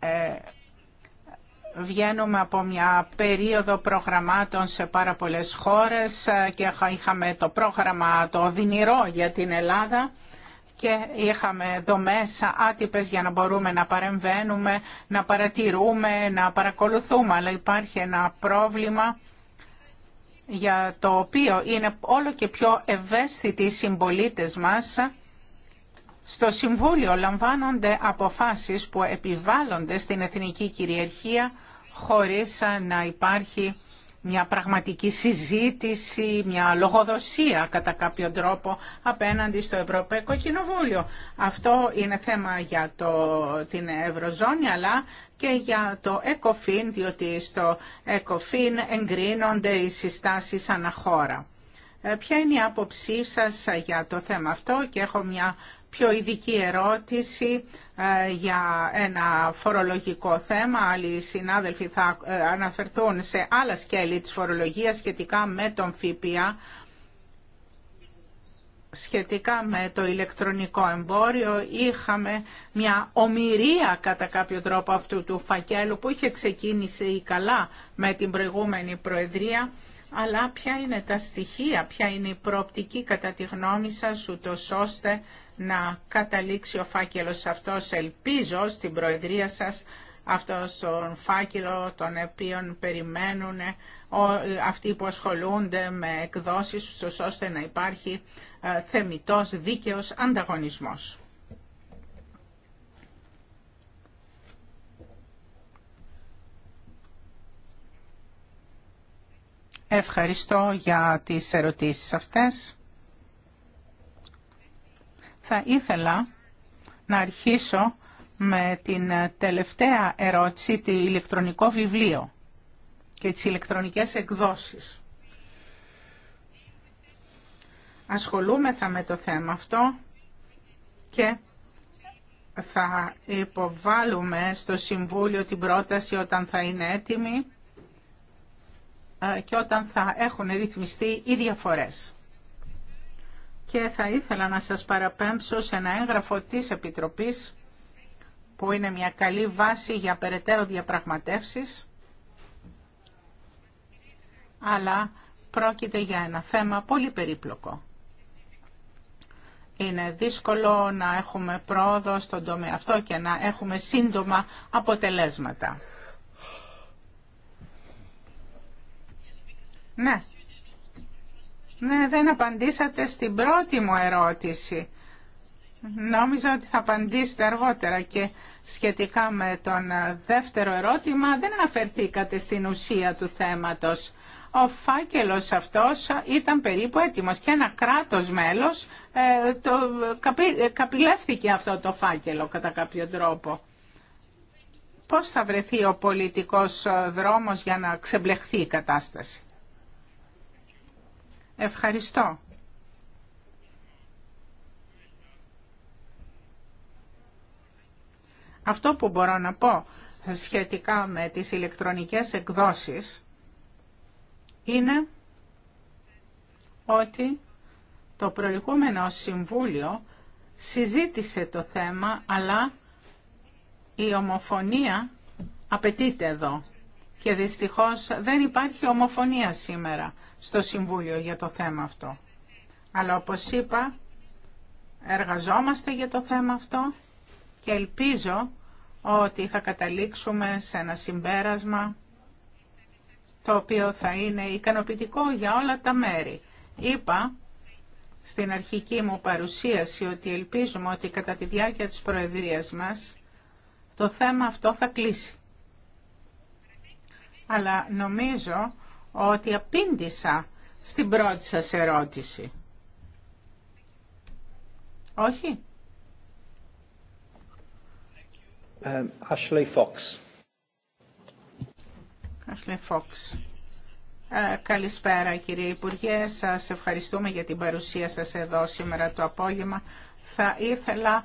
Ε, Βγαίνουμε από μια περίοδο προγραμμάτων σε πάρα πολλές χώρες ε, και είχαμε το πρόγραμμα το δινηρό για την Ελλάδα και είχαμε δομές άτυπες για να μπορούμε να παρεμβαίνουμε, να παρατηρούμε, να παρακολουθούμε. Αλλά υπάρχει ένα πρόβλημα για το οποίο είναι όλο και πιο ευαίσθητοι οι συμπολίτες μας. Στο Συμβούλιο λαμβάνονται αποφάσεις που επιβάλλονται στην εθνική κυριαρχία χωρίς να υπάρχει μια πραγματική συζήτηση, μια λογοδοσία κατά κάποιο τρόπο απέναντι στο Ευρωπαϊκό Κοινοβούλιο. Αυτό είναι θέμα για το, την Ευρωζώνη αλλά και για το ΕΚΟΦΗΝ, διότι στο ΕΚΟΦΗΝ εγκρίνονται οι συστάσεις αναχώρα. Ε, ποια είναι η άποψή σας για το θέμα αυτό και έχω μια πιο ειδική ερώτηση ε, για ένα φορολογικό θέμα. Άλλοι συνάδελφοι θα ε, αναφερθούν σε άλλα σκέλη της φορολογίας σχετικά με τον ΦΠΑ, σχετικά με το ηλεκτρονικό εμπόριο. Είχαμε μια ομοιρία κατά κάποιο τρόπο αυτού του φακέλου που είχε ξεκίνησει καλά με την προηγούμενη Προεδρία. Αλλά ποια είναι τα στοιχεία, ποια είναι η προοπτική κατά τη γνώμη σας, ούτως ώστε να καταλήξει ο φάκελος αυτός, ελπίζω, στην Προεδρία σας, αυτός τον φάκελο τον οποίον περιμένουν αυτοί που ασχολούνται με εκδόσεις, ώστε να υπάρχει ε, θεμητός δίκαιος ανταγωνισμός. Ευχαριστώ για τις ερωτήσεις αυτές. Θα ήθελα να αρχίσω με την τελευταία ερώτηση, τη ηλεκτρονικό βιβλίο και τις ηλεκτρονικές εκδόσεις. Ασχολούμεθα με το θέμα αυτό και θα υποβάλουμε στο Συμβούλιο την πρόταση όταν θα είναι έτοιμη ε, και όταν θα έχουν ρυθμιστεί οι διαφορές και θα ήθελα να σας παραπέμψω σε ένα έγγραφο της Επιτροπής που είναι μια καλή βάση για περαιτέρω διαπραγματεύσεις αλλά πρόκειται για ένα θέμα πολύ περίπλοκο. Είναι δύσκολο να έχουμε πρόοδο στον τομέα αυτό και να έχουμε σύντομα αποτελέσματα. Ναι, ναι, δεν απαντήσατε στην πρώτη μου ερώτηση. Νόμιζα ότι θα απαντήσετε αργότερα και σχετικά με τον δεύτερο ερώτημα δεν αναφερθήκατε στην ουσία του θέματος. Ο φάκελος αυτός ήταν περίπου έτοιμος και ένα κράτος μέλος ε, το, καπι, καπηλεύθηκε αυτό το φάκελο κατά κάποιο τρόπο. Πώς θα βρεθεί ο πολιτικός ε, δρόμος για να ξεμπλεχθεί η κατάσταση. Ευχαριστώ. Αυτό που μπορώ να πω σχετικά με τις ηλεκτρονικές εκδόσεις είναι ότι το προηγούμενο Συμβούλιο συζήτησε το θέμα, αλλά η ομοφωνία απαιτείται εδώ. Και δυστυχώς δεν υπάρχει ομοφωνία σήμερα στο Συμβούλιο για το θέμα αυτό. Αλλά όπως είπα, εργαζόμαστε για το θέμα αυτό και ελπίζω ότι θα καταλήξουμε σε ένα συμπέρασμα το οποίο θα είναι ικανοποιητικό για όλα τα μέρη. Είπα στην αρχική μου παρουσίαση ότι ελπίζουμε ότι κατά τη διάρκεια της Προεδρίας μας το θέμα αυτό θα κλείσει. Αλλά νομίζω ότι απήντησα στην πρώτη σας ερώτηση. Όχι. Um, Ashley Fox. Ashley Fox. Ε, καλησπέρα κύριε Υπουργέ, σας ευχαριστούμε για την παρουσία σας εδώ σήμερα το απόγευμα. Θα ήθελα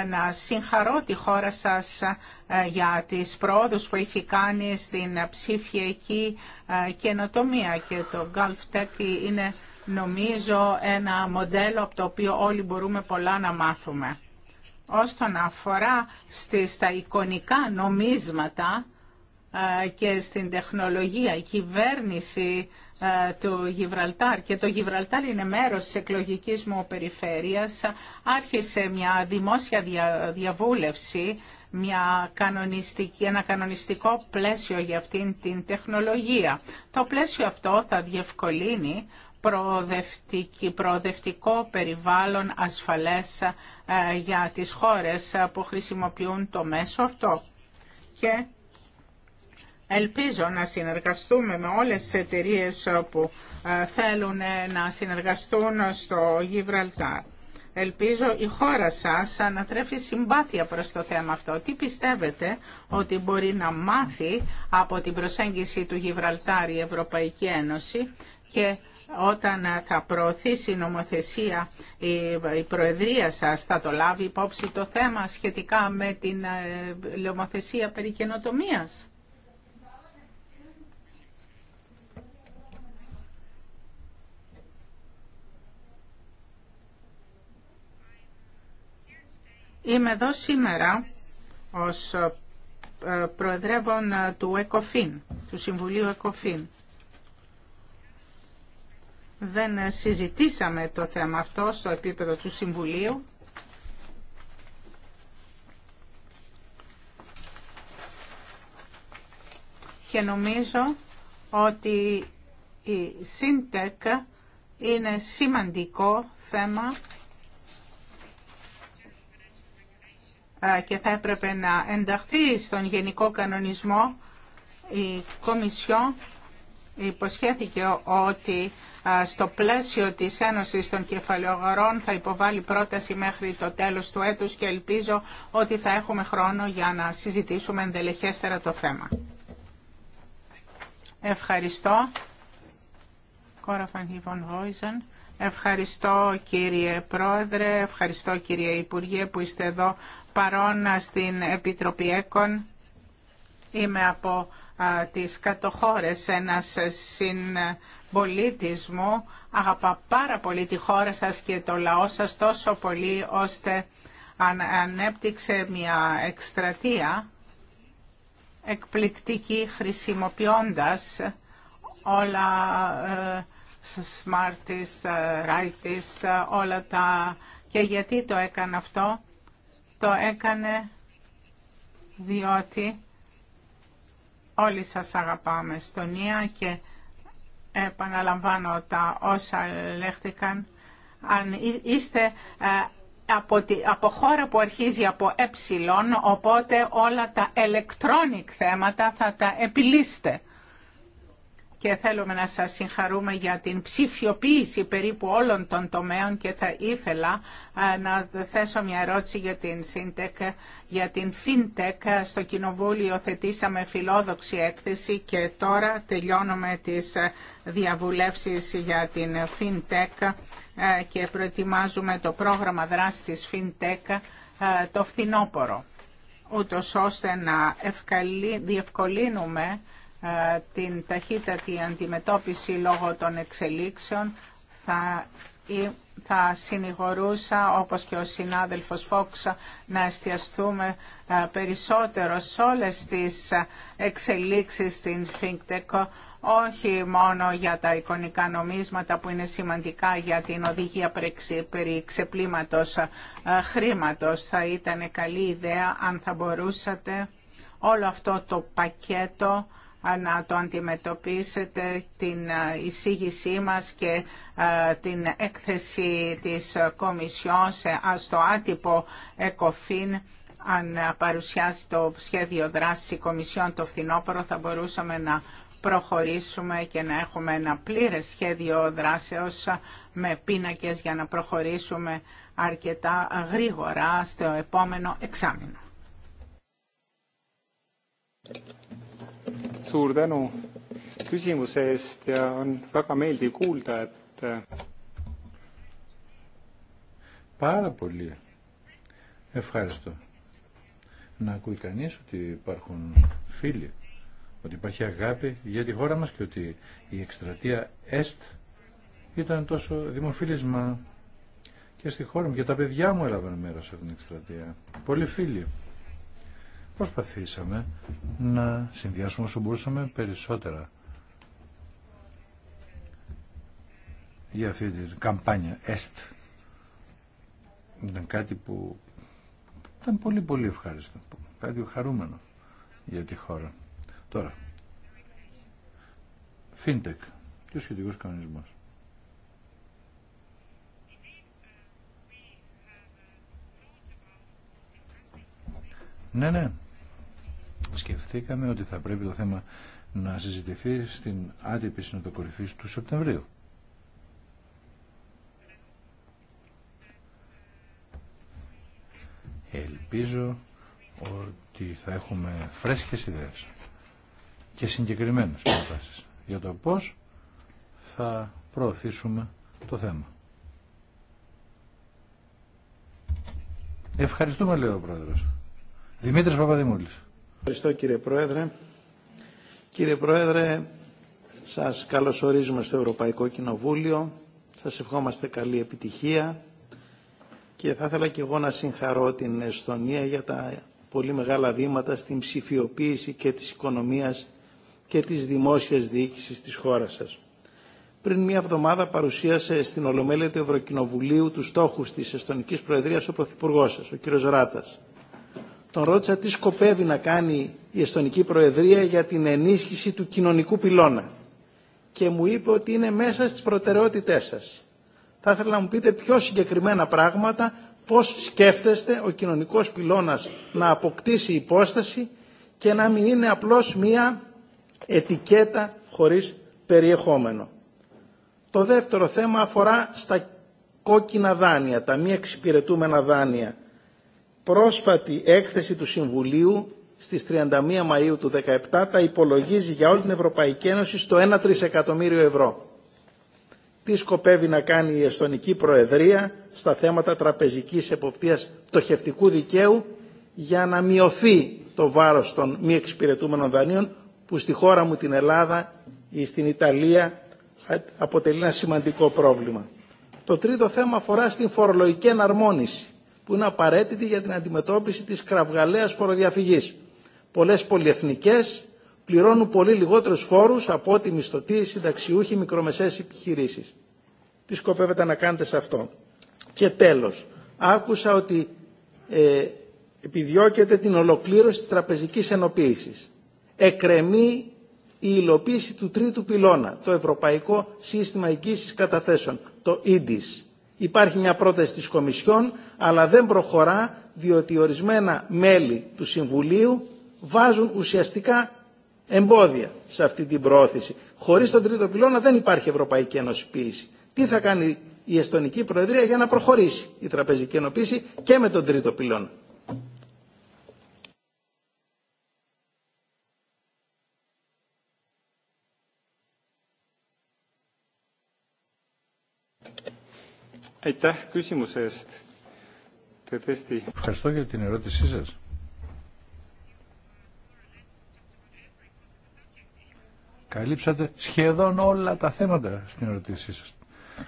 ε, να συγχαρώ τη χώρα σας ε, για τις πρόοδους που έχει κάνει στην ψηφιακή ε, καινοτομία και το Gulf Tech είναι νομίζω ένα μοντέλο από το οποίο όλοι μπορούμε πολλά να μάθουμε. Όσον αφορά στις, στα εικονικά νομίσματα, και στην τεχνολογία, η κυβέρνηση του Γιβραλτάρ και το Γιβραλτάρ είναι μέρος της εκλογικής μου περιφέρειας, άρχισε μια δημόσια διαβούλευση, μια κανονιστική, ένα κανονιστικό πλαίσιο για αυτήν την τεχνολογία. Το πλαίσιο αυτό θα διευκολύνει προοδευτικό περιβάλλον ασφαλές για τις χώρες που χρησιμοποιούν το μέσο αυτό. Και Ελπίζω να συνεργαστούμε με όλες τις εταιρείες που ε, θέλουν ε, να συνεργαστούν στο Γιβραλτάρ. Ελπίζω η χώρα σας να τρέφει συμπάθεια προς το θέμα αυτό. Τι πιστεύετε ότι μπορεί να μάθει από την προσέγγιση του Γιβραλτάρ η Ευρωπαϊκή Ένωση και όταν θα προωθήσει η νομοθεσία η Προεδρία σας θα το λάβει υπόψη το θέμα σχετικά με την ε, νομοθεσία περί καινοτομίας. Είμαι εδώ σήμερα ως ε, ε, Προεδρεύων ε, του ΕΚΟΦΗΝ, του Συμβουλίου ΕΚΟΦΗΝ. Δεν συζητήσαμε το θέμα αυτό στο επίπεδο του Συμβουλίου. Και νομίζω ότι η ΣΥΝΤΕΚ είναι σημαντικό θέμα και θα έπρεπε να ενταχθεί στον γενικό κανονισμό η Κομισιό υποσχέθηκε ότι στο πλαίσιο της Ένωσης των Κεφαλαιογορών θα υποβάλει πρόταση μέχρι το τέλος του έτους και ελπίζω ότι θα έχουμε χρόνο για να συζητήσουμε ενδελεχέστερα το θέμα. Ευχαριστώ. Ευχαριστώ κύριε Πρόεδρε, ευχαριστώ κύριε Υπουργέ που είστε εδώ παρόν στην Επιτροπή ΕΚΟΝ. Είμαι από α, τις κατοχώρες ένας συμπολίτης μου. Αγαπά πάρα πολύ τη χώρα σας και το λαό σας τόσο πολύ ώστε αν, ανέπτυξε μια εκστρατεία εκπληκτική χρησιμοποιώντας όλα... Ε, smartest, uh, rightist, uh, όλα τα... Και γιατί το έκανε αυτό. Το έκανε διότι όλοι σας αγαπάμε στον Ία και επαναλαμβάνω τα όσα λέχθηκαν. Αν είστε ε, από, από χώρα που αρχίζει από ε, οπότε όλα τα electronic θέματα θα τα επιλύσετε και θέλουμε να σας συγχαρούμε για την ψηφιοποίηση περίπου όλων των τομέων και θα ήθελα ε, να θέσω μια ερώτηση για την ΣΥΝΤΕΚ, για την FinTech. Στο Κοινοβούλιο θετήσαμε φιλόδοξη έκθεση και τώρα τελειώνουμε τις ε, διαβουλεύσεις για την FinTech ε, και προετοιμάζουμε το πρόγραμμα δράσης της FinTech το φθινόπωρο ούτως ώστε να διευκολύνουμε ε, την ταχύτατη αντιμετώπιση λόγω των εξελίξεων θα, θα συνηγορούσα όπως και ο συνάδελφος Φόξ να εστιαστούμε ε, περισσότερο σε όλες τις ε, εξελίξεις στην FinTech όχι μόνο για τα εικονικά νομίσματα που είναι σημαντικά για την οδηγία περί ξεπλήματος χρήματος. Θα ήταν καλή ιδέα αν θα μπορούσατε όλο αυτό το πακέτο να το αντιμετωπίσετε την ε, εισήγησή μας και ε, την έκθεση της Κομισιόν στο άτυπο ΕΚΟΦΗΝ αν παρουσιάσει το σχέδιο δράσης Κομισιόν το φθινόπωρο θα μπορούσαμε να προχωρήσουμε και να έχουμε ένα πλήρες σχέδιο δράσεως με πίνακες για να προχωρήσουμε αρκετά γρήγορα στο επόμενο εξάμεινο suur tänu küsimuse eest ja on väga meeldiv kuulda, et äh, Πάρα πολύ. Ευχαριστώ. Να ακούει κανείς ότι υπάρχουν φίλοι, ότι υπάρχει αγάπη για τη χώρα μας και ότι η εκστρατεία ΕΣΤ ήταν τόσο δημοφίλισμα και στη χώρα μου και τα παιδιά μου έλαβαν μέρος σε την εκστρατεία. Πολλοί φίλοι προσπαθήσαμε να συνδυάσουμε όσο μπορούσαμε περισσότερα για αυτή την καμπάνια ΕΣΤ. Ήταν κάτι που ήταν πολύ πολύ ευχάριστο, κάτι χαρούμενο για τη χώρα. Τώρα, FinTech και ο σχετικός κανονισμός. Ναι, ναι, σκεφτήκαμε ότι θα πρέπει το θέμα να συζητηθεί στην άτυπη συνοδοκορυφή του Σεπτεμβρίου. Ελπίζω ότι θα έχουμε φρέσκες ιδέες και συγκεκριμένες προτάσεις για το πώς θα προωθήσουμε το θέμα. Ευχαριστούμε, λέει ο Πρόεδρος. Δημήτρης Παπαδημούλης. Ευχαριστώ κύριε Πρόεδρε. Κύριε Πρόεδρε, σας καλωσορίζουμε στο Ευρωπαϊκό Κοινοβούλιο. Σας ευχόμαστε καλή επιτυχία και θα ήθελα και εγώ να συγχαρώ την Εστονία για τα πολύ μεγάλα βήματα στην ψηφιοποίηση και της οικονομίας και της δημόσιας διοίκησης της χώρας σας. Πριν μία εβδομάδα παρουσίασε στην Ολομέλεια του Ευρωκοινοβουλίου τους στόχους της Εστονικής Προεδρίας ο Πρωθυπουργός σας, ο κ. Ράτας. Τον ρώτησα τι σκοπεύει να κάνει η Εστονική Προεδρία για την ενίσχυση του κοινωνικού πυλώνα. Και μου είπε ότι είναι μέσα στις προτεραιότητές σας. Θα ήθελα να μου πείτε πιο συγκεκριμένα πράγματα, πώς σκέφτεστε ο κοινωνικός πυλώνας να αποκτήσει υπόσταση και να μην είναι απλώς μία ετικέτα χωρίς περιεχόμενο. Το δεύτερο θέμα αφορά στα κόκκινα δάνεια, τα μη εξυπηρετούμενα δάνεια πρόσφατη έκθεση του Συμβουλίου στις 31 Μαΐου του 2017 τα υπολογίζει για όλη την Ευρωπαϊκή Ένωση στο 1 τρισεκατομμύριο ευρώ. Τι σκοπεύει να κάνει η Εστονική Προεδρία στα θέματα τραπεζικής εποπτείας πτωχευτικού δικαίου για να μειωθεί το βάρος των μη εξυπηρετούμενων δανείων που στη χώρα μου την Ελλάδα ή στην Ιταλία αποτελεί ένα σημαντικό πρόβλημα. Το τρίτο θέμα αφορά στην φορολογική εναρμόνιση που είναι απαραίτητη για την αντιμετώπιση της κραυγαλαίας φοροδιαφυγής. Πολλές πολυεθνικές πληρώνουν πολύ λιγότερους φόρους από ό,τι μισθωτοί συνταξιούχοι μικρομεσαίες επιχειρήσεις. Τι σκοπεύετε να κάνετε σε αυτό. Και τέλος, άκουσα ότι ε, επιδιώκεται την ολοκλήρωση της τραπεζικής ενοποίησης. Εκρεμεί η υλοποίηση του τρίτου πυλώνα, το Ευρωπαϊκό Σύστημα Εγγύησης Καταθέσεων, το EDIS. Υπάρχει μια πρόταση της Κομισιόν, αλλά δεν προχωρά διότι ορισμένα μέλη του Συμβουλίου βάζουν ουσιαστικά εμπόδια σε αυτή την πρόθεση. Χωρίς τον τρίτο πυλώνα δεν υπάρχει ευρωπαϊκή ποιήση. Τι θα κάνει η Εστονική Προεδρία για να προχωρήσει η τραπεζική ενοποίηση και με τον τρίτο πυλώνα. Ευχαριστώ για την ερώτησή σας. Καλύψατε σχεδόν όλα τα θέματα στην ερώτησή σας.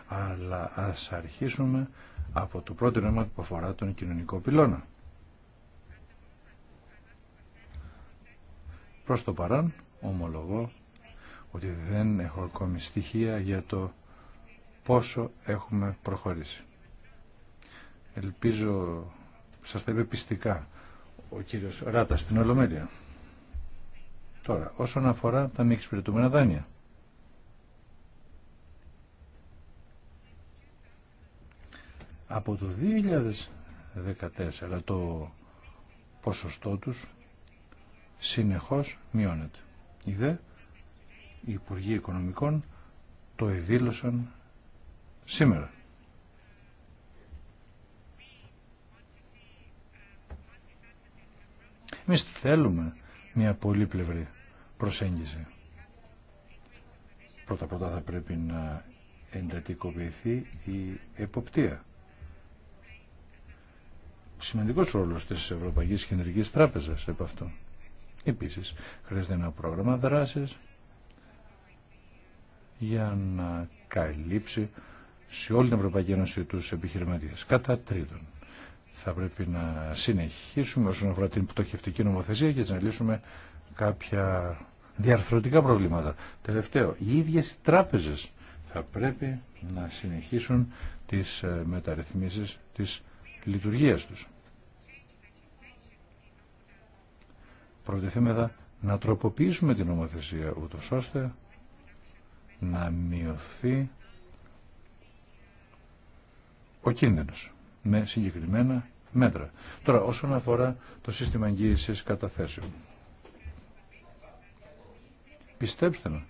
Αλλά ας αρχίσουμε από το πρώτο νόημα που αφορά τον κοινωνικό πυλώνα. Προς το παρόν ομολογώ ότι δεν έχω ακόμη στοιχεία για το πόσο έχουμε προχωρήσει. Ελπίζω, σας τα είπε πιστικά ο κύριος Ράτα στην Ολομέλεια. Τώρα, όσον αφορά τα μη εξυπηρετούμενα δάνεια. Από το 2014 το ποσοστό τους συνεχώς μειώνεται. Οι δε, οι Υπουργοί Οικονομικών το εδήλωσαν σήμερα. Εμεί θέλουμε μια πολύπλευρη προσέγγιση. Πρώτα-πρώτα θα πρέπει να εντατικοποιηθεί η εποπτεία. Σημαντικός ρόλος της Ευρωπαϊκής Κεντρικής Τράπεζας επ' αυτό. Επίσης, χρειάζεται ένα πρόγραμμα δράσης για να καλύψει σε όλη την Ευρωπαϊκή Ένωση τους επιχειρηματίες. Κατά τρίτον, θα πρέπει να συνεχίσουμε όσον αφορά την πτωχευτική νομοθεσία και να λύσουμε κάποια διαρθρωτικά προβλήματα. Τελευταίο, οι ίδιες τράπεζες θα πρέπει να συνεχίσουν τις ε, μεταρρυθμίσεις της λειτουργίας τους. Προτιθέμεθα να τροποποιήσουμε την νομοθεσία ούτως ώστε να μειωθεί ο κίνδυνος με συγκεκριμένα μέτρα. Τώρα, όσον αφορά το σύστημα εγγύησης καταθέσεων. Πιστέψτε με,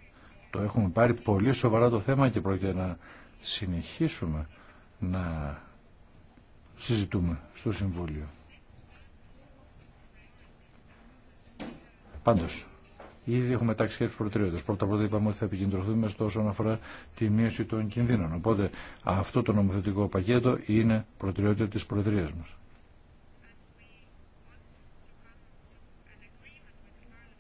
το έχουμε πάρει πολύ σοβαρά το θέμα και πρόκειται να συνεχίσουμε να συζητούμε στο Συμβούλιο. Πάντως, Ήδη έχουμε τάξει τι προτεραιότητε. Πρώτα όλα είπαμε ότι θα επικεντρωθούμε στο όσον αφορά τη μείωση των κινδύνων. Οπότε αυτό το νομοθετικό πακέτο είναι προτεραιότητα τη Προεδρία μα.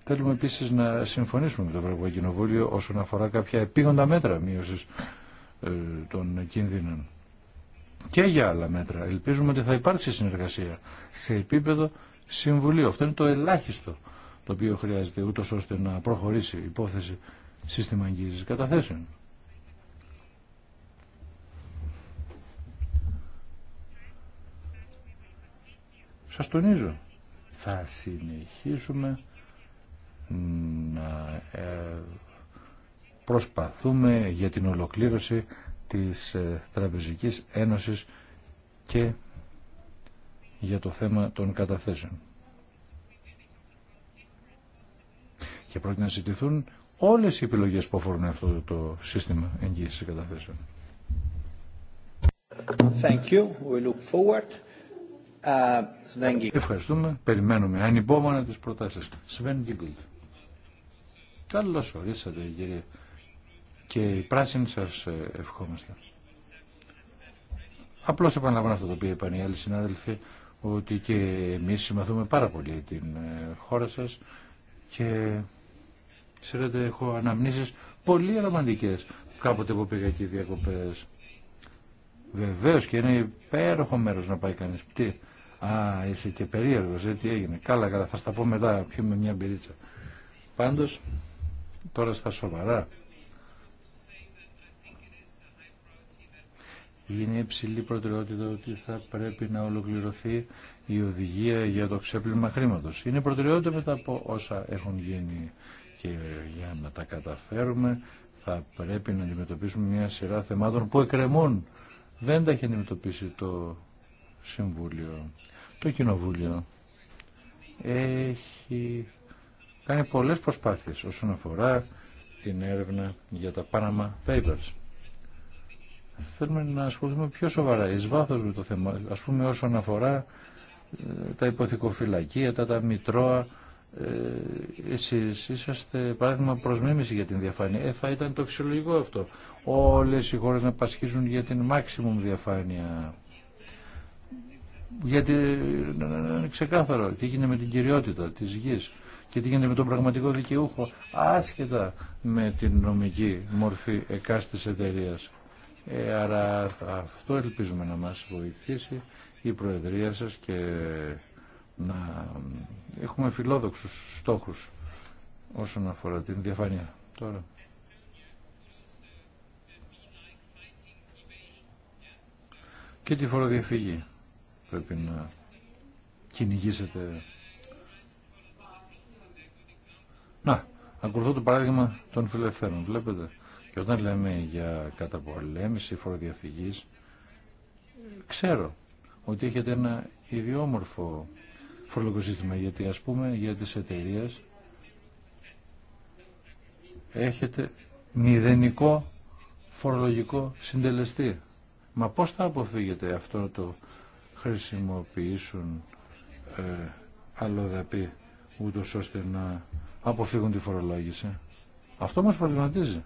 Θέλουμε επίση να συμφωνήσουμε με το Ευρωπαϊκό Κοινοβούλιο όσον αφορά κάποια επίγοντα μέτρα μείωση ε, των κινδύνων. Και για άλλα μέτρα. Ελπίζουμε ότι θα υπάρξει συνεργασία σε επίπεδο συμβουλίου. Αυτό είναι το ελάχιστο το οποίο χρειάζεται ούτως ώστε να προχωρήσει η υπόθεση σύστημα εγγύησης καταθέσεων. Σας τονίζω, θα συνεχίσουμε να ε, προσπαθούμε για την ολοκλήρωση της ε, Τραπεζικής Ένωσης και για το θέμα των καταθέσεων. και πρόκειται να συζητηθούν όλες οι επιλογές που αφορούν αυτό το σύστημα εγγύησης καταθέσεων. Thank uh, Ευχαριστούμε. Περιμένουμε ανυπόμονα τις προτάσεις. Σβέν Γκίγκολτ. Καλώς ορίσατε κύριε. Και οι πράσινοι σας ε, ευχόμαστε. Απλώς επαναλαμβάνω αυτό το οποίο είπαν οι άλλοι συνάδελφοι ότι και εμείς συμμαθούμε πάρα πολύ την ε, χώρα σας και Ξέρετε, έχω αναμνήσεις πολύ ρομαντικές κάποτε που πήγα εκεί διακοπές. Βεβαίως και είναι υπέροχο μέρος να πάει κανείς. Τι, α, είσαι και περίεργος, ε, τι έγινε. Καλά, καλά, θα στα πω μετά, πιούμε μια μπυρίτσα. Πάντως, τώρα στα σοβαρά. Είναι υψηλή προτεραιότητα ότι θα πρέπει να ολοκληρωθεί η οδηγία για το ξέπλυμα χρήματος. Είναι προτεραιότητα μετά από όσα έχουν γίνει και για να τα καταφέρουμε θα πρέπει να αντιμετωπίσουμε μια σειρά θεμάτων που εκκρεμούν. Δεν τα έχει αντιμετωπίσει το Συμβούλιο. Το Κοινοβούλιο έχει κάνει πολλές προσπάθειες όσον αφορά την έρευνα για τα Panama Papers. Θέλουμε να ασχοληθούμε πιο σοβαρά, εις βάθος με το θέμα, ας πούμε όσον αφορά ε, τα υποθηκοφυλακία, τα, τα μητρώα, ε, εσείς είσαστε παράδειγμα προς για την διαφάνεια. Ε, θα ήταν το φυσιολογικό αυτό. Όλες οι χώρες να πασχίζουν για την maximum διαφάνεια. Γιατί είναι ξεκάθαρο τι γίνεται με την κυριότητα της γης και τι γίνεται με τον πραγματικό δικαιούχο άσχετα με την νομική μορφή εκάστης εταιρεία. Ε, άρα αυτό ελπίζουμε να μας βοηθήσει η Προεδρία σας και να έχουμε φιλόδοξους στόχους όσον αφορά την διαφάνεια τώρα. Και τη φοροδιαφυγή πρέπει να κυνηγήσετε. Να, ακολουθώ το παράδειγμα των φιλελευθέρων, βλέπετε. Και όταν λέμε για καταπολέμηση φοροδιαφυγής, ξέρω ότι έχετε ένα ιδιόμορφο φορολογικό Γιατί ας πούμε για τις εταιρείε έχετε μηδενικό φορολογικό συντελεστή. Μα πώς θα αποφύγετε αυτό το χρησιμοποιήσουν ε, αλλοδαπή ούτως ώστε να αποφύγουν τη φορολόγηση. Αυτό μας προβληματίζει.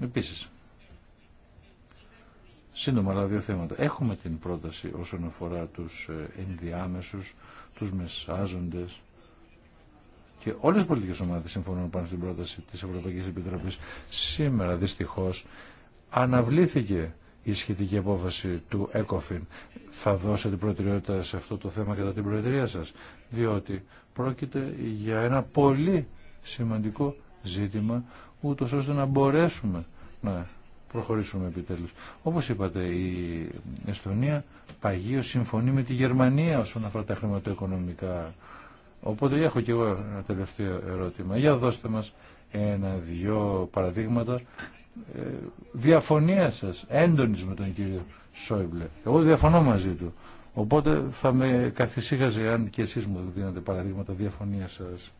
Επίσης, Σύντομα, αλλά δύο θέματα. Έχουμε την πρόταση όσον αφορά τους ε, ενδιάμεσους, τους μεσάζοντες και όλες οι πολιτικές ομάδες συμφωνούν πάνω στην πρόταση της Ευρωπαϊκής Επιτροπής. Σήμερα, δυστυχώς, αναβλήθηκε η σχετική απόφαση του ΕΚΟΦΗΝ. Θα δώσετε προτεραιότητα σε αυτό το θέμα κατά την προεδρία σας, διότι πρόκειται για ένα πολύ σημαντικό ζήτημα, ούτως ώστε να μπορέσουμε να προχωρήσουμε επιτέλους. Όπως είπατε, η Εστονία παγίως συμφωνεί με τη Γερμανία όσον αφορά τα χρηματοοικονομικά. Οπότε έχω και εγώ ένα τελευταίο ερώτημα. Για δώστε μας ένα-δυο παραδείγματα ε, διαφωνία σας, έντονης με τον κύριο Σόιμπλε. Εγώ διαφωνώ μαζί του. Οπότε θα με καθησύχαζε αν και εσείς μου δίνετε παραδείγματα διαφωνία σας.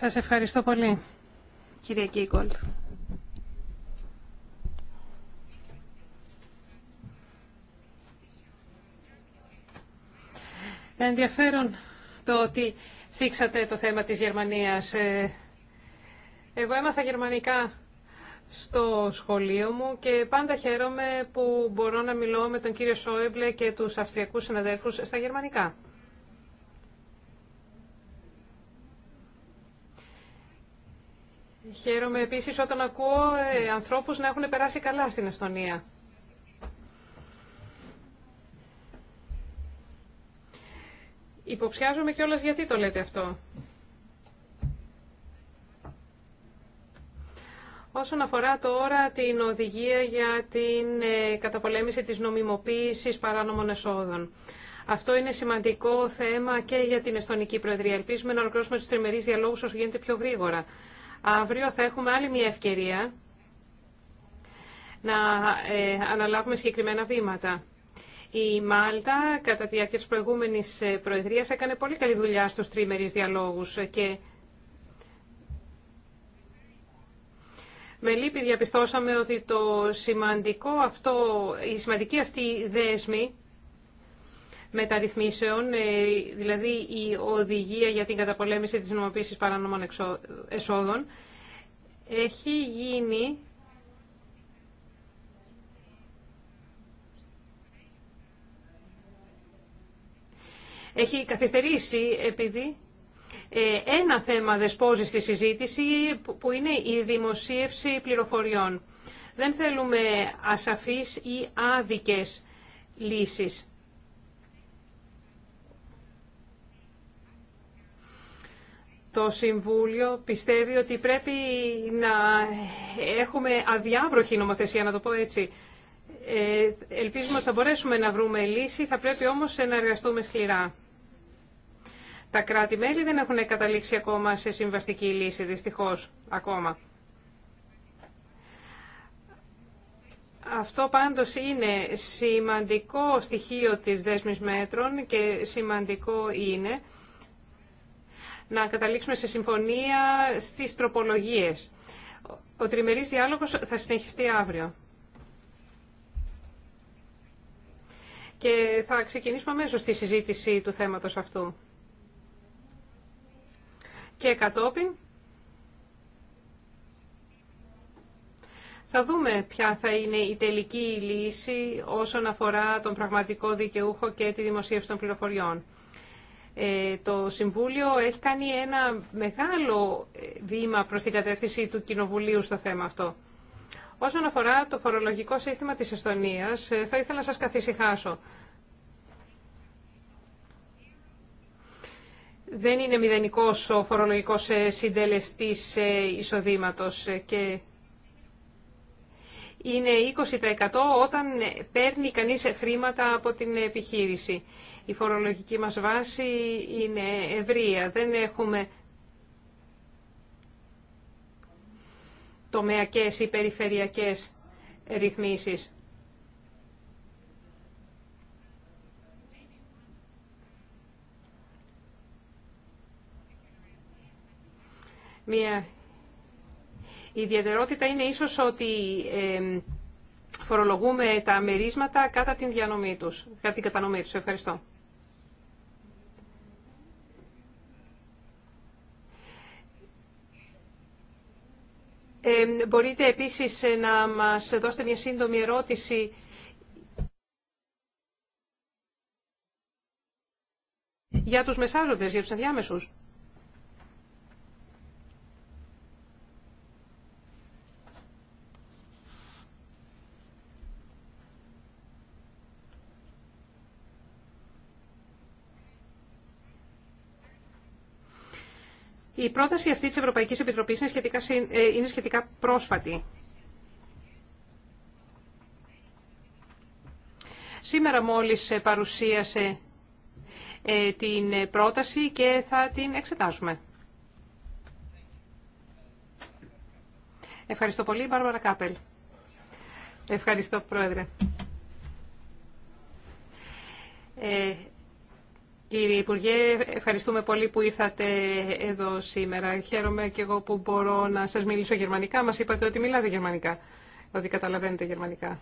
Σας ευχαριστώ πολύ, κυρία Κίκολτ. Ενδιαφέρον το ότι θίξατε το θέμα της Γερμανίας. Ε, εγώ έμαθα γερμανικά στο σχολείο μου και πάντα χαίρομαι που μπορώ να μιλώ με τον κύριο Σόιμπλε και τους αυστριακούς συναδέλφους στα γερμανικά. Χαίρομαι επίσης όταν ακούω ε, ανθρώπους να έχουν περάσει καλά στην Εστονία. Υποψιάζομαι κιόλας γιατί το λέτε αυτό. Όσον αφορά τώρα την οδηγία για την ε, καταπολέμηση της νομιμοποίησης παράνομων εσόδων. Αυτό είναι σημαντικό θέμα και για την Εστονική Προεδρία. Ελπίζουμε να ολοκληρώσουμε του τριμερεί διαλόγου όσο γίνεται πιο γρήγορα. Αύριο θα έχουμε άλλη μια ευκαιρία να ε, αναλάβουμε συγκεκριμένα βήματα. Η Μάλτα κατά τη διάρκεια της προηγούμενης ε, προεδρίας έκανε πολύ καλή δουλειά στους τρίμερι διαλόγους και με λύπη διαπιστώσαμε ότι το σημαντικό αυτό, η σημαντική αυτή δέσμη μεταρρυθμίσεων, ε, δηλαδή η οδηγία για την καταπολέμηση της νομοποίησης παράνομων εσόδων, έχει γίνει έχει καθυστερήσει επειδή ε, ένα θέμα δεσπόζει στη συζήτηση που είναι η δημοσίευση πληροφοριών. Δεν θέλουμε ασαφείς ή άδικες λύσεις. το Συμβούλιο πιστεύει ότι πρέπει να έχουμε αδιάβροχη νομοθεσία, να το πω έτσι. Ε, ελπίζουμε ότι θα μπορέσουμε να βρούμε λύση, θα πρέπει όμως να εργαστούμε σκληρά. Τα κράτη-μέλη δεν έχουν καταλήξει ακόμα σε συμβαστική λύση, δυστυχώς, ακόμα. Αυτό πάντως είναι σημαντικό στοιχείο της δέσμης μέτρων και σημαντικό είναι να καταλήξουμε σε συμφωνία στις τροπολογίες. Ο τριμερής διάλογος θα συνεχιστεί αύριο. Και θα ξεκινήσουμε αμέσω τη συζήτηση του θέματος αυτού. Και κατόπιν θα δούμε ποια θα είναι η τελική λύση όσον αφορά τον πραγματικό δικαιούχο και τη δημοσίευση των πληροφοριών. Ε, το Συμβούλιο έχει κάνει ένα μεγάλο ε, βήμα προς την κατεύθυνση του Κοινοβουλίου στο θέμα αυτό. Όσον αφορά το φορολογικό σύστημα της Εστονίας, ε, θα ήθελα να σας καθησυχάσω. Δεν είναι μηδενικός ο φορολογικός συντελεστής εισοδήματος και είναι 20% όταν παίρνει κανείς χρήματα από την επιχείρηση. Η φορολογική μας βάση είναι ευρεία. Δεν έχουμε τομεακές ή περιφερειακές ρυθμίσεις. Μία η ιδιαιτερότητα είναι ίσως ότι φορολογούμε τα μερίσματα κατά την διανομή τους, κατά την κατανομή τους. Ευχαριστώ. μπορείτε επίσης ε, να μας δώσετε μια σύντομη ερώτηση για τους μεσάζοντες, για τους ενδιάμεσους. Η πρόταση αυτή της Ευρωπαϊκής Επιτροπής είναι σχετικά, ε, είναι σχετικά πρόσφατη. Σήμερα μόλις παρουσίασε ε, την πρόταση και θα την εξετάσουμε. Ευχαριστώ πολύ, Μπάρμαρα Κάπελ. Ευχαριστώ, Πρόεδρε. Ε, Κύριε Υπουργέ, ευχαριστούμε πολύ που ήρθατε εδώ σήμερα. Χαίρομαι και εγώ που μπορώ να σας μιλήσω γερμανικά. Μας είπατε ότι μιλάτε γερμανικά, ότι καταλαβαίνετε γερμανικά.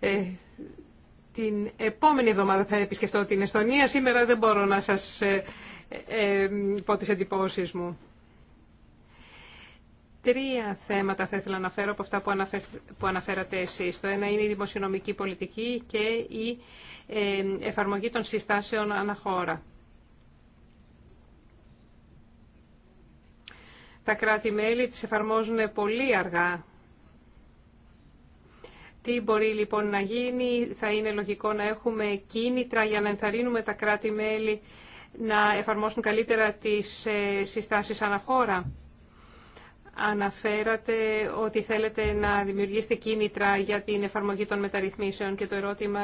Ε, την επόμενη εβδομάδα θα επισκεφτώ την Εστονία. Σήμερα δεν μπορώ να σας ε, ε, ε, πω τις εντυπώσεις μου. Τρία θέματα θα ήθελα να αναφέρω από αυτά που, αναφέρατε εσείς. Το ένα είναι η δημοσιονομική πολιτική και η ε, εφαρμογή των συστάσεων αναχώρα. Τα κράτη-μέλη τις εφαρμόζουν πολύ αργά. Τι μπορεί λοιπόν να γίνει, θα είναι λογικό να έχουμε κίνητρα για να ενθαρρύνουμε τα κράτη-μέλη να εφαρμόσουν καλύτερα τις ε, συστάσεις αναχώρα. Αναφέρατε ότι θέλετε να δημιουργήσετε κίνητρα για την εφαρμογή των μεταρρυθμίσεων και το ερώτημα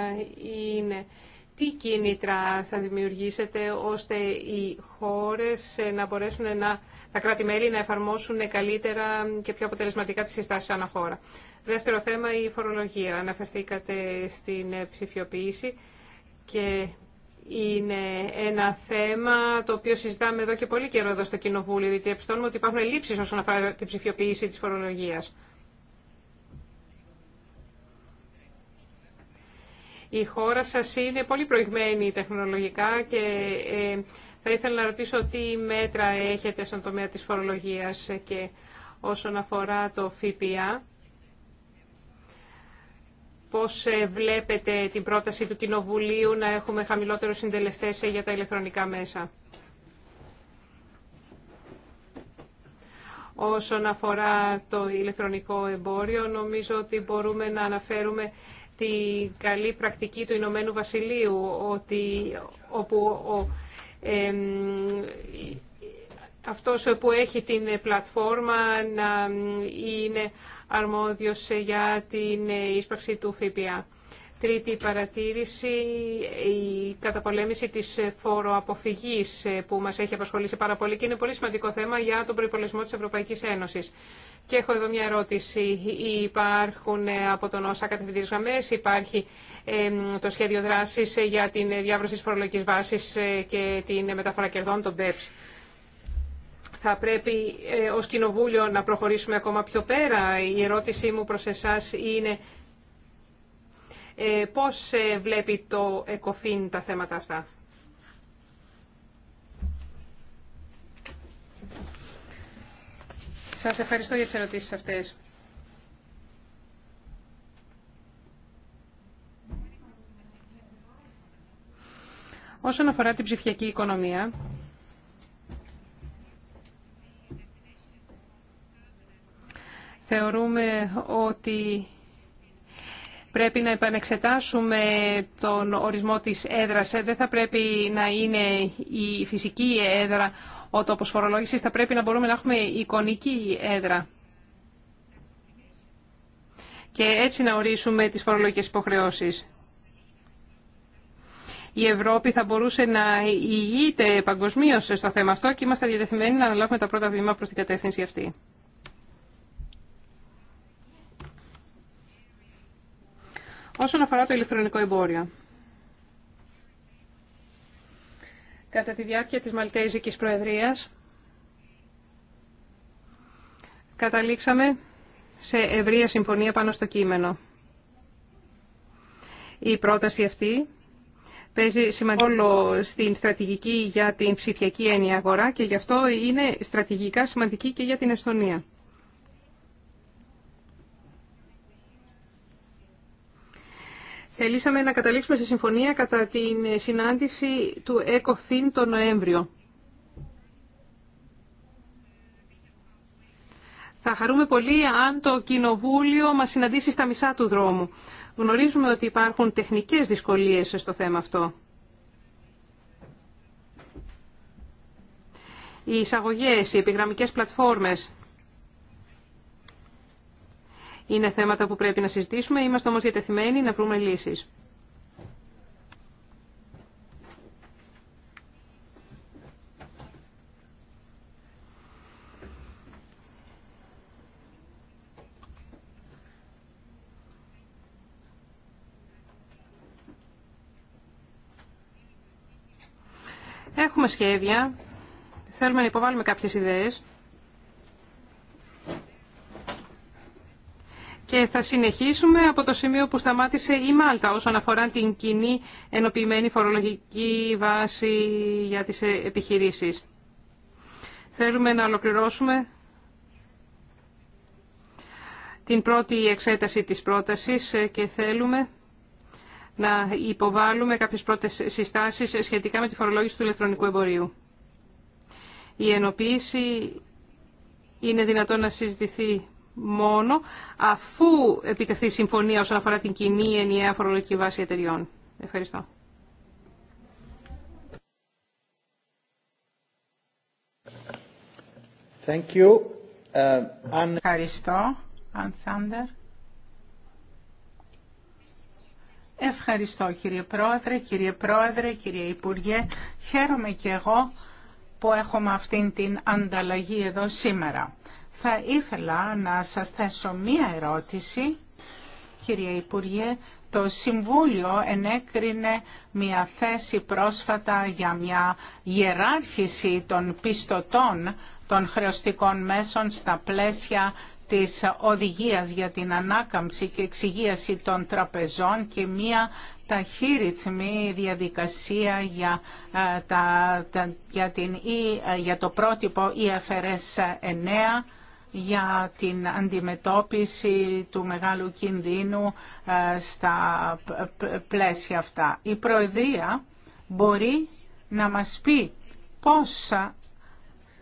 είναι τι κίνητρα θα δημιουργήσετε ώστε οι χώρες να μπορέσουν να, τα κράτη-μέλη να εφαρμόσουν καλύτερα και πιο αποτελεσματικά τις συστάσεις ανά χώρα. Δεύτερο θέμα, η φορολογία. Αναφερθήκατε στην ψηφιοποίηση είναι ένα θέμα το οποίο συζητάμε εδώ και πολύ καιρό εδώ στο Κοινοβούλιο, διότι επιστώνουμε ότι υπάρχουν ελλείψεις όσον αφορά την ψηφιοποίηση της φορολογίας. Η χώρα σας είναι πολύ προηγμένη τεχνολογικά και ε, θα ήθελα να ρωτήσω τι μέτρα έχετε στον τομέα της φορολογίας και όσον αφορά το ΦΠΑ πώς ε, βλέπετε την πρόταση του Κοινοβουλίου να έχουμε χαμηλότερους συντελεστές ε, για τα ηλεκτρονικά μέσα. Όσον αφορά το ηλεκτρονικό εμπόριο, νομίζω ότι μπορούμε να αναφέρουμε τη καλή πρακτική του Ηνωμένου Βασιλείου, ότι, όπου ο, αυτός που έχει την πλατφόρμα να είναι αρμόδιος για την ίσπραξη του ΦΠΑ. Τρίτη παρατήρηση, η καταπολέμηση της φοροαποφυγής ε, που μας έχει απασχολήσει πάρα πολύ και είναι πολύ σημαντικό θέμα για τον προϋπολογισμό της Ευρωπαϊκής Ένωσης. Και έχω εδώ μια ερώτηση. Υπάρχουν ε, από τον ΩΣΑ κατευθυντήρες γραμμές, υπάρχει το σχέδιο δράσης για την διάβρωση της φορολογικής βάσης ε, και την μεταφορά κερδών, τον BEPS. Θα πρέπει ε, ως Κοινοβούλιο να προχωρήσουμε ακόμα πιο πέρα. Η ερώτησή μου προς εσάς είναι ε, πώς ε, βλέπει το ΕΚΟΦΗΝ τα θέματα αυτά. Σας ευχαριστώ για τις ερωτήσεις αυτές. Όσον αφορά την ψηφιακή οικονομία, Θεωρούμε ότι πρέπει να επανεξετάσουμε τον ορισμό της έδρας. Ε, δεν θα πρέπει να είναι η φυσική έδρα ο τόπος φορολόγησης, θα πρέπει να μπορούμε να έχουμε εικονική έδρα. Και έτσι να ορίσουμε τις φορολογικές υποχρεώσεις. Η Ευρώπη θα μπορούσε να ηγείται παγκοσμίω στο θέμα αυτό και είμαστε διατεθειμένοι να αναλάβουμε τα πρώτα βήματα προς την κατεύθυνση αυτή. Όσον αφορά το ηλεκτρονικό εμπόριο. Κατά τη διάρκεια της Μαλτέζικης Προεδρίας καταλήξαμε σε ευρεία συμφωνία πάνω στο κείμενο. Η πρόταση αυτή παίζει σημαντικό ρόλο στην στρατηγική για την ψηφιακή έννοια αγορά και γι' αυτό είναι στρατηγικά σημαντική και για την Εστονία. Θελήσαμε να καταλήξουμε σε συμφωνία κατά την συνάντηση του ΕΚΟΦΗΝ τον Νοέμβριο. Θα χαρούμε πολύ αν το Κοινοβούλιο μας συναντήσει στα μισά του δρόμου. Γνωρίζουμε ότι υπάρχουν τεχνικές δυσκολίες στο θέμα αυτό. Οι εισαγωγές, οι επιγραμμικές πλατφόρμες, είναι θέματα που πρέπει να συζητήσουμε, είμαστε όμως διατεθειμένοι να βρούμε λύσεις. Έχουμε σχέδια, θέλουμε να υποβάλουμε κάποιες ιδέες. και θα συνεχίσουμε από το σημείο που σταμάτησε η Μάλτα όσον αφορά την κοινή ενοποιημένη φορολογική βάση για τις επιχειρήσεις. Θέλουμε να ολοκληρώσουμε την πρώτη εξέταση της πρότασης και θέλουμε να υποβάλουμε κάποιες πρώτες συστάσεις σχετικά με τη φορολόγηση του ηλεκτρονικού εμπορίου. Η ενοποίηση είναι δυνατόν να συζητηθεί μόνο αφού επιτευχθεί η συμφωνία όσον αφορά την κοινή ενιαία φορολογική βάση εταιριών. Ευχαριστώ. Thank you. Uh, Ευχαριστώ, Ευχαριστώ κύριε Πρόεδρε, κύριε Πρόεδρε, κύριε Υπουργέ. Χαίρομαι και εγώ που έχουμε αυτήν την ανταλλαγή εδώ σήμερα. Θα ήθελα να σας θέσω μία ερώτηση, κύριε Υπουργέ. Το Συμβούλιο ενέκρινε μια θέση πρόσφατα για μια γεράρχηση των πιστωτών των χρεωστικών μέσων στα πλαίσια της οδηγίας για την ανάκαμψη και εξυγίαση των τραπεζών και μια ταχύρυθμη διαδικασία για, ε, ε, για, το πρότυπο IFRS 9 για την αντιμετώπιση του μεγάλου κινδύνου ε, στα πλαίσια αυτά. Η Προεδρία μπορεί να μας πει πώς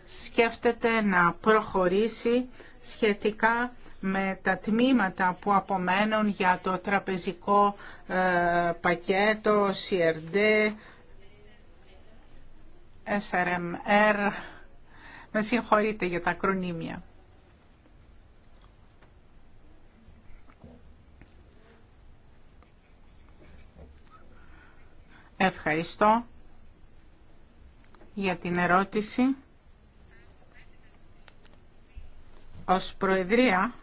σκέφτεται να προχωρήσει σχετικά με τα τμήματα που απομένουν για το τραπεζικό ε, πακέτο, CRD, SRMR. Με συγχωρείτε για τα ακρονίμια. Ευχαριστώ για την ερώτηση. Ως Προεδρία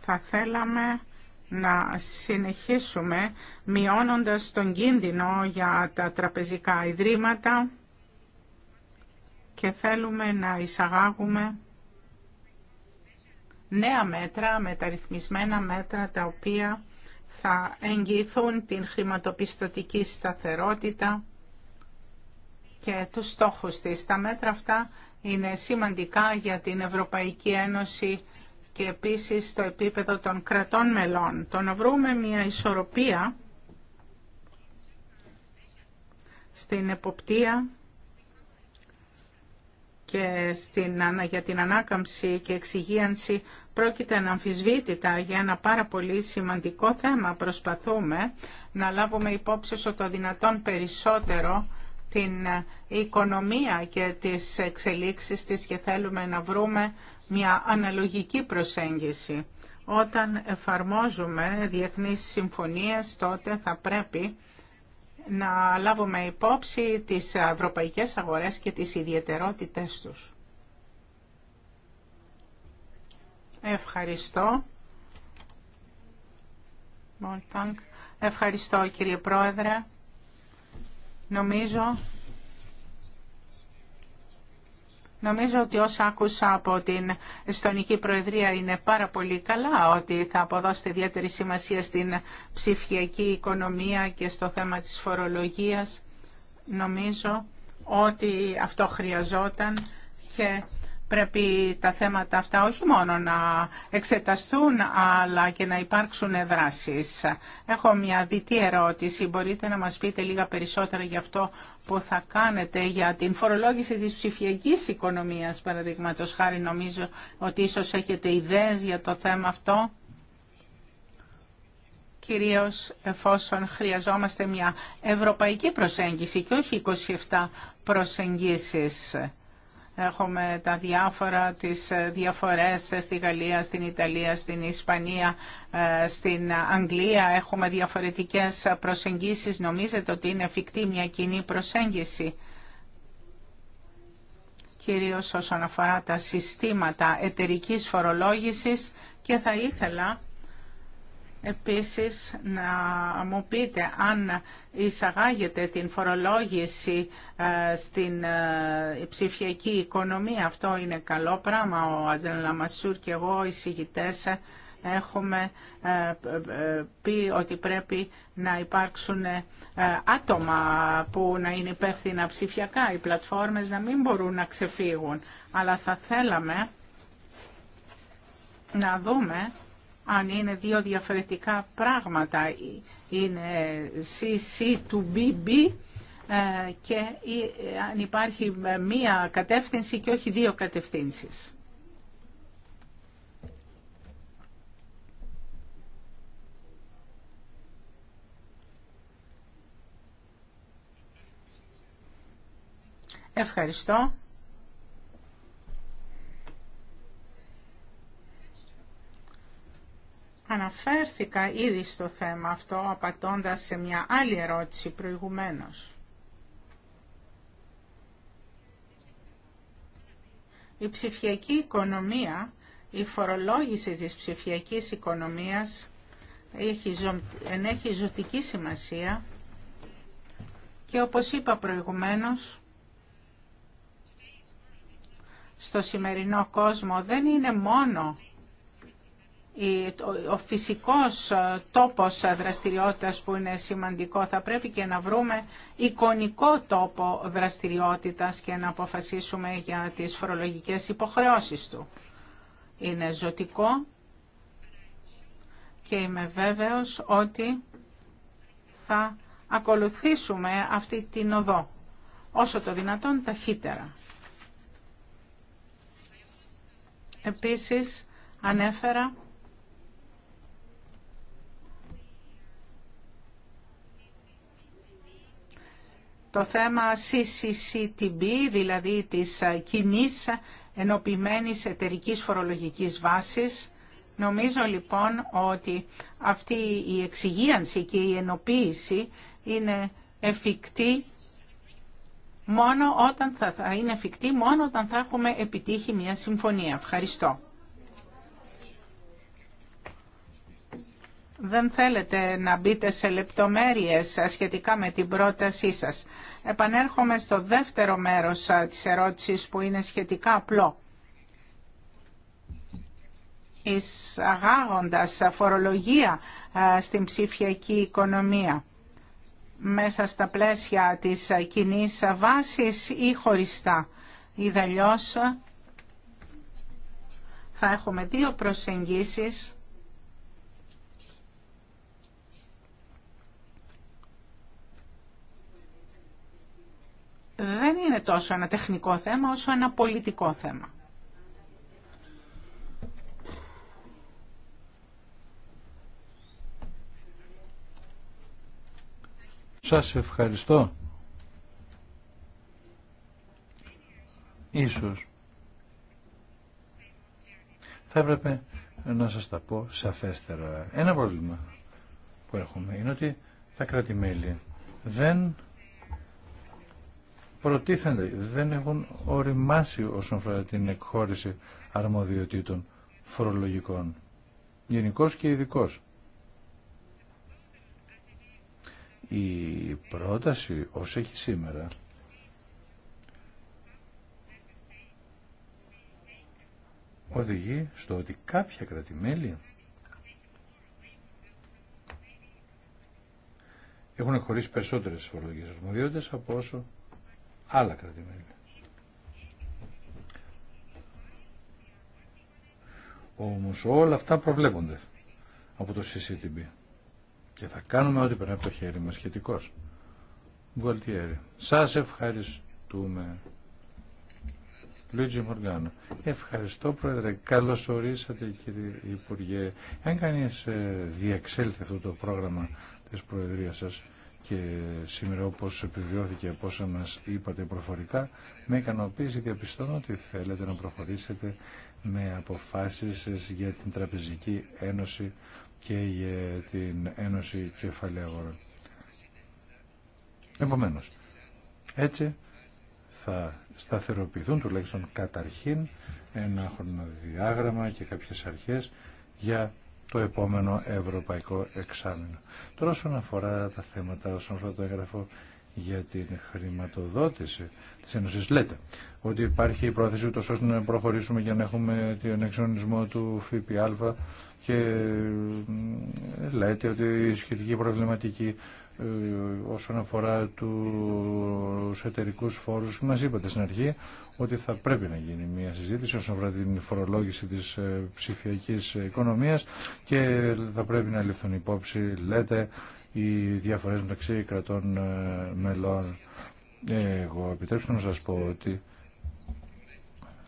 θα θέλαμε να συνεχίσουμε μειώνοντας τον κίνδυνο για τα τραπεζικά ιδρύματα και θέλουμε να εισαγάγουμε νέα μέτρα, μεταρρυθμισμένα μέτρα τα οποία θα εγγυηθούν την χρηματοπιστωτική σταθερότητα και τους στόχους της. Τα μέτρα αυτά είναι σημαντικά για την Ευρωπαϊκή Ένωση και επίσης στο επίπεδο των κρατών μελών. Το να βρούμε μια ισορροπία στην εποπτεία και στην, για την ανάκαμψη και εξυγίανση πρόκειται αναμφισβήτητα για ένα πάρα πολύ σημαντικό θέμα. Προσπαθούμε να λάβουμε υπόψη όσο το δυνατόν περισσότερο την ε, οικονομία και τις εξελίξεις της και θέλουμε να βρούμε μια αναλογική προσέγγιση. Όταν εφαρμόζουμε διεθνείς συμφωνίες τότε θα πρέπει να λάβουμε υπόψη τις ευρωπαϊκές αγορές και τις ιδιαιτερότητές τους. Ευχαριστώ. Ευχαριστώ κύριε Πρόεδρε. Νομίζω Νομίζω ότι όσα άκουσα από την Εστονική Προεδρία είναι πάρα πολύ καλά, ότι θα αποδώσετε ιδιαίτερη σημασία στην ψηφιακή οικονομία και στο θέμα της φορολογίας. Νομίζω ότι αυτό χρειαζόταν και πρέπει τα θέματα αυτά όχι μόνο να εξεταστούν αλλά και να υπάρξουν δράσεις. Έχω μια διτή ερώτηση. Μπορείτε να μας πείτε λίγα περισσότερα για αυτό που θα κάνετε για την φορολόγηση της ψηφιακή οικονομίας παραδείγματο χάρη νομίζω ότι ίσως έχετε ιδέες για το θέμα αυτό κυρίως εφόσον χρειαζόμαστε μια ευρωπαϊκή προσέγγιση και όχι 27 προσεγγίσεις Έχουμε τα διάφορα, τις διαφορές στη Γαλλία, στην Ιταλία, στην Ισπανία, ε, στην Αγγλία. Έχουμε διαφορετικές προσεγγίσεις. Νομίζετε ότι είναι εφικτή μια κοινή προσέγγιση κυρίως όσον αφορά τα συστήματα εταιρικής φορολόγησης και θα ήθελα Επίσης, να μου πείτε αν εισαγάγεται την φορολόγηση ε, στην ε, ψηφιακή οικονομία. Αυτό είναι καλό πράγμα. Ο Αντελαμασούρ και εγώ, οι συγητές, έχουμε ε, πει ότι πρέπει να υπάρξουν άτομα που να είναι υπεύθυνα ψηφιακά. Οι πλατφόρμες να μην μπορούν να ξεφύγουν. Αλλά θα θέλαμε να δούμε αν είναι δύο διαφορετικά πράγματα. Είναι CC του BB ε, και αν υπάρχει μία κατεύθυνση και όχι δύο κατευθύνσεις. Ευχαριστώ. Αναφέρθηκα ήδη στο θέμα αυτό, απατώντας σε μια άλλη ερώτηση προηγουμένως. Η ψηφιακή οικονομία, η φορολόγηση της ψηφιακής οικονομίας έχει ενέχει ζωτική σημασία και όπως είπα προηγουμένως, στο σημερινό κόσμο δεν είναι μόνο ο φυσικός ε, τόπος δραστηριότητας που είναι σημαντικό. Θα πρέπει και να βρούμε εικονικό τόπο δραστηριότητας και να αποφασίσουμε για τις φορολογικές υποχρεώσεις του. Είναι ζωτικό και είμαι βέβαιος ότι θα ακολουθήσουμε αυτή την οδό όσο το δυνατόν ταχύτερα. Επίσης, ανέφερα το θέμα CCCTB, δηλαδή της κοινή ενοποιημένης εταιρικής φορολογικής βάσης. Νομίζω λοιπόν ότι αυτή η εξυγίανση και η ενοποίηση είναι εφικτή μόνο όταν θα, είναι εφικτή μόνο όταν θα έχουμε επιτύχει μια συμφωνία. Ευχαριστώ. δεν θέλετε να μπείτε σε λεπτομέρειες σχετικά με την πρότασή σας. Επανέρχομαι στο δεύτερο μέρος της ερώτησης που είναι σχετικά απλό. Εισαγάγοντας φορολογία στην ψηφιακή οικονομία μέσα στα πλαίσια της κοινή βάσης ή χωριστά. Ιδαλλιώς θα έχουμε δύο προσεγγίσεις δεν είναι τόσο ένα τεχνικό θέμα όσο ένα πολιτικό θέμα. Σας ευχαριστώ. Ίσως. Θα έπρεπε να σας τα πω σαφέστερα. Ένα πρόβλημα που έχουμε είναι ότι τα κράτη-μέλη δεν προτίθενται, δεν έχουν οριμάσει όσον αφορά την εκχώρηση αρμοδιοτήτων φορολογικών. γενικώ και ειδικώ. Η πρόταση όσο έχει σήμερα οδηγεί στο ότι κάποια κρατημέλη έχουν χωρίσει περισσότερες φορολογικές αρμοδιότητες από όσο άλλα κρατημένα. Όμως όλα αυτά προβλέπονται από το CCTV. Και θα κάνουμε ό,τι περνάει από το χέρι μας σχετικώς. Γκολτιέρι. σας ευχαριστούμε. Μοργάνο. Ευχαριστώ Πρόεδρε. Καλώς ορίσατε κύριε Υπουργέ. Αν κανείς ε, διεξέλθει αυτό το πρόγραμμα της Προεδρίας σας, και σήμερα όπως επιβιώθηκε από όσα μας είπατε προφορικά με ικανοποίηση διαπιστώνω ότι θέλετε να προχωρήσετε με αποφάσεις για την Τραπεζική Ένωση και για την Ένωση Κεφαλαίου Αγορών. Επομένως, έτσι θα σταθεροποιηθούν τουλάχιστον καταρχήν ένα χρονοδιάγραμμα και κάποιες αρχές για το επόμενο ευρωπαϊκό εξάμεινο. Τώρα όσον αφορά τα θέματα, όσον αφορά το έγγραφο για την χρηματοδότηση της Ένωσης, λέτε ότι υπάρχει η πρόθεση ούτως ώστε να προχωρήσουμε για να έχουμε τον εξονισμό του ΦΠΑ και λέτε ότι η σχετική προβληματική ε, όσον αφορά του εταιρικού φόρους που μας είπατε στην αρχή ότι θα πρέπει να γίνει μια συζήτηση όσον αφορά την φορολόγηση της ε, ψηφιακής οικονομίας και θα πρέπει να ληφθούν υπόψη, λέτε, οι διαφορές μεταξύ κρατών ε, μελών. Εγώ επιτρέψτε να σας πω ότι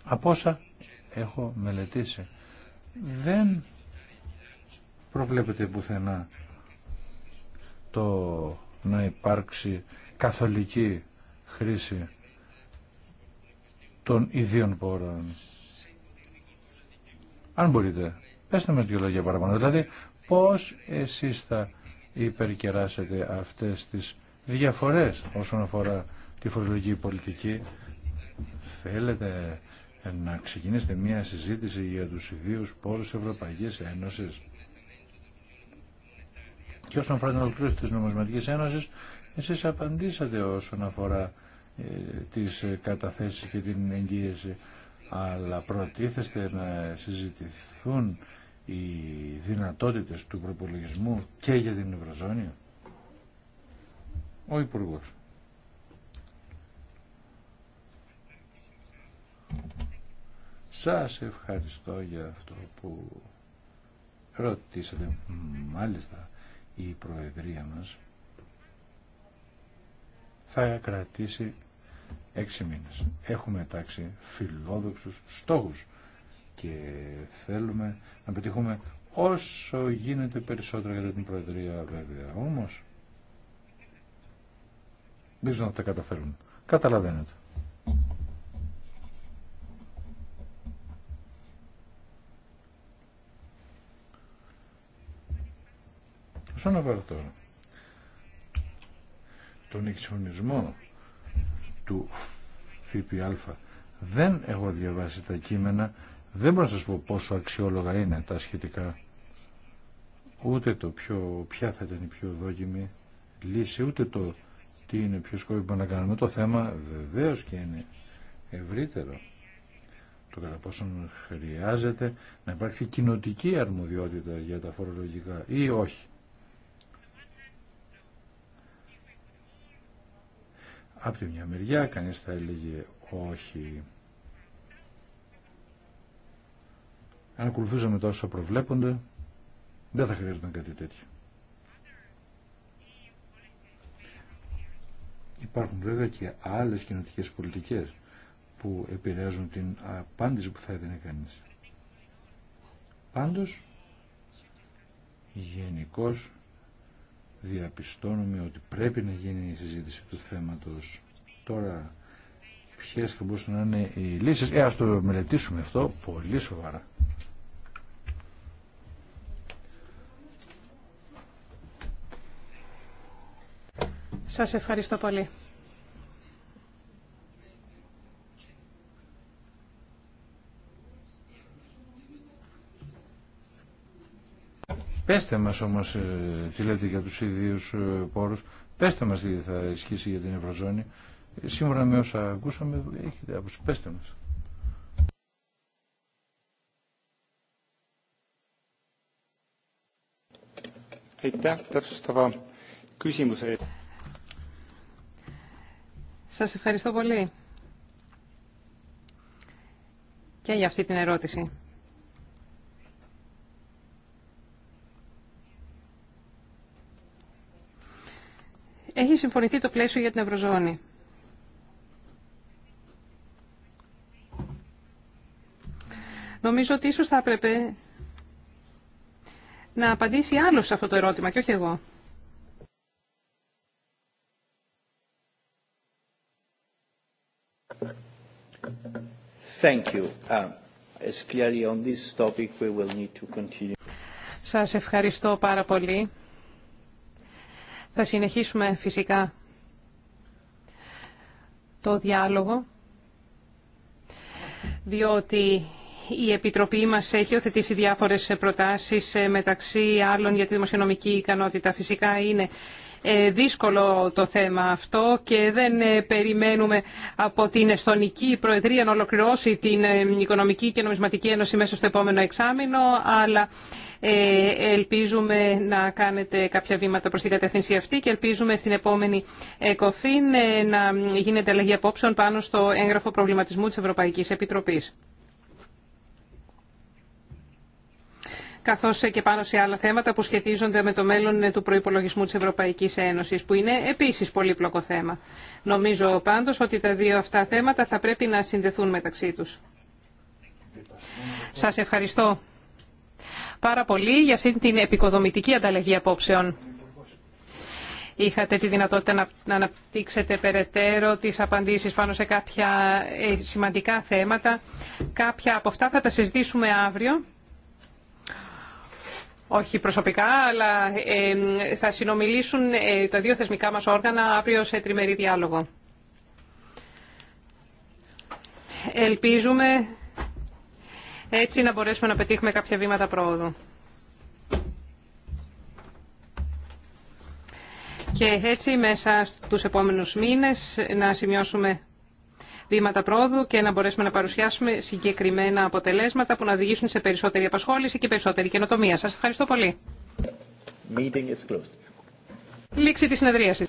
από όσα έχω μελετήσει δεν προβλέπεται πουθενά το να υπάρξει καθολική χρήση των ιδίων πόρων. Αν μπορείτε, πέστε με δύο λόγια παραπάνω. Δηλαδή, πώς εσείς θα υπερκεράσετε αυτές τις διαφορές όσον αφορά τη φορολογική πολιτική. Θέλετε να ξεκινήσετε μια συζήτηση για τους ιδίους πόρους της Ευρωπαϊκής Ένωσης. Και όσον αφορά την ολοκλήρωση της Νομισματικής Ένωσης, εσείς απαντήσατε όσον αφορά ε, τις ε, καταθέσεις και την εγγύηση αλλά προτίθεστε να συζητηθούν οι δυνατότητες του προπολογισμού και για την Ευρωζώνη ο υπουργό. Σας ευχαριστώ για αυτό που ρωτήσατε μάλιστα η Προεδρία μας θα κρατήσει έξι μήνες. Έχουμε εντάξει φιλόδοξους στόχους και θέλουμε να πετύχουμε όσο γίνεται περισσότερο για την Προεδρία βέβαια. Όμως δεν να τα καταφέρουν. Καταλαβαίνετε. Όσον αφορά τώρα τον εξονισμό του ΦΠΑ. Δεν έχω διαβάσει τα κείμενα, δεν μπορώ να σας πω πόσο αξιόλογα είναι τα σχετικά. Ούτε το πιο, ποια θα ήταν η πιο δόκιμη λύση, ούτε το τι είναι πιο σκόπιμο να κάνουμε. Το θέμα βεβαίως και είναι ευρύτερο. Το κατά πόσο χρειάζεται να υπάρξει κοινοτική αρμοδιότητα για τα φορολογικά ή όχι. Από τη μια μεριά κανείς θα έλεγε όχι. Αν ακολουθούσαμε τόσο προβλέπονται, δεν θα χρειαζόταν κάτι τέτοιο. Υπάρχουν βέβαια και άλλες κοινωτικές πολιτικές που επηρεάζουν την απάντηση που θα έδινε κανείς. Πάντως, γενικώς διαπιστώνουμε ότι πρέπει να γίνει η συζήτηση του θέματος τώρα ποιες θα μπορούσαν να είναι οι λύσεις ε, ας το μελετήσουμε αυτό πολύ σοβαρά Σας ευχαριστώ πολύ Πέστε μας όμως, ε, τι λέτε για τους ιδίους ε, πόρους, πέστε μας τι θα ισχύσει για την Ευρωζώνη. Ε, σύμφωνα με όσα ακούσαμε, έχετε άποψη. Πέστε μας. Σας ευχαριστώ πολύ και για αυτή την ερώτηση. έχει συμφωνηθεί το πλαίσιο για την Ευρωζώνη. Νομίζω ότι ίσως θα έπρεπε να απαντήσει άλλος σε αυτό το ερώτημα και όχι εγώ. Thank you. Uh, on this topic we will need to Σας ευχαριστώ πάρα πολύ. Θα συνεχίσουμε φυσικά το διάλογο, διότι η Επιτροπή μας έχει οθετήσει διάφορες προτάσεις ε, μεταξύ άλλων για τη δημοσιονομική ικανότητα. Φυσικά είναι ε, δύσκολο το θέμα αυτό και δεν ε, περιμένουμε από την Εστονική Προεδρία να ολοκληρώσει την ε, Οικονομική και Νομισματική Ένωση μέσα στο επόμενο εξάμεινο, αλλά ελπίζουμε να κάνετε κάποια βήματα προς την κατεύθυνση αυτή και ελπίζουμε στην επόμενη κοφή να γίνεται αλλαγή απόψεων πάνω στο έγγραφο προβληματισμού της Ευρωπαϊκής Επιτροπής. Καθώ και πάνω σε άλλα θέματα που σχετίζονται με το μέλλον του προϋπολογισμού της Ευρωπαϊκής Ένωσης, που είναι επίσης πολύπλοκο θέμα. Νομίζω πάντως ότι τα δύο αυτά θέματα θα πρέπει να συνδεθούν μεταξύ τους. Σας ευχαριστώ πάρα πολύ για αυτή την επικοδομητική ανταλλαγή απόψεων. Είχατε τη δυνατότητα να αναπτύξετε περαιτέρω τις απαντήσεις πάνω σε κάποια ε, σημαντικά θέματα. Κάποια από αυτά θα τα συζητήσουμε αύριο όχι προσωπικά, αλλά θα συνομιλήσουν ε, τα δύο θεσμικά μας όργανα αύριο σε τριμερή διάλογο. Ελπίζουμε έτσι να μπορέσουμε να πετύχουμε κάποια βήματα πρόοδου. Και έτσι μέσα στους επόμενους μήνες να σημειώσουμε βήματα πρόοδου και να μπορέσουμε να παρουσιάσουμε συγκεκριμένα αποτελέσματα που να οδηγήσουν σε περισσότερη απασχόληση και περισσότερη καινοτομία. Σας ευχαριστώ πολύ. Λήξη